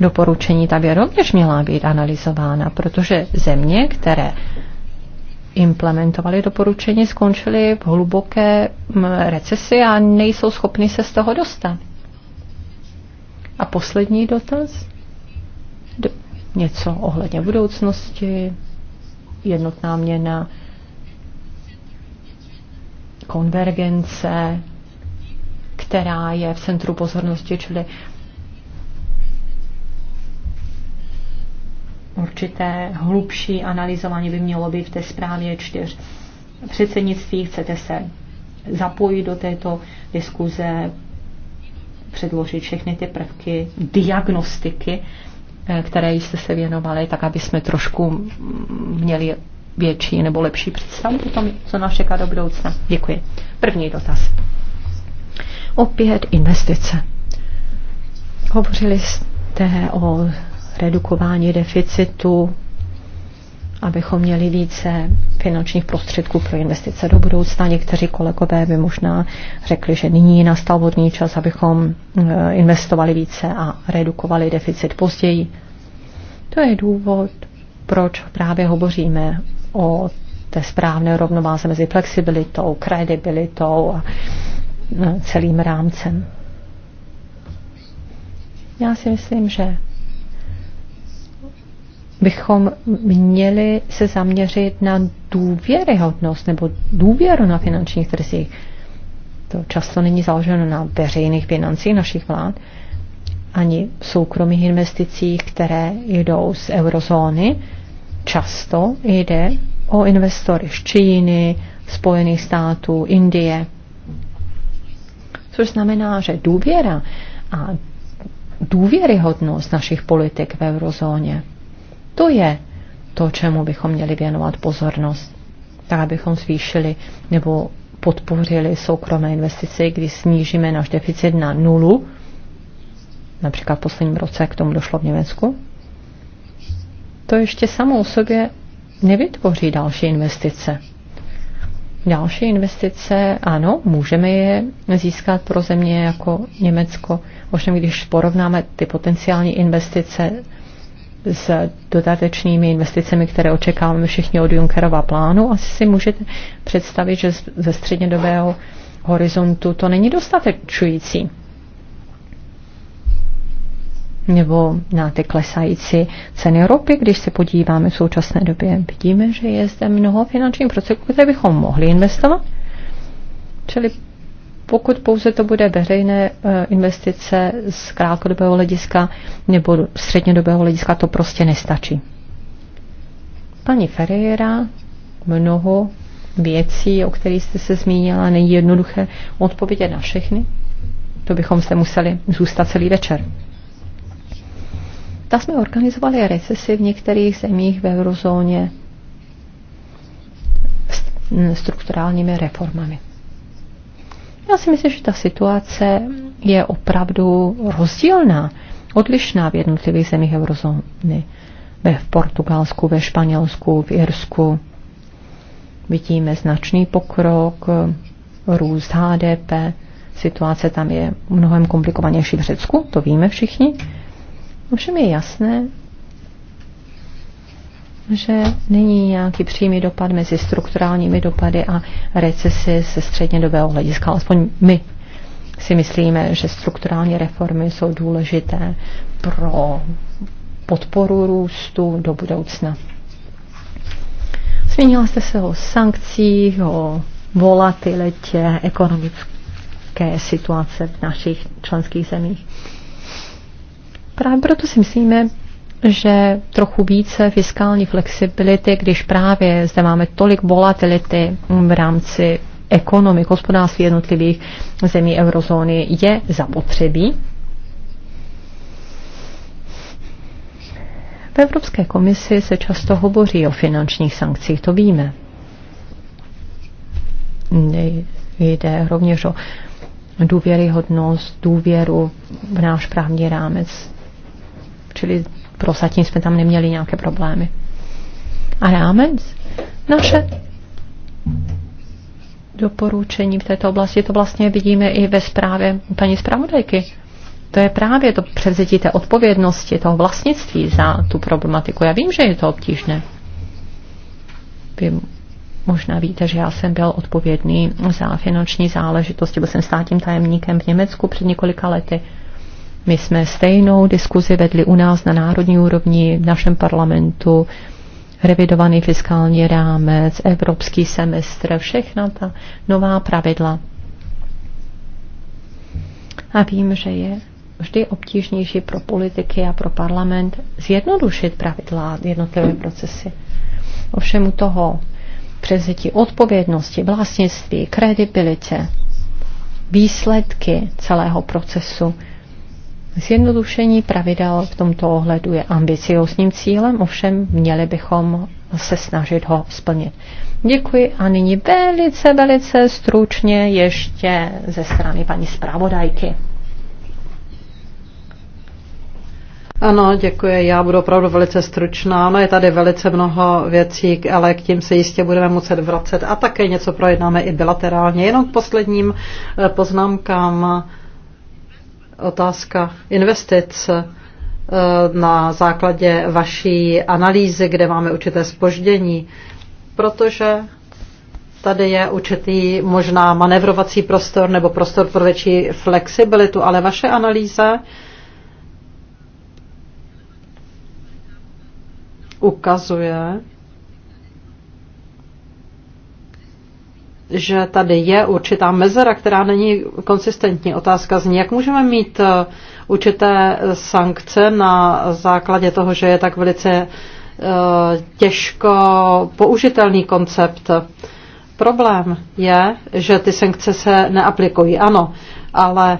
Speaker 2: doporučení ta by rovněž měla být analyzována, protože země, které implementovali doporučení, skončili v hluboké mm, recesi a nejsou schopni se z toho dostat. A poslední dotaz? D- něco ohledně budoucnosti, jednotná měna, konvergence, která je v centru pozornosti, čili určité hlubší analyzování by mělo být v té zprávě čtyř předsednictví. Chcete se zapojit do této diskuze, předložit všechny ty prvky diagnostiky, eh, které jste se věnovali, tak aby jsme trošku měli větší nebo lepší představu o tom, co nás čeká do budoucna. Děkuji. První dotaz. Opět investice. Hovořili jste o redukování deficitu, abychom měli více finančních prostředků pro investice do budoucna. Někteří kolegové by možná řekli, že nyní nastal vodní čas, abychom eh, investovali více a redukovali deficit později. To je důvod, proč právě hovoříme o té správné rovnováze mezi flexibilitou, kredibilitou a eh, celým rámcem. Já si myslím, že bychom měli se zaměřit na důvěryhodnost nebo důvěru na finančních trzích. To často není založeno na veřejných financích našich vlád, ani soukromých investicích, které jdou z eurozóny. Často jde o investory z Číny, Spojených států, Indie. Což znamená, že důvěra a důvěryhodnost našich politik v eurozóně to je to, čemu bychom měli věnovat pozornost, tak abychom zvýšili nebo podpořili soukromé investice, kdy snížíme náš deficit na nulu, například v posledním roce k tomu došlo v Německu, to ještě samo o sobě nevytvoří další investice. Další investice, ano, můžeme je získat pro země jako Německo. Ovšem, když porovnáme ty potenciální investice s dodatečnými investicemi, které očekáváme všichni od Junckerova plánu, asi si můžete představit, že ze střednědobého horizontu to není dostatečující. Nebo na ty klesající ceny ropy, když se podíváme v současné době, vidíme, že je zde mnoho finančních prostředků, které bychom mohli investovat. Čili pokud pouze to bude veřejné eh, investice z krátkodobého hlediska nebo střednědobého hlediska, to prostě nestačí. Paní Ferreira, mnoho věcí, o kterých jste se zmínila, není jednoduché odpovědět na všechny. To bychom se museli zůstat celý večer. Ta jsme organizovali recesi v některých zemích v eurozóně strukturálními reformami. Já si myslím, že ta situace je opravdu rozdílná, odlišná v jednotlivých zemích eurozóny. Ve v Portugalsku, ve Španělsku, v Irsku vidíme značný pokrok, růst HDP, situace tam je mnohem komplikovanější v Řecku, to víme všichni. Ovšem je jasné, že není nějaký přímý dopad mezi strukturálními dopady a recesi ze střednědobého hlediska. Alespoň my si myslíme, že strukturální reformy jsou důležité pro podporu růstu do budoucna. Zmínila jste se o sankcích, o volatilitě ekonomické situace v našich členských zemích. Právě proto si myslíme, že trochu více fiskální flexibility, když právě zde máme tolik volatility mm, v rámci ekonomik, hospodářství jednotlivých zemí eurozóny, je zapotřebí. V Evropské komisi se často hovoří o finančních sankcích, to víme. Jde rovněž o důvěryhodnost, důvěru v náš právní rámec. Čili Prozatím jsme tam neměli nějaké problémy. A rámec? Naše doporučení v této oblasti, to vlastně vidíme i ve zprávě paní zpravodajky. To je právě to převzetí té odpovědnosti, toho vlastnictví za tu problematiku. Já vím, že je to obtížné. Vy možná víte, že já jsem byl odpovědný za finanční záležitosti, byl jsem státním tajemníkem v Německu před několika lety. My jsme stejnou diskuzi vedli u nás na národní úrovni, v našem parlamentu, revidovaný fiskální rámec, evropský semestr, všechna ta nová pravidla. A vím, že je vždy obtížnější pro politiky a pro parlament zjednodušit pravidla jednotlivé procesy. Ovšem u toho převzetí odpovědnosti, vlastnictví, kredibilitě, výsledky celého procesu Zjednodušení pravidel v tomto ohledu je ambiciózním cílem, ovšem měli bychom se snažit ho splnit. Děkuji a nyní velice, velice stručně ještě ze strany paní zpravodajky.
Speaker 1: Ano, děkuji. Já budu opravdu velice stručná. No je tady velice mnoho věcí, ale k tím se jistě budeme muset vracet. A také něco projednáme i bilaterálně. Jenom k posledním eh, poznámkám otázka investic eh, na základě vaší analýzy, kde máme určité spoždění, protože tady je určitý možná manevrovací prostor nebo prostor pro větší flexibilitu, ale vaše analýza ukazuje, že tady je určitá mezera, která není konsistentní. Otázka zní, jak můžeme mít eh, určité sankce na základě toho, že je tak velice eh, těžko použitelný koncept. Problém je, že ty sankce se neaplikují, ano, ale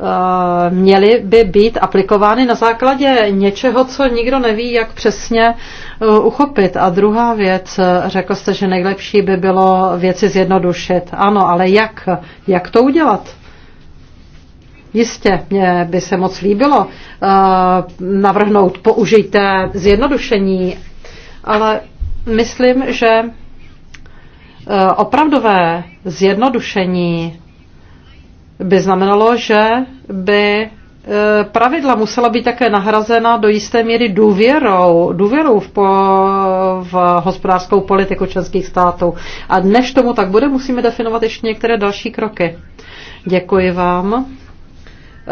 Speaker 1: Eh, měly by být aplikovány na základě něčeho, co nikdo neví, jak přesně eh, uchopit. A druhá věc, eh, řekl jste, že nejlepší by bylo věci zjednodušit. Ano, ale jak? Jak to udělat? Jistě, mě by se moc líbilo navrhnout, použijte zjednodušení, ale myslím, že opravdové zjednodušení by znamenalo, že by e, pravidla musela být také nahrazena do jisté míry důvěrou, důvěrou v, po, v hospodářskou politiku členských států. A než tomu tak bude, musíme definovat ještě některé další kroky. Děkuji vám.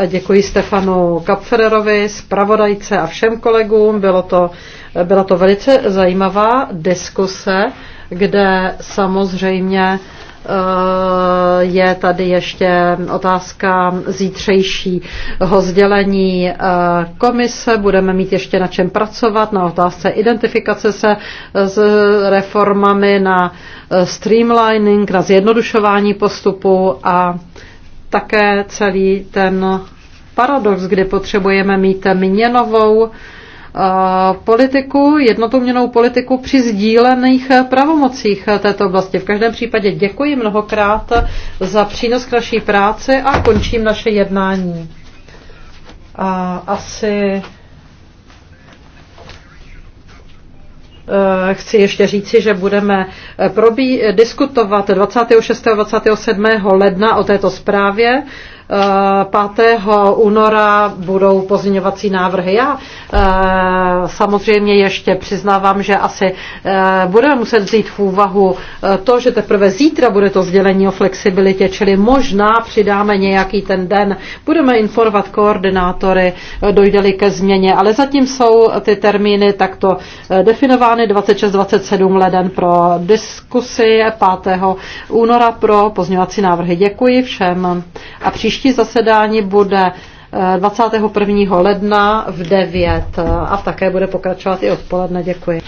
Speaker 1: Děkuji Stefanu Kapfererovi, zpravodajce a všem kolegům. Bylo to, byla to velice zajímavá diskuse, kde samozřejmě Eh, je tady ještě otázka zítřejšího sdělení eh, komise. Budeme mít ještě na čem pracovat, na otázce identifikace se s reformami, na eh, streamlining, na zjednodušování postupu a také celý ten paradox, kdy potřebujeme mít měnovou politiku, jednotuměnou politiku při sdílených pravomocích této oblasti. V každém případě děkuji mnohokrát za přínos k naší práci a končím naše jednání. A asi eh, chci ještě říci, že budeme eh, probí- diskutovat 26. a 27. ledna o této zprávě. 5. února budou pozměňovací návrhy. Já eh, samozřejmě ještě přiznávám, že asi eh, budeme muset vzít v úvahu eh, to, že teprve zítra bude to sdělení o flexibilitě, čili možná přidáme nějaký ten den. Budeme informovat koordinátory, dojde-li ke změně, ale zatím jsou ty termíny takto definovány 26-27 leden pro diskusy, 5. února pro pozměňovací návrhy. Děkuji všem a příště Příští zasedání bude 21. Eh, ledna v 9 eh, a také bude pokračovat i odpoledne. Děkuji.